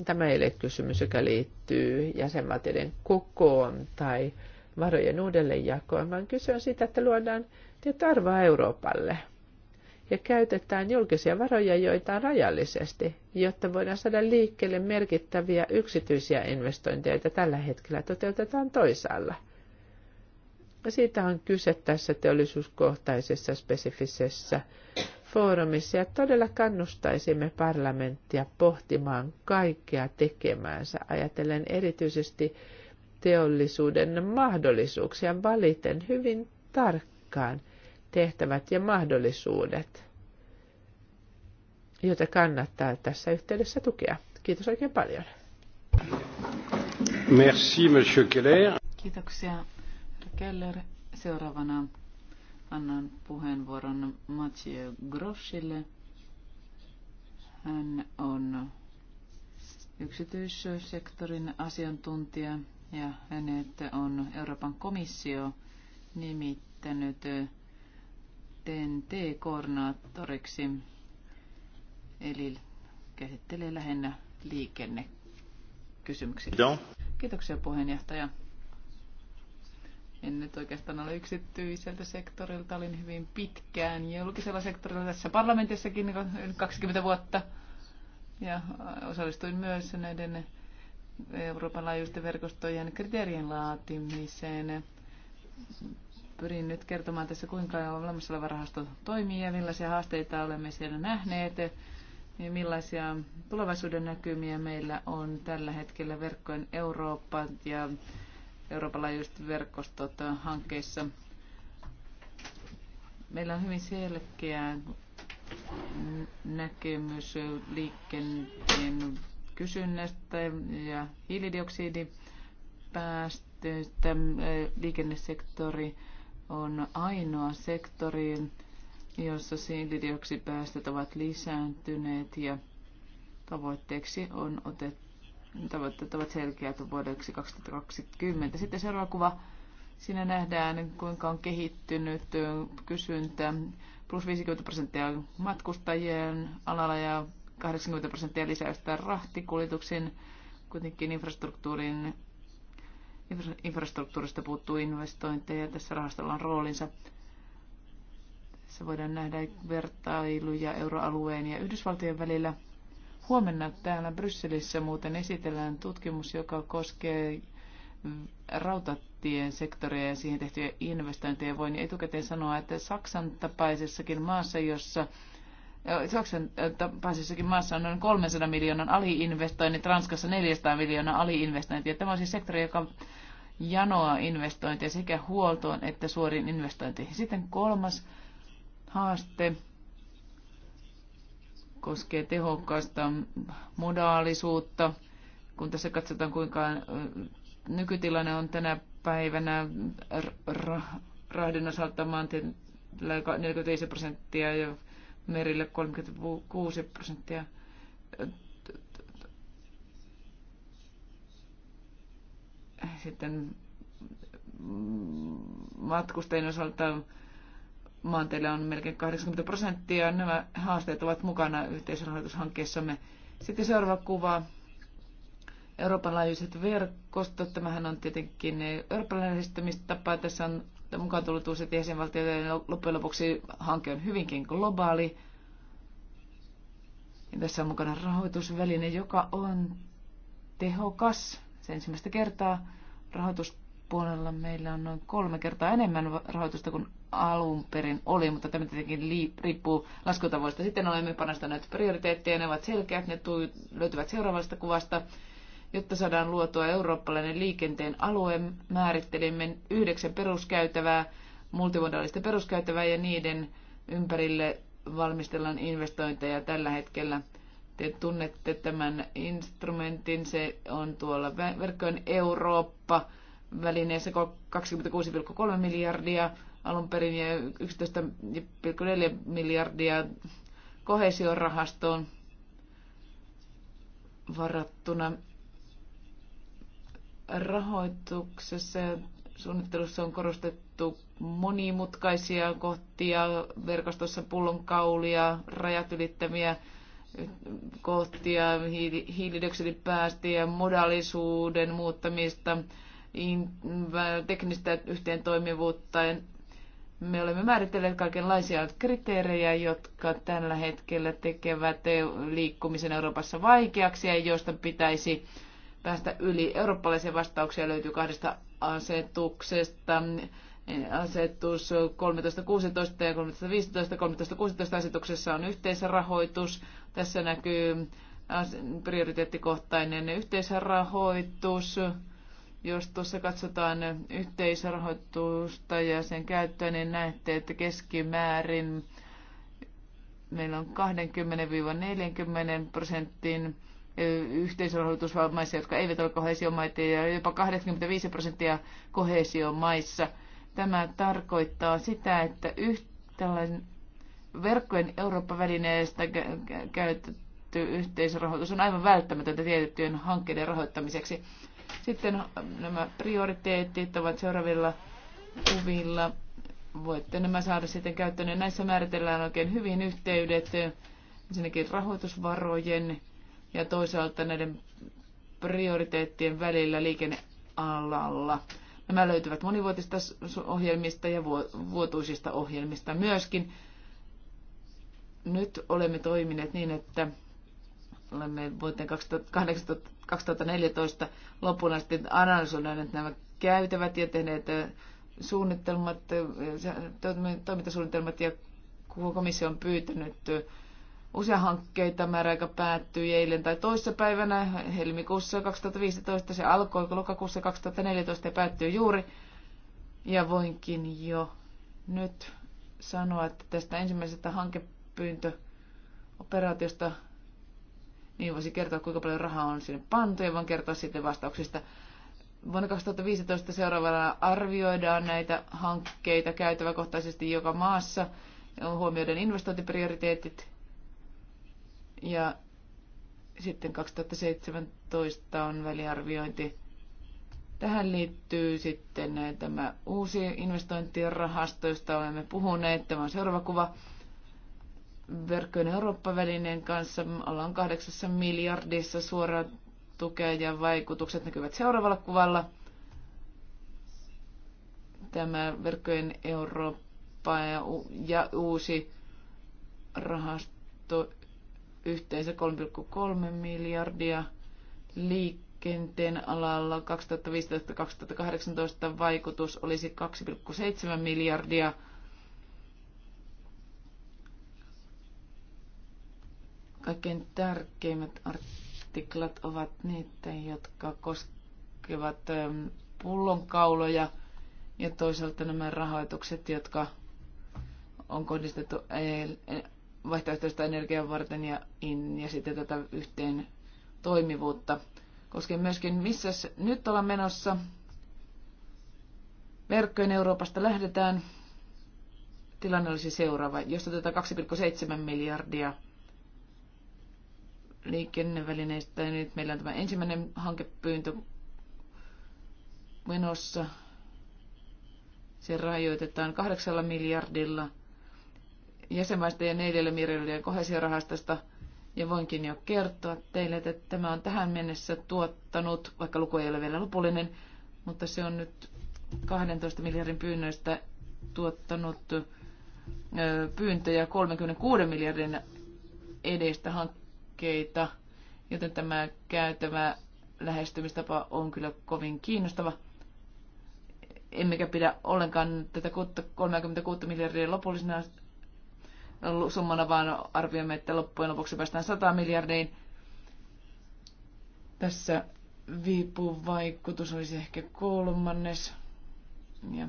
Tämä ei ole kysymys, joka liittyy jäsenvaltioiden kokoon tai varojen uudelleenjakoon, vaan kyse on siitä, että luodaan tiettyä arvoa Euroopalle ja käytetään julkisia varoja, joita on rajallisesti, jotta voidaan saada liikkeelle merkittäviä yksityisiä investointeja, joita tällä hetkellä toteutetaan toisaalla. Siitä on kyse tässä teollisuuskohtaisessa spesifisessä foorumissa ja todella kannustaisimme parlamenttia pohtimaan kaikkea tekemäänsä, ajatellen erityisesti teollisuuden mahdollisuuksia valiten hyvin tarkkaan – tehtävät ja mahdollisuudet, joita kannattaa tässä yhteydessä tukea. Kiitos oikein paljon. Merci, Monsieur Keller.
Kiitoksia, Keller. Seuraavana annan puheenvuoron Mathieu Groschille. Hän on yksityissektorin asiantuntija ja hänet on Euroopan komissio nimittänyt sitten t koordinaattoriksi eli käsittelee lähinnä liikennekysymyksiä. Joo. Kiitoksia puheenjohtaja. En nyt oikeastaan ole yksityiseltä sektorilta, olin hyvin pitkään julkisella sektorilla tässä parlamentissakin 20 vuotta. Ja osallistuin myös näiden Euroopan laajuisten verkostojen kriteerien laatimiseen pyrin nyt kertomaan tässä, kuinka olemassa oleva rahasto toimii ja millaisia haasteita olemme siellä nähneet ja millaisia tulevaisuuden näkymiä meillä on tällä hetkellä verkkojen Eurooppa ja Euroopan laajuiset verkostot hankkeissa. Meillä on hyvin selkeä näkemys liikenteen kysynnästä ja hiilidioksidipäästöistä. Liikennesektori on ainoa sektori, jossa siilidioksipäästöt ovat lisääntyneet ja tavoitteeksi on otettu tavoitteet ovat selkeät vuodeksi 2020. Sitten seuraava kuva. Siinä nähdään, kuinka on kehittynyt kysyntä. Plus 50 prosenttia matkustajien alalla ja 80 prosenttia lisäystä rahtikuljetuksen. Kuitenkin infrastruktuurin infrastruktuurista puuttuu investointeja. Tässä rahastolla on roolinsa. Tässä voidaan nähdä vertailuja euroalueen ja Yhdysvaltojen välillä. Huomenna täällä Brysselissä muuten esitellään tutkimus, joka koskee rautatien sektoria ja siihen tehtyjä investointeja. Voin etukäteen sanoa, että Saksan tapaisessakin maassa, jossa Saksan tapaisessakin maassa on noin 300 miljoonan aliinvestoinnit, Ranskassa 400 miljoonaa aliinvestointia. Tämä on siis sektori, joka janoaa investointia sekä huoltoon että suoriin investointeihin. Sitten kolmas haaste koskee tehokkaasta modaalisuutta. Kun tässä katsotaan, kuinka nykytilanne on tänä päivänä rahdin osalta maantien 45 prosenttia ja merille 36 prosenttia. Sitten matkustajien osalta maanteille on melkein 80 prosenttia. Nämä haasteet ovat mukana yhteisrahoitushankkeessamme. Sitten seuraava kuva. Euroopan laajuiset verkostot. Tämähän on tietenkin eurooppalainen lähestymistapa. Tässä on mukaan tullut jäsenvaltioita, jäsenvaltioiden loppujen lopuksi hanke on hyvinkin globaali. Ja tässä on mukana rahoitusväline, joka on tehokas. Se ensimmäistä kertaa rahoituspuolella meillä on noin kolme kertaa enemmän rahoitusta kuin alun perin oli, mutta tämä tietenkin riippuu laskutavoista. Sitten olemme panostaneet prioriteetteja, ne ovat selkeät, ne löytyvät seuraavasta kuvasta. Jotta saadaan luotua eurooppalainen liikenteen alue, määrittelimme yhdeksän peruskäytävää, multimodaalista peruskäytävää ja niiden ympärille valmistellaan investointeja tällä hetkellä. Te tunnette tämän instrumentin, se on tuolla verkkojen Eurooppa välineessä 26,3 miljardia alun perin ja 11,4 miljardia kohesiorahastoon varattuna rahoituksessa ja suunnittelussa on korostettu monimutkaisia kohtia, verkostossa pullonkaulia, rajat ylittäviä kohtia, hiilidioksidipäästöjä, modaalisuuden muuttamista, teknistä yhteentoimivuutta. Me olemme määritelleet kaikenlaisia kriteerejä, jotka tällä hetkellä tekevät liikkumisen Euroopassa vaikeaksi ja joista pitäisi päästä yli. Eurooppalaisia vastauksia löytyy kahdesta asetuksesta. Asetus 1316 ja 1315. 1316 asetuksessa on yhteisrahoitus. Tässä näkyy prioriteettikohtainen yhteisrahoitus. Jos tuossa katsotaan yhteisrahoitusta ja sen käyttöä, niin näette, että keskimäärin meillä on 20-40 prosentin yhteisrahoitusmaissa, jotka eivät ole kohesiomaita ja jopa 85 prosenttia kohesiomaissa. Tämä tarkoittaa sitä, että tällainen verkkojen Eurooppa-välineestä käytetty yhteisrahoitus on aivan välttämätöntä tiettyjen hankkeiden rahoittamiseksi. Sitten nämä prioriteetit ovat seuraavilla kuvilla. Voitte nämä saada sitten käyttöön. Näissä määritellään oikein hyvin yhteydet ensinnäkin rahoitusvarojen ja toisaalta näiden prioriteettien välillä liikennealalla. Nämä löytyvät monivuotista ohjelmista ja vuotuisista ohjelmista myöskin. Nyt olemme toimineet niin, että olemme vuoteen 2014 loppuun asti analysoineet nämä käytävät ja tehneet suunnitelmat, toimintasuunnitelmat ja komissio on pyytänyt Uusia hankkeita määräaika päättyi eilen tai toissapäivänä helmikuussa 2015. Se alkoi lokakuussa 2014 ja päättyy juuri. Ja voinkin jo nyt sanoa, että tästä ensimmäisestä hankepyyntöoperaatiosta niin voisi kertoa, kuinka paljon rahaa on sinne pantu ja voin kertoa sitten vastauksista. Vuonna 2015 seuraavana arvioidaan näitä hankkeita käytäväkohtaisesti joka maassa. Huomioiden investointiprioriteetit ja sitten 2017 on väliarviointi. Tähän liittyy sitten tämä uusi rahasto, josta olemme puhuneet. Tämä on seuraava kuva. Verkkojen Eurooppa-välineen kanssa ollaan kahdeksassa miljardissa suoraa tukea ja vaikutukset näkyvät seuraavalla kuvalla. Tämä Verkkojen Eurooppa ja, ja uusi rahasto yhteensä 3,3 miljardia liikenteen alalla. 2015-2018 vaikutus olisi 2,7 miljardia. Kaikkein tärkeimmät artiklat ovat niitä, jotka koskevat ähm, pullonkauloja ja toisaalta nämä rahoitukset, jotka on kohdistettu vaihtoehtoista energiaa varten ja, ja sitten tätä yhteen toimivuutta. Koskien myöskin, missä nyt ollaan menossa. Verkkojen Euroopasta lähdetään. Tilanne olisi seuraava. Jos tätä 2,7 miljardia liikennevälineistä, niin nyt meillä on tämä ensimmäinen hankepyyntö menossa. Se rajoitetaan 8 miljardilla – jäsenmaista ja neljälle miljardille kohesiorahastosta. Ja voinkin jo kertoa teille, että tämä on tähän mennessä tuottanut, vaikka luku ei ole vielä lopullinen, mutta se on nyt 12 miljardin pyynnöistä tuottanut pyyntöjä 36 miljardin edestä hankkeita, joten tämä käytävä lähestymistapa on kyllä kovin kiinnostava. Emmekä pidä ollenkaan tätä 36 miljardia lopullisena summana, vaan arvioimme, että loppujen lopuksi päästään 100 miljardiin. Tässä vaikutus olisi ehkä kolmannes. Ja.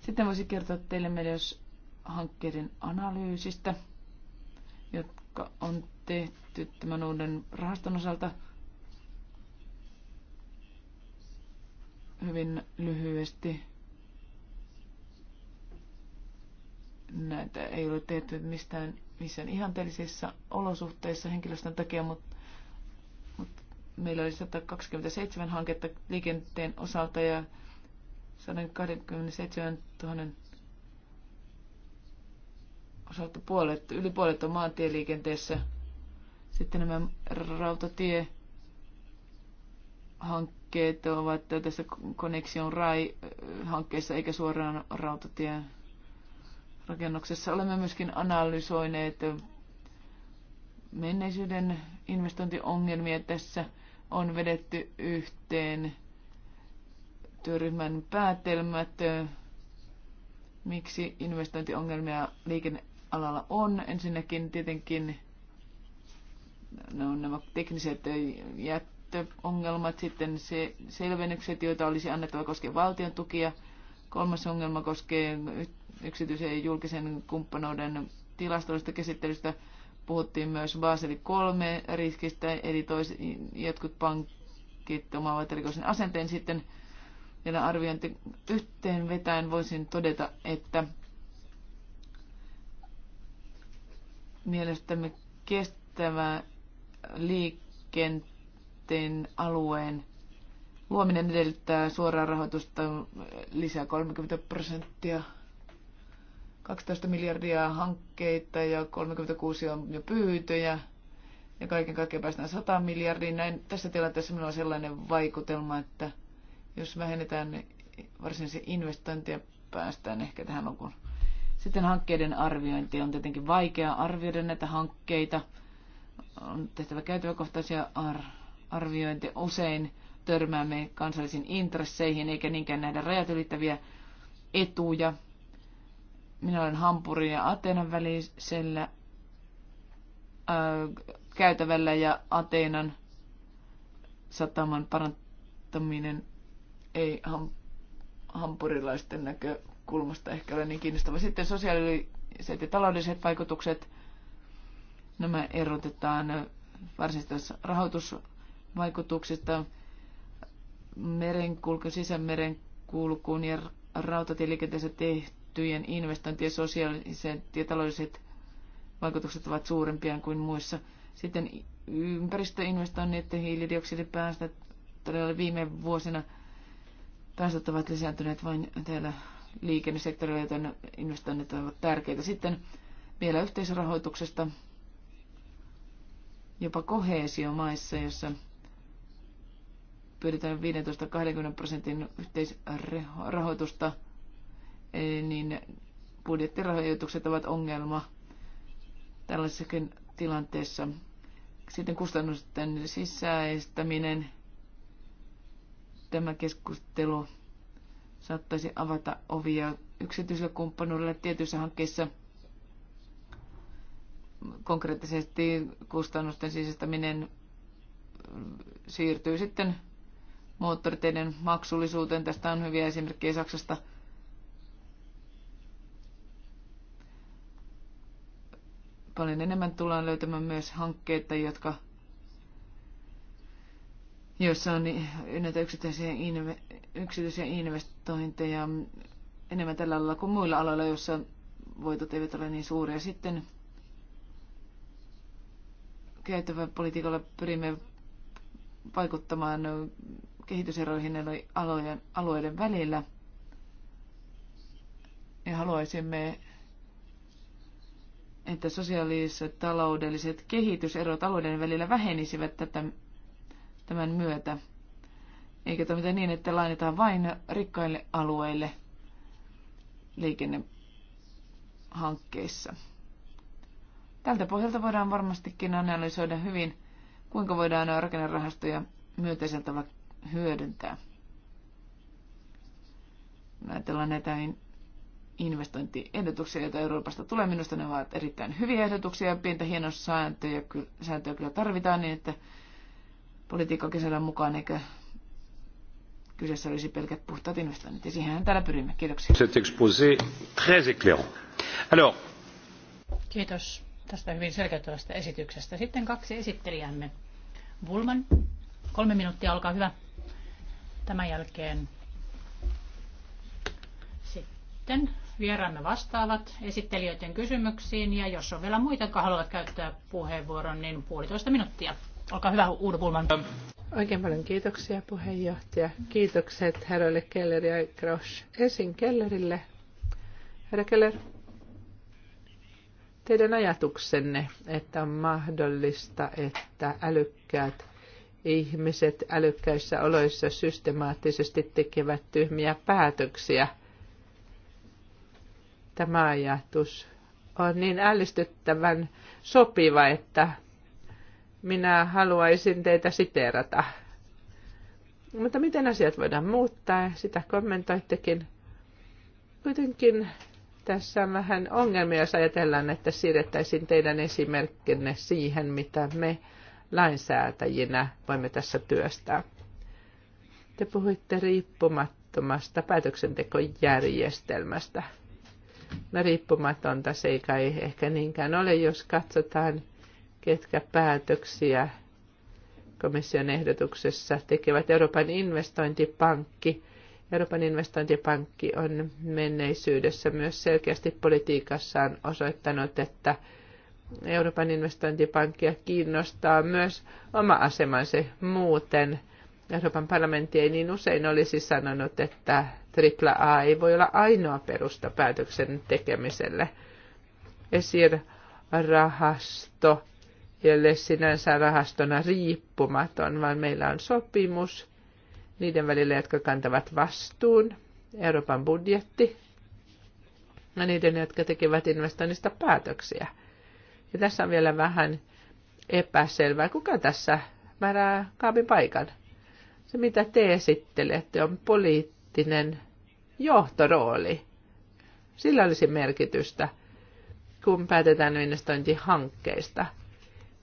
Sitten voisi kertoa teille myös hankkeiden analyysistä, jotka on tehty tämän uuden rahaston osalta hyvin lyhyesti näitä ei ole tehty mistään, missään ihanteellisissa olosuhteissa henkilöstön takia, mutta, mutta meillä oli 127 hanketta liikenteen osalta ja 127 000 osalta puolet, yli puolet on maantieliikenteessä. Sitten nämä rautatie hankkeet ovat tässä Connection Rai-hankkeessa eikä suoraan rautatien rakennuksessa. Olemme myöskin analysoineet menneisyyden investointiongelmia. Tässä on vedetty yhteen työryhmän päätelmät, miksi investointiongelmia liikennealalla on. Ensinnäkin tietenkin on no, nämä tekniset jättöongelmat, sitten se selvennykset, joita olisi annettava koskien valtion tukia. Kolmas ongelma koskee yksityisen ja julkisen kumppanuuden tilastollisesta käsittelystä puhuttiin myös Baseli 3 riskistä, eli tois, jotkut pankit omaavat erikoisen asenteen sitten vielä arviointi yhteen vetäen voisin todeta, että mielestämme kestävä liikenteen alueen luominen edellyttää suoraa rahoitusta lisää 30 prosenttia 12 miljardia hankkeita ja 36 on jo pyytöjä ja kaiken kaikkiaan päästään 100 miljardiin. Näin, tässä tilanteessa minulla on sellainen vaikutelma, että jos vähennetään varsinaisia investointeja, päästään ehkä tähän lukuun. Sitten hankkeiden arviointi on tietenkin vaikea arvioida näitä hankkeita. On tehtävä käytäväkohtaisia ar- arviointeja. Usein törmäämme kansallisiin intresseihin eikä niinkään nähdä rajat ylittäviä etuja minä olen Hampurin ja Ateenan välisellä ää, käytävällä ja Ateenan sataman parantaminen ei ham, hampurilaisten näkökulmasta ehkä ole niin kiinnostava. Sitten sosiaaliset ja taloudelliset vaikutukset. Nämä erotetaan varsinaisista rahoitusvaikutuksista merenkulku, sisämerenkulkuun ja rautatieliikenteessä tehty tehtyjen investointien sosiaaliset ja taloudelliset vaikutukset ovat suurempia kuin muissa. Sitten ympäristöinvestoinnit ja hiilidioksidipäästöt todella viime vuosina päästöt ovat lisääntyneet vain täällä liikennesektorilla, joten investoinnit ovat tärkeitä. Sitten vielä yhteisrahoituksesta jopa kohesiomaissa, jossa pyydetään 15-20 prosentin yhteisrahoitusta – niin budjettirahoitukset ovat ongelma tällaisessakin tilanteessa. Sitten kustannusten sisäistäminen. Tämä keskustelu saattaisi avata ovia yksityisille kumppanuudelle tietyissä hankkeissa konkreettisesti kustannusten sisäistäminen siirtyy sitten moottoriteiden maksullisuuteen. Tästä on hyviä esimerkkejä Saksasta – Paljon enemmän tullaan löytämään myös hankkeita, jotka joissa on näitä yksityisiä, inve, yksityisiä investointeja enemmän tällä alalla kuin muilla aloilla, joissa voitot eivät ole niin suuria. Sitten käytävän politiikalla pyrimme vaikuttamaan kehityseroihin alojen, alueiden välillä. Ja haluaisimme että sosiaaliset taloudelliset kehityserot alueiden välillä vähenisivät tätä, tämän myötä. Eikä toimita niin, että lainataan vain rikkaille alueille liikennehankkeissa. Tältä pohjalta voidaan varmastikin analysoida hyvin, kuinka voidaan rakennerahastoja myönteisellä tavalla hyödyntää. Ajatellaan näitä investointiehdotuksia, joita Euroopasta tulee. Minusta ne ovat erittäin hyviä ehdotuksia. Pientä hienoa hienosääntöä sääntöjä kyllä tarvitaan niin, että politiikka kesällä mukaan, eikä kyseessä olisi pelkät puhtaat investoinnit. Ja siihenhän täällä pyrimme. Kiitoksia.
Kiitos tästä hyvin selkeyttävästä esityksestä. Sitten kaksi esittelijämme. Bulman, kolme minuuttia, olkaa hyvä. Tämän jälkeen sitten vieraamme vastaavat esittelijöiden kysymyksiin. Ja jos on vielä muita, jotka haluavat käyttää puheenvuoron, niin puolitoista minuuttia. Olkaa hyvä, Uudo Pulman. Oikein paljon
kiitoksia puheenjohtaja. Kiitokset herroille Keller ja Grosch. Esin Kellerille. Herra Keller, teidän ajatuksenne, että on mahdollista, että älykkäät ihmiset älykkäissä oloissa systemaattisesti tekevät tyhmiä päätöksiä – tämä ajatus on niin ällistyttävän sopiva, että minä haluaisin teitä siteerata. Mutta miten asiat voidaan muuttaa, sitä kommentoittekin. Kuitenkin tässä on vähän ongelmia, jos ajatellaan, että siirrettäisiin teidän esimerkkinne siihen, mitä me lainsäätäjinä voimme tässä työstää. Te puhuitte riippumattomasta päätöksentekojärjestelmästä riippumatonta seika ei ehkä niinkään ole, jos katsotaan, ketkä päätöksiä komission ehdotuksessa tekevät Euroopan investointipankki. Euroopan investointipankki on menneisyydessä myös selkeästi politiikassaan osoittanut, että Euroopan investointipankkia kiinnostaa myös oma asemansa muuten – Euroopan parlamentti ei niin usein olisi sanonut, että AAA ei voi olla ainoa perusta päätöksen tekemiselle. Esirahasto ei ole sinänsä rahastona riippumaton, vaan meillä on sopimus niiden välillä, jotka kantavat vastuun, Euroopan budjetti ja niiden, jotka tekevät investoinnista päätöksiä. Ja tässä on vielä vähän epäselvää, kuka tässä määrää kaapin paikan. Se, mitä te esittelette, on poliittinen johtorooli. Sillä olisi merkitystä, kun päätetään investointihankkeista,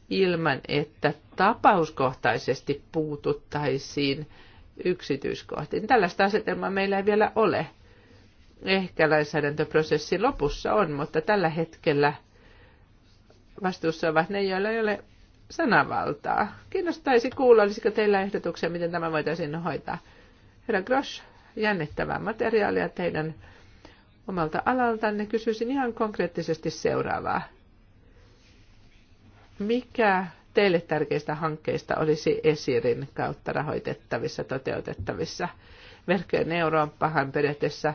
ilman että tapauskohtaisesti puututtaisiin yksityiskohtiin. Tällaista asetelmaa meillä ei vielä ole. Ehkä lainsäädäntöprosessi lopussa on, mutta tällä hetkellä vastuussa ovat ne, joilla ei ole sanavaltaa. Kiinnostaisi kuulla, olisiko teillä ehdotuksia, miten tämä voitaisiin hoitaa. Herra Grosch, jännittävää materiaalia teidän omalta alaltanne. Kysyisin ihan konkreettisesti seuraavaa. Mikä teille tärkeistä hankkeista olisi Esirin kautta rahoitettavissa, toteutettavissa? Verkkojen Eurooppahan periaatteessa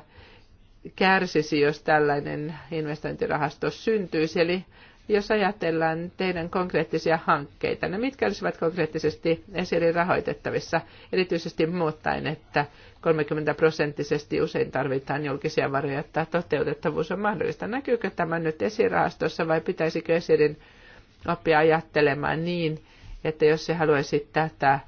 kärsisi, jos tällainen investointirahasto syntyisi. Eli jos ajatellaan teidän konkreettisia hankkeita, niin mitkä olisivat konkreettisesti esille rahoitettavissa, erityisesti muuttaen, että 30 prosenttisesti usein tarvitaan julkisia varoja, että toteutettavuus on mahdollista. Näkyykö tämä nyt esirahastossa vai pitäisikö esirin oppia ajattelemaan niin, että jos se haluaisi tätä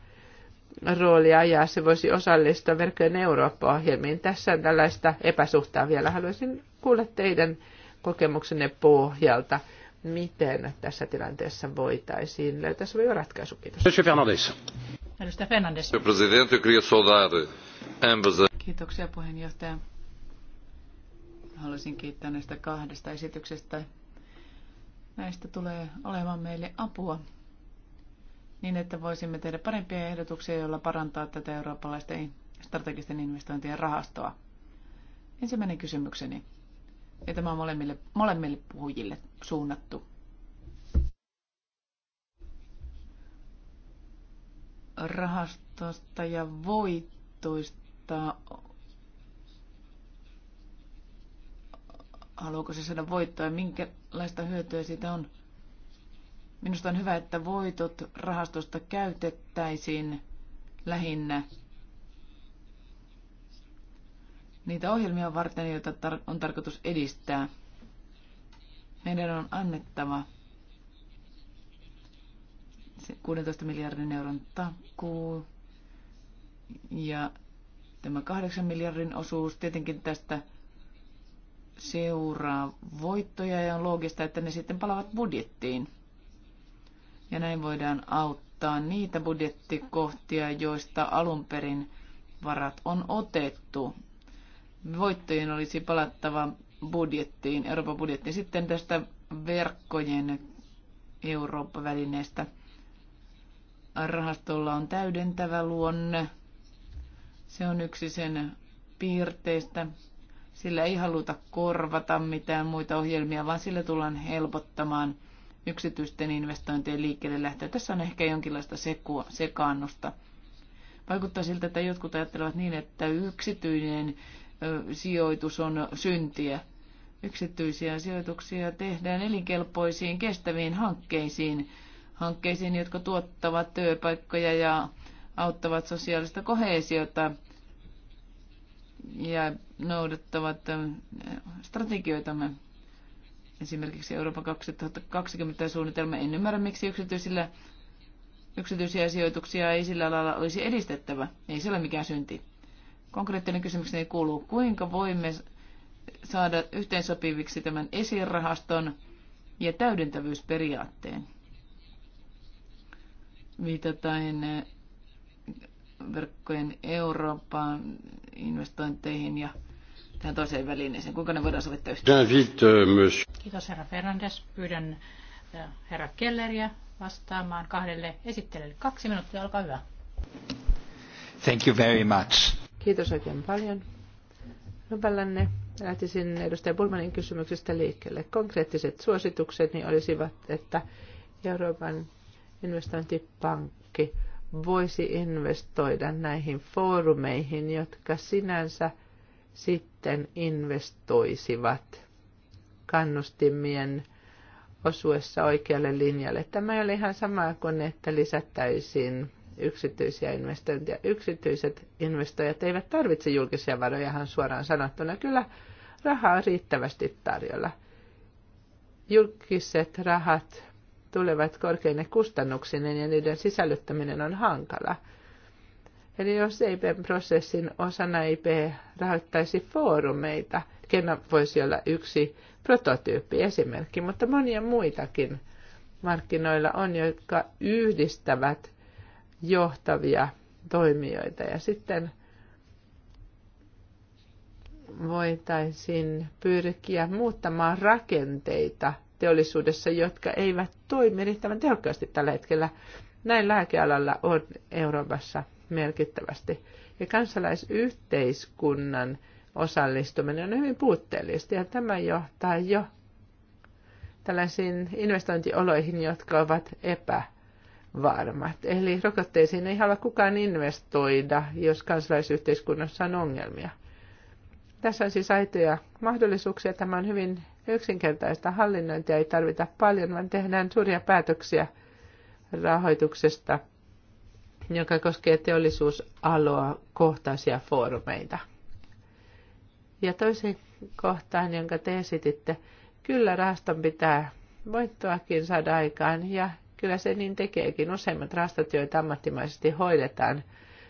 roolia ajaa, se voisi osallistua verkkojen Eurooppa-ohjelmiin. Tässä on tällaista epäsuhtaa vielä. Haluaisin kuulla teidän kokemuksenne pohjalta miten tässä tilanteessa voitaisiin löytää sopiva ratkaisu. Kiitos.
Edustaja Fernandes.
Kiitoksia puheenjohtaja. Haluaisin kiittää näistä kahdesta esityksestä. Näistä tulee olemaan meille apua niin, että voisimme tehdä parempia ehdotuksia, joilla parantaa tätä eurooppalaisten strategisten investointien rahastoa. Ensimmäinen kysymykseni. Ja tämä on molemmille, molemmille puhujille suunnattu. Rahastosta ja voittoista. Haluaako se saada voittoa ja minkälaista hyötyä siitä on? Minusta on hyvä, että voitot rahastosta käytettäisiin lähinnä niitä ohjelmia varten, joita on tarkoitus edistää. Meidän on annettava 16 miljardin euron takuu ja tämä 8 miljardin osuus tietenkin tästä seuraa voittoja ja on loogista, että ne sitten palavat budjettiin. Ja näin voidaan auttaa niitä budjettikohtia, joista alun perin varat on otettu voittojen olisi palattava budjettiin, Euroopan budjettiin. Sitten tästä verkkojen Eurooppa-välineestä. Rahastolla on täydentävä luonne. Se on yksi sen piirteistä. Sillä ei haluta korvata mitään muita ohjelmia, vaan sillä tullaan helpottamaan yksityisten investointien liikkeelle lähtöä. Tässä on ehkä jonkinlaista sekua, sekaannusta. Vaikuttaa siltä, että jotkut ajattelevat niin, että yksityinen sijoitus on syntiä. Yksityisiä sijoituksia tehdään elinkelpoisiin kestäviin hankkeisiin, hankkeisiin, jotka tuottavat työpaikkoja ja auttavat sosiaalista kohesiota ja noudattavat strategioitamme. Esimerkiksi Euroopan 2020 suunnitelma. En ymmärrä, miksi yksityisillä, yksityisiä sijoituksia ei sillä lailla olisi edistettävä. Ei se ole mikään synti. Konkreettinen kysymykseni kuuluu, kuinka voimme saada yhteensopiviksi tämän esirahaston ja täydentävyysperiaatteen? Viitataan eh, verkkojen Eurooppaan investointeihin ja tähän toiseen välineeseen. Kuinka ne voidaan sovittaa yhteen?
Eh, Kiitos herra Fernandes. Pyydän eh, herra Kelleriä vastaamaan kahdelle esittelijälle. Kaksi minuuttia, olkaa hyvä. Thank you very much.
Kiitos oikein paljon. Lupallanne lähtisin edustaja Bulmanin kysymyksestä liikkeelle. Konkreettiset suositukset niin olisivat, että Euroopan investointipankki voisi investoida näihin foorumeihin, jotka sinänsä sitten investoisivat kannustimien osuessa oikealle linjalle. Tämä ei ole ihan sama kuin, että lisättäisiin yksityisiä investointeja. Yksityiset investoijat eivät tarvitse julkisia varoja hän suoraan sanottuna. Kyllä rahaa riittävästi tarjolla. Julkiset rahat tulevat korkeine kustannuksineen ja niiden sisällyttäminen on hankala. Eli jos e IP-prosessin osana e IP rahoittaisi foorumeita, kenä voisi olla yksi prototyyppi esimerkki, mutta monia muitakin markkinoilla on, jotka yhdistävät johtavia toimijoita. Ja sitten voitaisiin pyrkiä muuttamaan rakenteita teollisuudessa, jotka eivät toimi riittävän tehokkaasti tällä hetkellä. Näin lääkealalla on Euroopassa merkittävästi. Ja kansalaisyhteiskunnan osallistuminen on hyvin puutteellista ja tämä johtaa jo tällaisiin investointioloihin, jotka ovat epä varmat. Eli rokotteisiin ei halua kukaan investoida, jos kansalaisyhteiskunnassa on ongelmia. Tässä on siis aitoja mahdollisuuksia. Tämä on hyvin yksinkertaista hallinnointia, ei tarvita paljon, vaan tehdään suuria päätöksiä rahoituksesta, joka koskee teollisuusaloa kohtaisia foorumeita. Ja toisen kohtaan, jonka te esititte, kyllä rahaston pitää voittoakin saada aikaan ja Kyllä se niin tekeekin. Useimmat rastat, joita ammattimaisesti hoidetaan,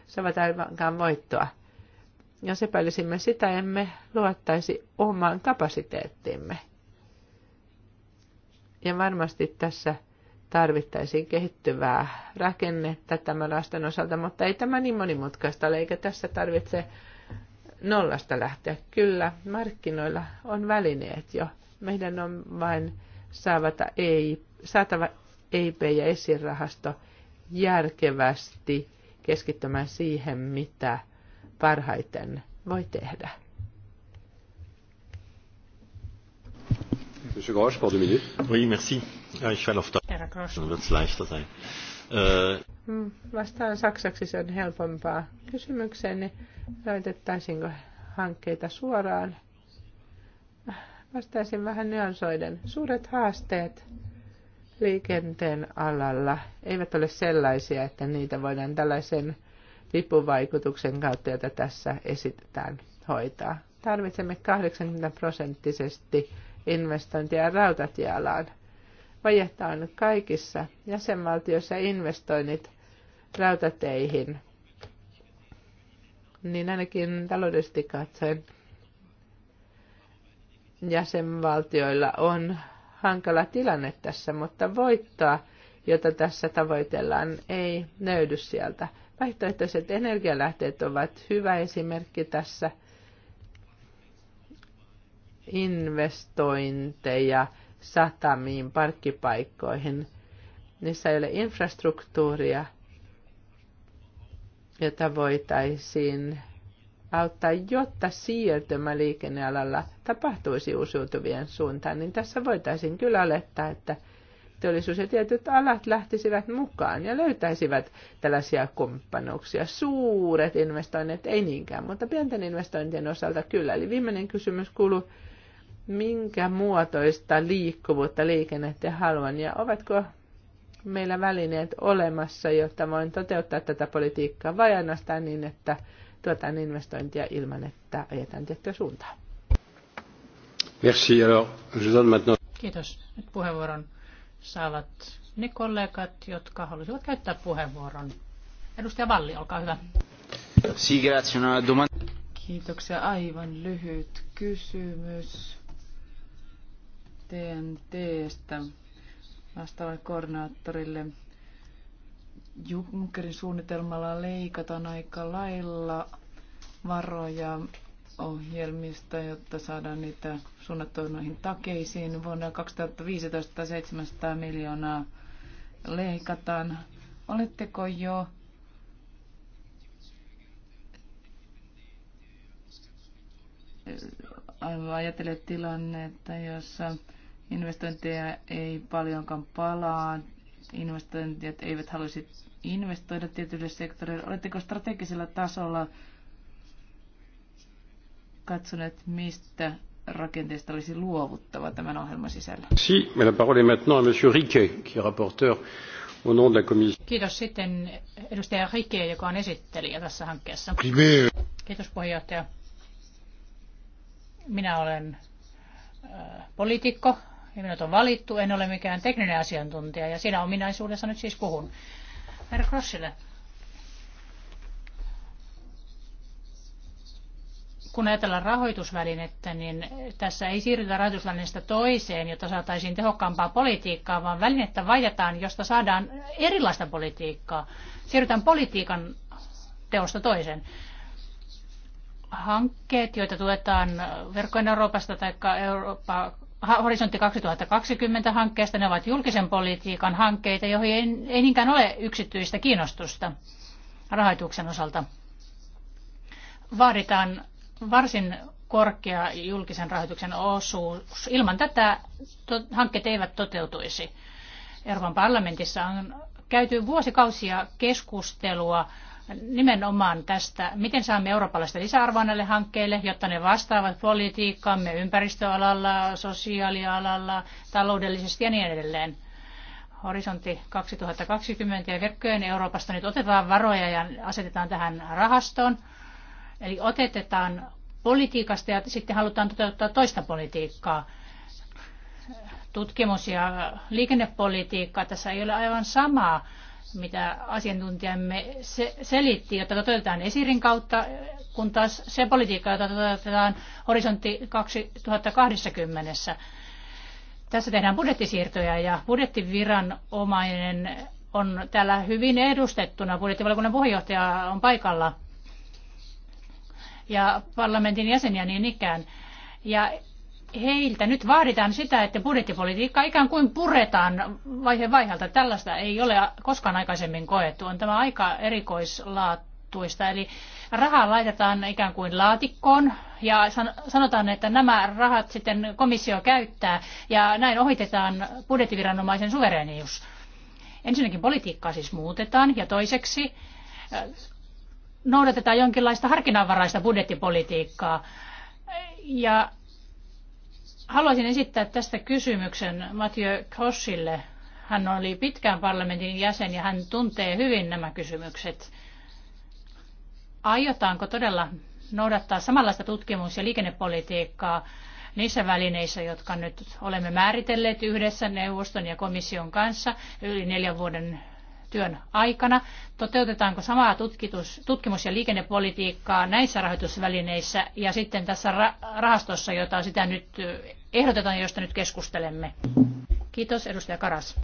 saavat aivankaan voittoa. Jos epäilisimme sitä, emme luottaisi omaan kapasiteettimme. Ja varmasti tässä tarvittaisiin kehittyvää rakennetta tämän rastan osalta, mutta ei tämä niin monimutkaista ole, eikä tässä tarvitse nollasta lähteä. Kyllä, markkinoilla on välineet jo. Meidän on vain saavata ei, saatava EIP ja esirahasto järkevästi keskittämään siihen, mitä parhaiten voi tehdä.
Monsieur Grosch, pour deux minutes. Oui, merci. Ja, ich werde auf Deutsch. Dann wird es leichter sein. Äh...
Vastaan saksaksi, se on helpompaa. Kysymykseen, niin hankkeita suoraan? Vastaisin vähän nyansoiden. Suuret haasteet liikenteen alalla eivät ole sellaisia, että niitä voidaan tällaisen vipuvaikutuksen kautta, jota tässä esitetään, hoitaa. Tarvitsemme 80 prosenttisesti investointia rautatiealaan. Vajetta on kaikissa jäsenvaltioissa investoinnit rautateihin, niin ainakin taloudellisesti katsoen jäsenvaltioilla on hankala tilanne tässä, mutta voittoa, jota tässä tavoitellaan, ei löydy sieltä. Vaihtoehtoiset energialähteet ovat hyvä esimerkki tässä investointeja satamiin, parkkipaikkoihin. Niissä ei ole infrastruktuuria, jota voitaisiin auttaa, jotta siirtymä liikennealalla tapahtuisi uusiutuvien suuntaan, niin tässä voitaisiin kyllä olettaa, että teollisuus ja tietyt alat lähtisivät mukaan ja löytäisivät tällaisia kumppanuuksia. Suuret investoinnit ei niinkään, mutta pienten investointien osalta kyllä. Eli viimeinen kysymys kuuluu, minkä muotoista liikkuvuutta liikennettä haluan ja ovatko meillä välineet olemassa, jotta voin toteuttaa tätä politiikkaa vai ainoastaan niin, että tuetaan investointia ilman, että ajetaan tiettyä suuntaa.
Merci. Alors, je donne maintenant... Kiitos. Nyt puheenvuoron saavat ne kollegat, jotka halusivat käyttää puheenvuoron. Edustaja Valli, olkaa hyvä.
Si, grazie.
Kiitoksia. Aivan lyhyt kysymys
TNTstä vastaavalle koordinaattorille. Junckerin suunnitelmalla leikataan aika lailla varoja ohjelmista, jotta saadaan niitä suunnattua noihin takeisiin. Vuonna 2015 700 miljoonaa leikataan. Oletteko jo ajatelleet tilannetta, jossa investointeja ei paljonkaan palaa, investointijat eivät halusi investoida tietylle sektorille. Oletteko strategisella tasolla katsoneet, mistä
rakenteesta olisi luovuttava tämän ohjelman sisällä? Si, mais la parole est maintenant à monsieur Riquet, qui est rapporteur au nom de la commission. Kiitos sitten edustaja Riquet, joka on esittelijä tässä hankkeessa. Primeer. Kiitos puheenjohtaja. Minä olen äh, poliitikko, ja minut on valittu, en ole mikään tekninen asiantuntija ja siinä ominaisuudessa nyt siis puhun. Herra kun ajatellaan rahoitusvälinettä, niin tässä ei siirrytä rahoitusvälineestä toiseen, jotta saataisiin tehokkaampaa politiikkaa, vaan välinettä vaihdetaan, josta saadaan erilaista politiikkaa. Siirrytään politiikan teosta toiseen. Hankkeet, joita tuetaan verkkojen Euroopasta tai Eurooppa Horisontti 2020 hankkeesta. Ne ovat julkisen politiikan hankkeita, joihin ei niinkään ole yksityistä kiinnostusta rahoituksen osalta. Vaaditaan varsin korkea julkisen rahoituksen osuus. Ilman tätä hankkeet eivät toteutuisi. Euroopan parlamentissa on käyty vuosikausia keskustelua nimenomaan tästä, miten saamme eurooppalaista lisäarvoa näille hankkeille, jotta ne vastaavat politiikkaamme ympäristöalalla, sosiaalialalla, taloudellisesti ja niin edelleen. Horisontti 2020 ja verkkojen Euroopasta nyt otetaan varoja ja asetetaan tähän rahastoon. Eli otetetaan politiikasta ja sitten halutaan toteuttaa toista politiikkaa. Tutkimus- ja liikennepolitiikka tässä ei ole aivan samaa mitä asiantuntijamme se, selitti, jota toteutetaan esirin kautta, kun taas se politiikka, jota toteutetaan horisontti 2020. Tässä tehdään budjettisiirtoja ja budjettiviranomainen on täällä hyvin edustettuna. Budjettivaliokunnan puheenjohtaja on paikalla ja parlamentin jäseniä niin ikään. Ja heiltä nyt vaaditaan sitä, että budjettipolitiikka ikään kuin puretaan vaihe vaiheelta. Tällaista ei ole koskaan aikaisemmin koettu. On tämä aika erikoislaatuista. Eli rahaa laitetaan ikään kuin laatikkoon ja sanotaan, että nämä rahat sitten komissio käyttää ja näin ohitetaan budjettiviranomaisen suvereenius. Ensinnäkin politiikkaa siis muutetaan ja toiseksi äh, noudatetaan jonkinlaista harkinnanvaraista budjettipolitiikkaa. Ja Haluaisin esittää tästä kysymyksen Mathieu Grossille. Hän oli pitkään parlamentin jäsen ja hän tuntee hyvin nämä kysymykset. Aiotaanko todella noudattaa samanlaista tutkimus- ja liikennepolitiikkaa niissä välineissä, jotka nyt olemme määritelleet yhdessä neuvoston ja komission kanssa yli neljän vuoden työn aikana. Toteutetaanko samaa tutkitus, tutkimus- ja liikennepolitiikkaa näissä rahoitusvälineissä ja sitten tässä rahastossa, jota sitä nyt eh, ehdotetaan ja josta nyt keskustelemme? Kiitos, edustaja Karas.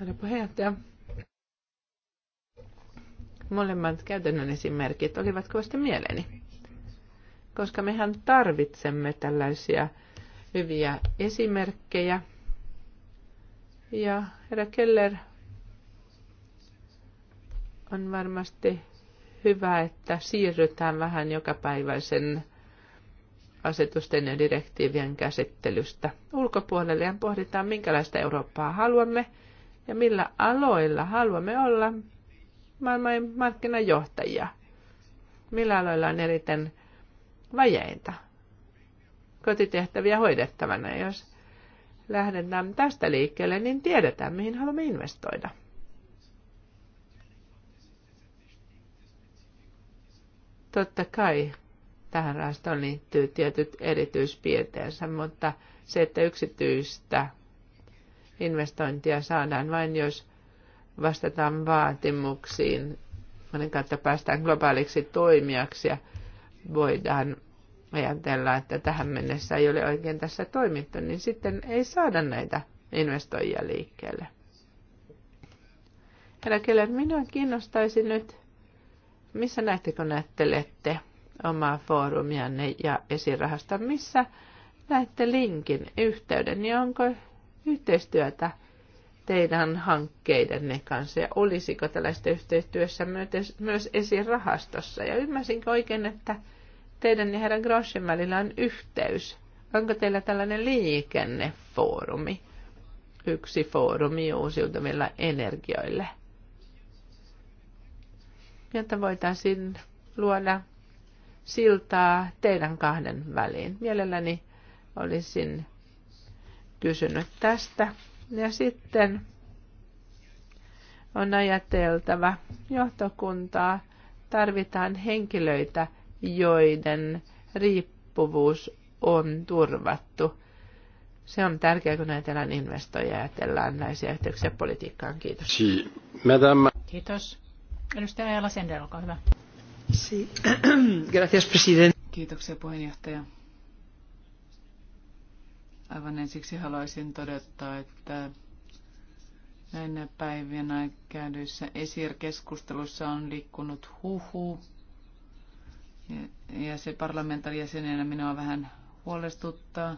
Herra puheenjohtaja.
Molemmat käytännön esimerkit olivat kovasti mieleeni, koska mehän tarvitsemme tällaisia hyviä esimerkkejä – ja herra Keller on varmasti hyvä, että siirrytään vähän jokapäiväisen asetusten ja direktiivien käsittelystä ulkopuolelle ja pohditaan, minkälaista Eurooppaa haluamme ja millä aloilla haluamme olla maailman markkinajohtajia. Millä aloilla on eriten vajeita kotitehtäviä hoidettavana. Jos lähdetään tästä liikkeelle, niin tiedetään, mihin haluamme investoida. Totta kai tähän rahastoon liittyy tietyt erityispiirteensä, mutta se, että yksityistä investointia saadaan vain, jos vastataan vaatimuksiin, monen kautta päästään globaaliksi toimijaksi ja voidaan ajatellaan, että tähän mennessä ei ole oikein tässä toimittu, niin sitten ei saada näitä investoijia liikkeelle. Herra Kelle, minua kiinnostaisi nyt, missä näette, kun näettelette omaa foorumianne ja esirahasta, missä näette linkin, yhteyden, niin onko yhteistyötä teidän hankkeidenne kanssa ja olisiko tällaista yhteistyössä myös esirahastossa? Ja ymmärsinkö oikein, että teidän ja herran Groschen välillä on yhteys? Onko teillä tällainen liikennefoorumi? Yksi foorumi uusiutuvilla energioille, jotta voitaisiin luoda siltaa teidän kahden väliin. Mielelläni olisin kysynyt tästä. Ja sitten on ajateltava johtokuntaa. Tarvitaan henkilöitä, joiden riippuvuus on turvattu. Se on tärkeää, kun ajatellaan investoja ja ajatellaan näisiä yhteyksiä politiikkaan. Kiitos.
Si, madame. Kiitos. Edustaja Ajala Sender, olkaa hyvä. Si. Gracias, president. Kiitoksia
puheenjohtaja. Aivan ensiksi haluaisin todeta, että näinä päivinä käydyissä esirkeskustelussa on liikkunut huhu ja se parlamentarijäsenenä minua vähän huolestuttaa.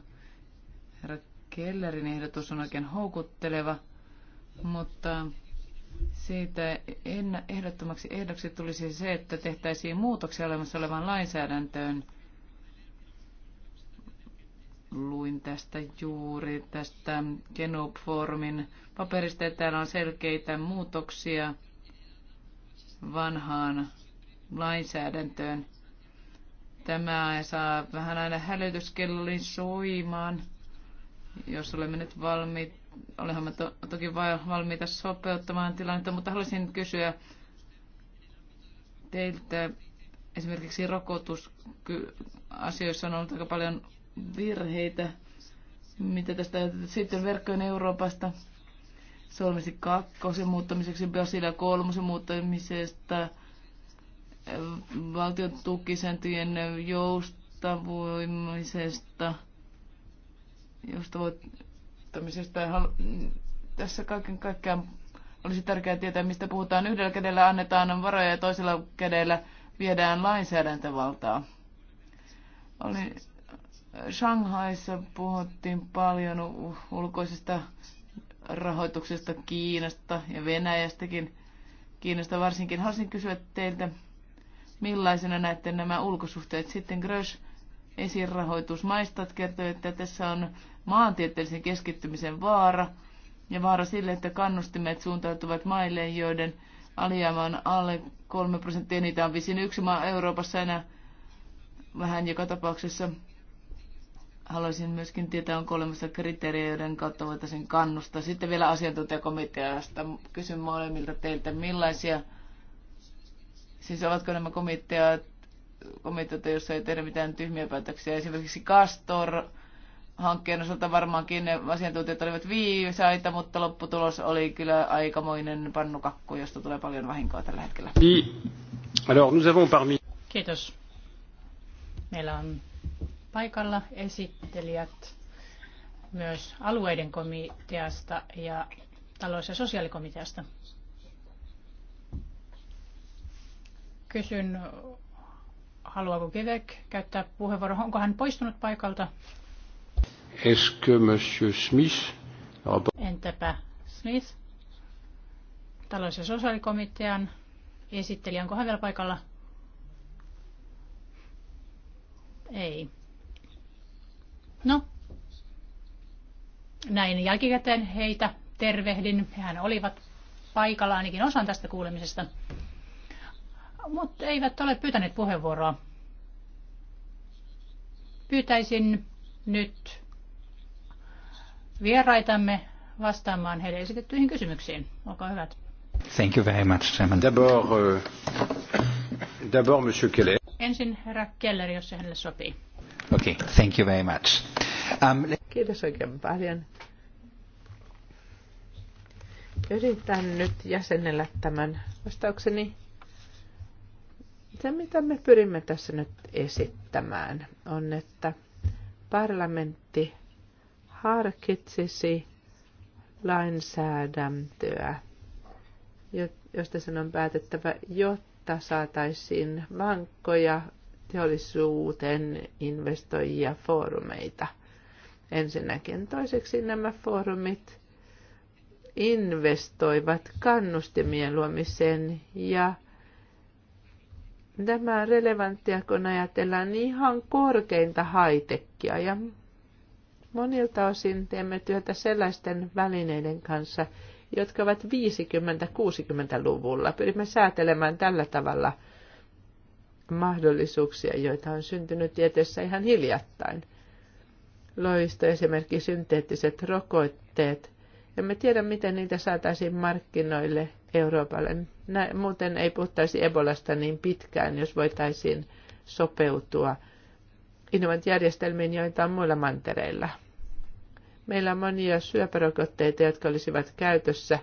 Herra Kellerin ehdotus on oikein houkutteleva, mutta siitä ehdottomaksi ehdoksi tulisi se, että tehtäisiin muutoksia olemassa olevan lainsäädäntöön. Luin tästä juuri tästä genop foorumin paperista, että täällä on selkeitä muutoksia vanhaan lainsäädäntöön Tämä saa vähän aina hälytyskellolin soimaan, jos olemme nyt valmiit. mä to, toki valmiita sopeuttamaan tilannetta, mutta haluaisin kysyä teiltä esimerkiksi rokotusasioissa on ollut aika paljon virheitä. Mitä tästä sitten verkkojen Euroopasta? Solmisi kakkosen muuttamiseksi, Brasilia kolmosen muuttamisesta, valtion joustavoimisesta. joustavoimisesta, Tässä kaiken kaikkiaan olisi tärkeää tietää, mistä puhutaan. Yhdellä kädellä annetaan varoja ja toisella kädellä viedään lainsäädäntövaltaa. Oli Shanghaissa puhuttiin paljon ulkoisesta rahoituksesta Kiinasta ja Venäjästäkin. Kiinasta varsinkin. Haluaisin kysyä teiltä, Millaisena näette nämä ulkosuhteet? Sitten Grösch esirahoitusmaistat kertoi, että tässä on maantieteellisen keskittymisen vaara ja vaara sille, että kannustimet suuntautuvat maille, joiden alijäämä on alle 3 prosenttia. Niitä on visin yksi maa Euroopassa enää vähän joka tapauksessa. Haluaisin myöskin tietää, onko olemassa kriteerejä, joiden kautta voitaisiin kannustaa. Sitten vielä asiantuntijakomiteasta kysyn molemmilta teiltä, millaisia Siis ovatko nämä komiteat, komiteat joissa ei tehdä mitään tyhmiä päätöksiä, esimerkiksi Castor, hankkeen osalta varmaankin ne asiantuntijat olivat viisaita, mutta lopputulos oli kyllä aikamoinen pannukakku, josta tulee paljon vahinkoa
tällä hetkellä. Kiitos. Meillä on paikalla esittelijät myös alueiden komiteasta ja talous- ja sosiaalikomiteasta. Kysyn, haluaako Kivek käyttää puheenvuoron? Onko hän poistunut paikalta? Eskö monsieur Smith... Entäpä Smith? Talous- ja sosiaalikomitean esittelijä, onko hän vielä paikalla? Ei. No, näin jälkikäteen heitä tervehdin. Hehän olivat paikalla ainakin osan tästä kuulemisesta mutta eivät ole pyytäneet puheenvuoroa. Pyytäisin nyt vieraitamme vastaamaan heidän esitettyihin kysymyksiin. Olkaa hyvät. Thank you very much, Chairman. D'abord, euh, d'abord Monsieur Keller. Ensin herra Keller, jos se hänelle sopii. Okay, thank you very much. Um, Kiitos oikein paljon.
Yritän nyt jäsennellä tämän vastaukseni se, mitä me pyrimme tässä nyt esittämään, on, että parlamentti harkitsisi lainsäädäntöä, josta sen on päätettävä, jotta saataisiin vankkoja teollisuuteen investoijia foorumeita. Ensinnäkin toiseksi nämä foorumit investoivat kannustimien luomiseen ja Tämä on relevanttia, kun ajatellaan ihan korkeinta haitekkia ja monilta osin teemme työtä sellaisten välineiden kanssa, jotka ovat 50-60-luvulla. Pyrimme säätelemään tällä tavalla mahdollisuuksia, joita on syntynyt tieteessä ihan hiljattain. Loisto esimerkiksi synteettiset rokotteet emme tiedä, miten niitä saataisiin markkinoille Euroopalle. Näin, muuten ei puhuttaisi Ebolasta niin pitkään, jos voitaisiin sopeutua innovointijärjestelmiin, joita on muilla mantereilla. Meillä on monia syöpärokotteita, jotka olisivat käytössä.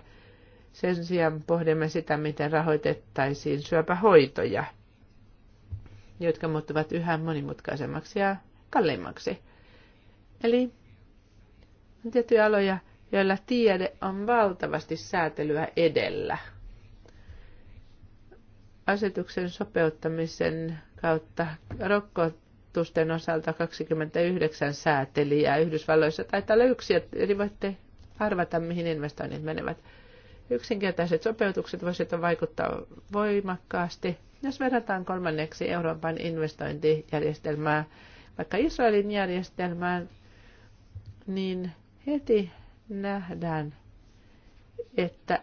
Sen sijaan pohdimme sitä, miten rahoitettaisiin syöpähoitoja, jotka muuttuvat yhä monimutkaisemmaksi ja kalliimmaksi. Eli on tiettyjä aloja, joilla tiede on valtavasti säätelyä edellä. Asetuksen sopeuttamisen kautta rokotusten osalta 29 säätelijää Yhdysvalloissa taitaa olla yksi, eli voitte arvata, mihin investoinnit menevät. Yksinkertaiset sopeutukset voisivat vaikuttaa voimakkaasti. Jos verrataan kolmanneksi Euroopan investointijärjestelmää vaikka Israelin järjestelmään, niin heti nähdään, että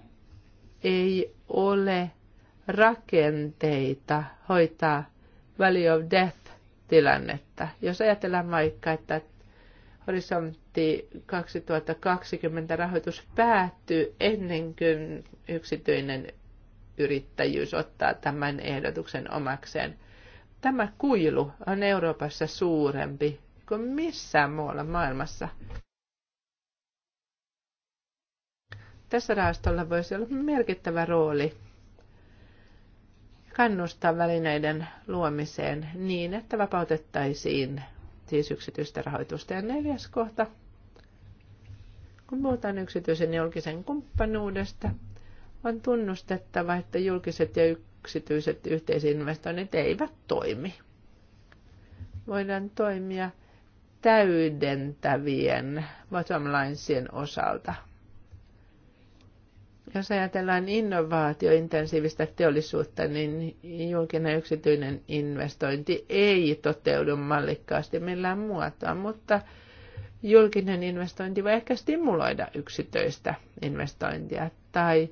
ei ole rakenteita hoitaa Valley of Death-tilannetta. Jos ajatellaan vaikka, että horisontti 2020 rahoitus päättyy ennen kuin yksityinen yrittäjyys ottaa tämän ehdotuksen omakseen. Tämä kuilu on Euroopassa suurempi kuin missään muualla maailmassa. Tässä rahastolla voisi olla merkittävä rooli kannustaa välineiden luomiseen niin, että vapautettaisiin siis yksityistä rahoitusta. Ja neljäs kohta, kun puhutaan yksityisen ja julkisen kumppanuudesta, on tunnustettava, että julkiset ja yksityiset yhteisinvestoinnit eivät toimi. Voidaan toimia täydentävien bottom osalta – jos ajatellaan innovaatiointensiivistä teollisuutta, niin julkinen yksityinen investointi ei toteudu mallikkaasti millään muotoa, mutta julkinen investointi voi ehkä stimuloida yksityistä investointia tai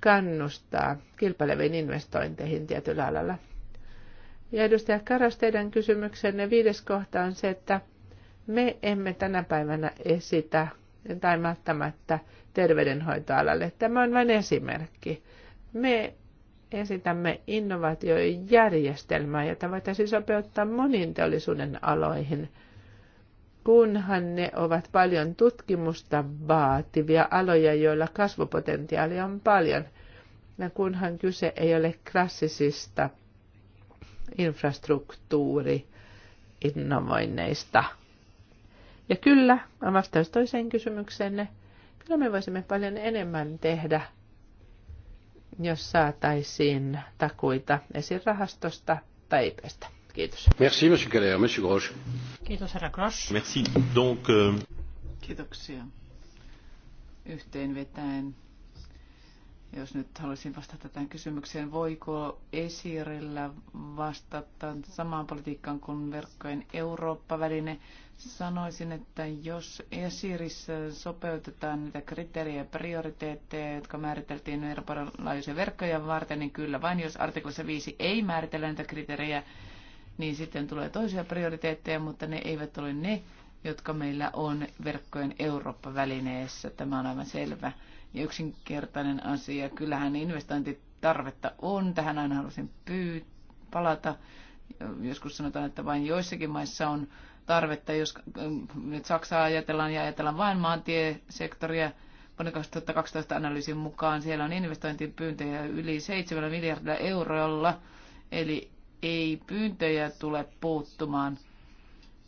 kannustaa kilpaileviin investointeihin tietyllä alalla. Ja edustaja Karas, teidän kysymyksenne viides kohta on se, että me emme tänä päivänä esitä tai välttämättä terveydenhoitoalalle. Tämä on vain esimerkki. Me esitämme innovaatiojärjestelmää, jota voitaisiin sopeuttaa moniin teollisuuden aloihin, kunhan ne ovat paljon tutkimusta vaativia aloja, joilla kasvupotentiaali on paljon, ja kunhan kyse ei ole klassisista infrastruktuuri innovoinneista – ja kyllä, vastaus toiseen kysymykseenne, kyllä me voisimme paljon enemmän tehdä, jos saataisiin takuita esirahastosta tai IPstä. Kiitos.
Merci, monsieur Keller. Monsieur Grosch. Kiitos, herra Grosch.
Merci. Donc, euh...
Kiitoksia. Yhteenvetäen jos nyt haluaisin vastata tähän kysymykseen, voiko esirillä vastata samaan politiikkaan kuin verkkojen Eurooppa-väline? Sanoisin, että jos esirissä sopeutetaan niitä kriteerejä ja prioriteetteja, jotka määriteltiin Euroopan laajuisen verkkoja varten, niin kyllä vain jos artiklassa 5 ei määritellä niitä kriteerejä, niin sitten tulee toisia prioriteetteja, mutta ne eivät ole ne, jotka meillä on verkkojen Eurooppa-välineessä. Tämä on aivan selvä ja yksinkertainen asia. Kyllähän investointitarvetta on, tähän aina halusin pyy- palata. Joskus sanotaan, että vain joissakin maissa on tarvetta, jos ähm, nyt Saksaa ajatellaan ja ajatellaan vain maantiesektoria. Vuonna 2012 analyysin mukaan siellä on investointipyyntöjä yli 7 miljardilla eurolla, eli ei pyyntöjä tule puuttumaan –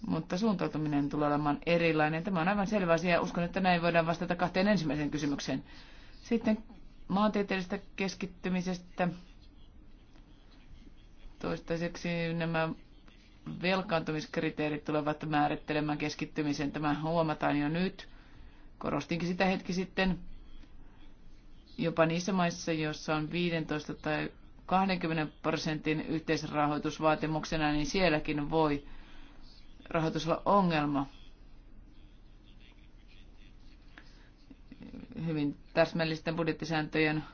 mutta suuntautuminen tulee olemaan erilainen. Tämä on aivan selvä asia. Uskon, että näin voidaan vastata kahteen ensimmäiseen kysymykseen. Sitten maantieteellisestä keskittymisestä. Toistaiseksi nämä velkaantumiskriteerit tulevat määrittelemään keskittymisen. Tämä huomataan jo nyt. Korostinkin sitä hetki sitten. Jopa niissä maissa, joissa on 15 tai 20 prosentin yhteisrahoitusvaatimuksena, niin sielläkin voi rahoitusala ongelma. Hyvin täsmällisten budjettisääntöjen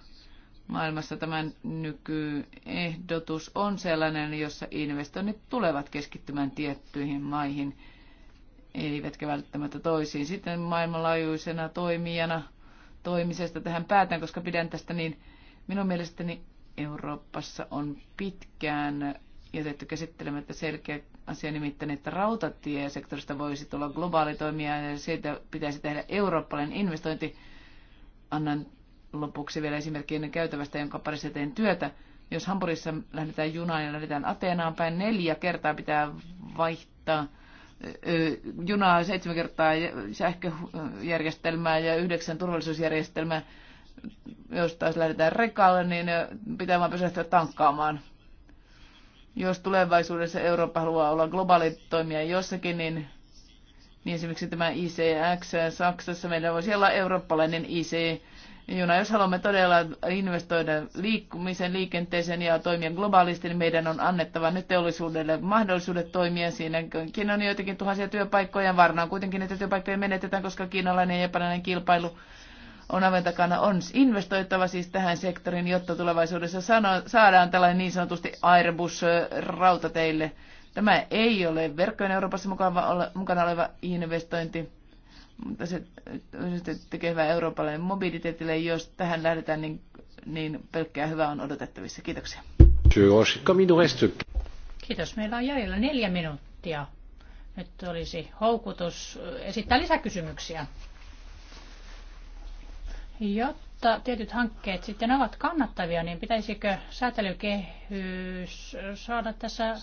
maailmassa tämä nykyehdotus on sellainen, jossa investoinnit tulevat keskittymään tiettyihin maihin, eivätkä välttämättä toisiin. Sitten maailmanlaajuisena toimijana toimisesta tähän päätän, koska pidän tästä niin, minun mielestäni Euroopassa on pitkään jätetty käsittelemättä selkeä asia nimittäin, että rautatiesektorista voisi tulla globaali toimija ja siitä pitäisi tehdä eurooppalainen investointi. Annan lopuksi vielä esimerkkiä käytävästä, jonka parissa teen työtä. Jos Hampurissa lähdetään junaan ja lähdetään Ateenaan päin, neljä kertaa pitää vaihtaa junaa, seitsemän kertaa sähköjärjestelmää ja yhdeksän turvallisuusjärjestelmää. Jos taas lähdetään rekalle, niin pitää vaan pysähtyä tankkaamaan jos tulevaisuudessa Eurooppa haluaa olla globaali toimija jossakin, niin, niin esimerkiksi tämä ICX Saksassa, meillä voisi olla eurooppalainen IC, juna. Jos haluamme todella investoida liikkumisen, liikenteeseen ja toimia globaalisti, niin meidän on annettava nyt teollisuudelle mahdollisuudet toimia siinä. Kiina on joitakin tuhansia työpaikkoja, varmaan kuitenkin näitä työpaikkoja menetetään, koska kiinalainen ja japanilainen kilpailu on aivan takana, on investoittava siis tähän sektoriin, jotta tulevaisuudessa saadaan tällainen niin sanotusti Airbus rautateille. Tämä ei ole verkkojen Euroopassa mukana oleva investointi, mutta se tekee hyvää Euroopalle mobiliteetille. Jos tähän lähdetään, niin, niin pelkkää hyvää on odotettavissa. Kiitoksia.
Kiitos. Meillä on jäljellä neljä minuuttia. Nyt olisi houkutus esittää lisäkysymyksiä. Jotta tietyt hankkeet sitten ovat kannattavia, niin pitäisikö säätelykehys saada tässä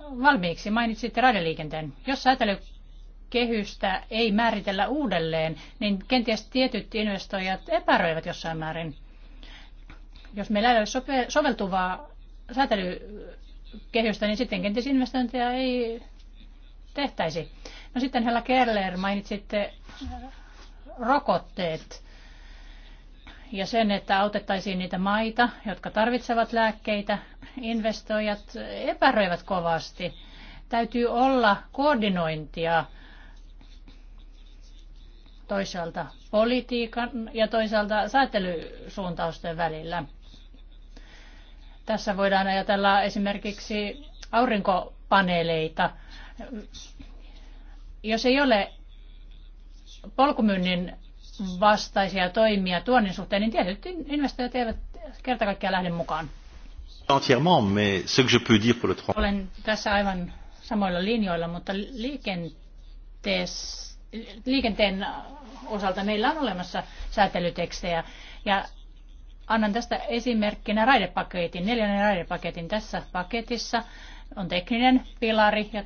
valmiiksi? Mainitsitte raideliikenteen. Jos säätelykehystä ei määritellä uudelleen, niin kenties tietyt investoijat epäröivät jossain määrin. Jos meillä ei ole soveltuvaa säätelykehystä, niin sitten kenties investointeja ei tehtäisi. No sitten Hella Kerler mainitsitte rokotteet ja sen, että autettaisiin niitä maita, jotka tarvitsevat lääkkeitä. Investoijat epäröivät kovasti. Täytyy olla koordinointia toisaalta politiikan ja toisaalta säätelysuuntausten välillä. Tässä voidaan ajatella esimerkiksi aurinkopaneeleita. Jos ei ole polkumyynnin vastaisia toimia tuonnin suhteen, niin tietyt investoijat eivät kerta kaikkiaan lähde mukaan. Olen tässä aivan samoilla linjoilla, mutta liikenteen osalta meillä on olemassa säätelytekstejä. Ja annan tästä esimerkkinä raidepaketin, neljännen raidepaketin tässä paketissa on tekninen pilari ja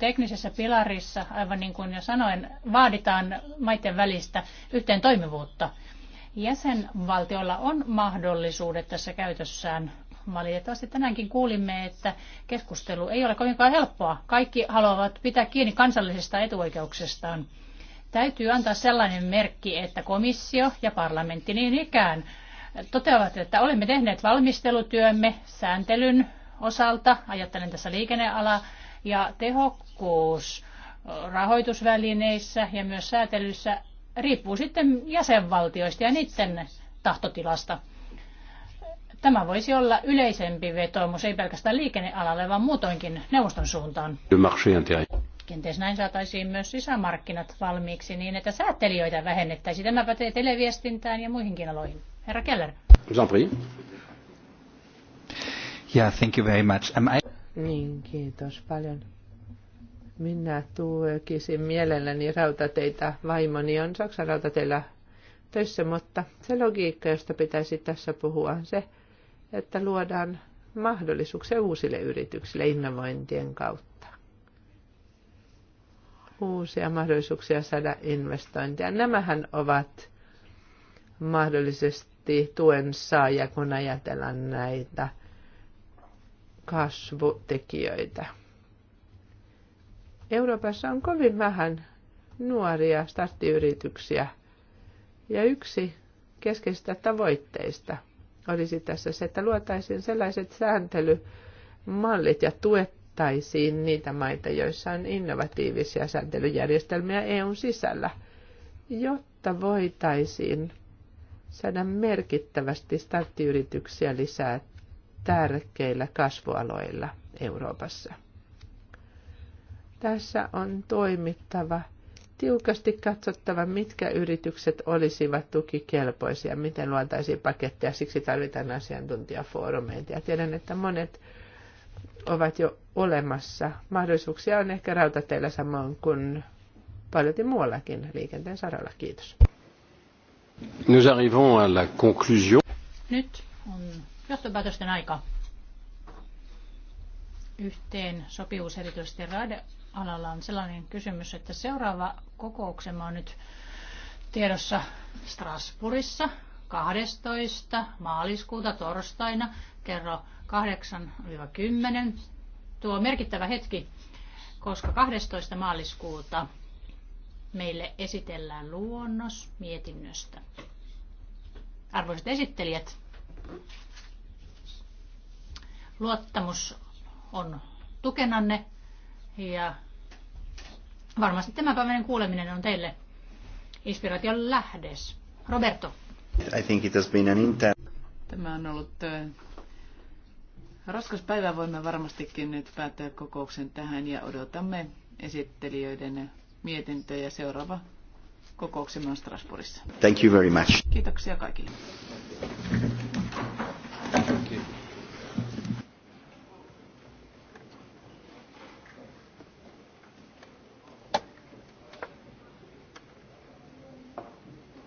teknisessä pilarissa, aivan niin kuin jo sanoin, vaaditaan maiden välistä yhteen toimivuutta. Jäsenvaltiolla on mahdollisuudet tässä käytössään. Valitettavasti tänäänkin kuulimme, että keskustelu ei ole kovinkaan helppoa. Kaikki haluavat pitää kiinni kansallisista etuoikeuksistaan. Täytyy antaa sellainen merkki, että komissio ja parlamentti niin ikään toteavat, että olemme tehneet valmistelutyömme sääntelyn osalta, ajattelen tässä liikennealaa, ja tehokkuus rahoitusvälineissä ja myös säätelyssä riippuu sitten jäsenvaltioista ja niiden tahtotilasta. Tämä voisi olla yleisempi vetoomus, ei pelkästään liikennealalle, vaan muutoinkin neuvoston suuntaan. Kenties näin saataisiin myös sisämarkkinat valmiiksi niin, että säätelijöitä vähennettäisiin. Tämä pätee televiestintään ja muihinkin aloihin. Herra Keller. Yeah, thank you very much. Am I...
Niin, kiitos paljon. Minä tukisin mielelläni rautateitä. Vaimoni on Saksan rautateillä töissä, mutta se logiikka, josta pitäisi tässä puhua, on se, että luodaan mahdollisuuksia uusille yrityksille innovointien kautta. Uusia mahdollisuuksia saada investointeja. Nämähän ovat mahdollisesti tuen saaja, kun ajatellaan näitä kasvutekijöitä. Euroopassa on kovin vähän nuoria starttiyrityksiä ja yksi keskeisistä tavoitteista olisi tässä se, että luotaisiin sellaiset sääntelymallit ja tuettaisiin niitä maita, joissa on innovatiivisia sääntelyjärjestelmiä EUn sisällä, jotta voitaisiin saada merkittävästi starttiyrityksiä lisää tärkeillä kasvualoilla Euroopassa. Tässä on toimittava tiukasti katsottava, mitkä yritykset olisivat tukikelpoisia, miten luotaisiin paketteja. Siksi tarvitaan asiantuntijafoorumeita. Ja tiedän, että monet ovat jo olemassa. Mahdollisuuksia on ehkä rautateillä samoin kuin paljon muuallakin liikenteen saralla. Kiitos.
Nous arrivons à la conclusion. Nyt on johtopäätösten aika. Yhteen sopivuus erityisesti raidealalla on sellainen kysymys, että seuraava kokouksemme on nyt tiedossa Strasbourgissa 12. maaliskuuta torstaina kello 8-10. Tuo merkittävä hetki, koska 12. maaliskuuta meille esitellään luonnos mietinnöstä. Arvoisat esittelijät, Luottamus on tukenanne ja varmasti tämä päiväinen kuuleminen on teille inspiraation lähdes. Roberto. I think it has been an inter...
Tämä on ollut raskas päivä. Voimme varmastikin nyt päättää kokouksen tähän ja odotamme esittelijöiden mietintöjä. Seuraava kokouksemme on Strasbourgissa. Thank you very much. Kiitoksia kaikille.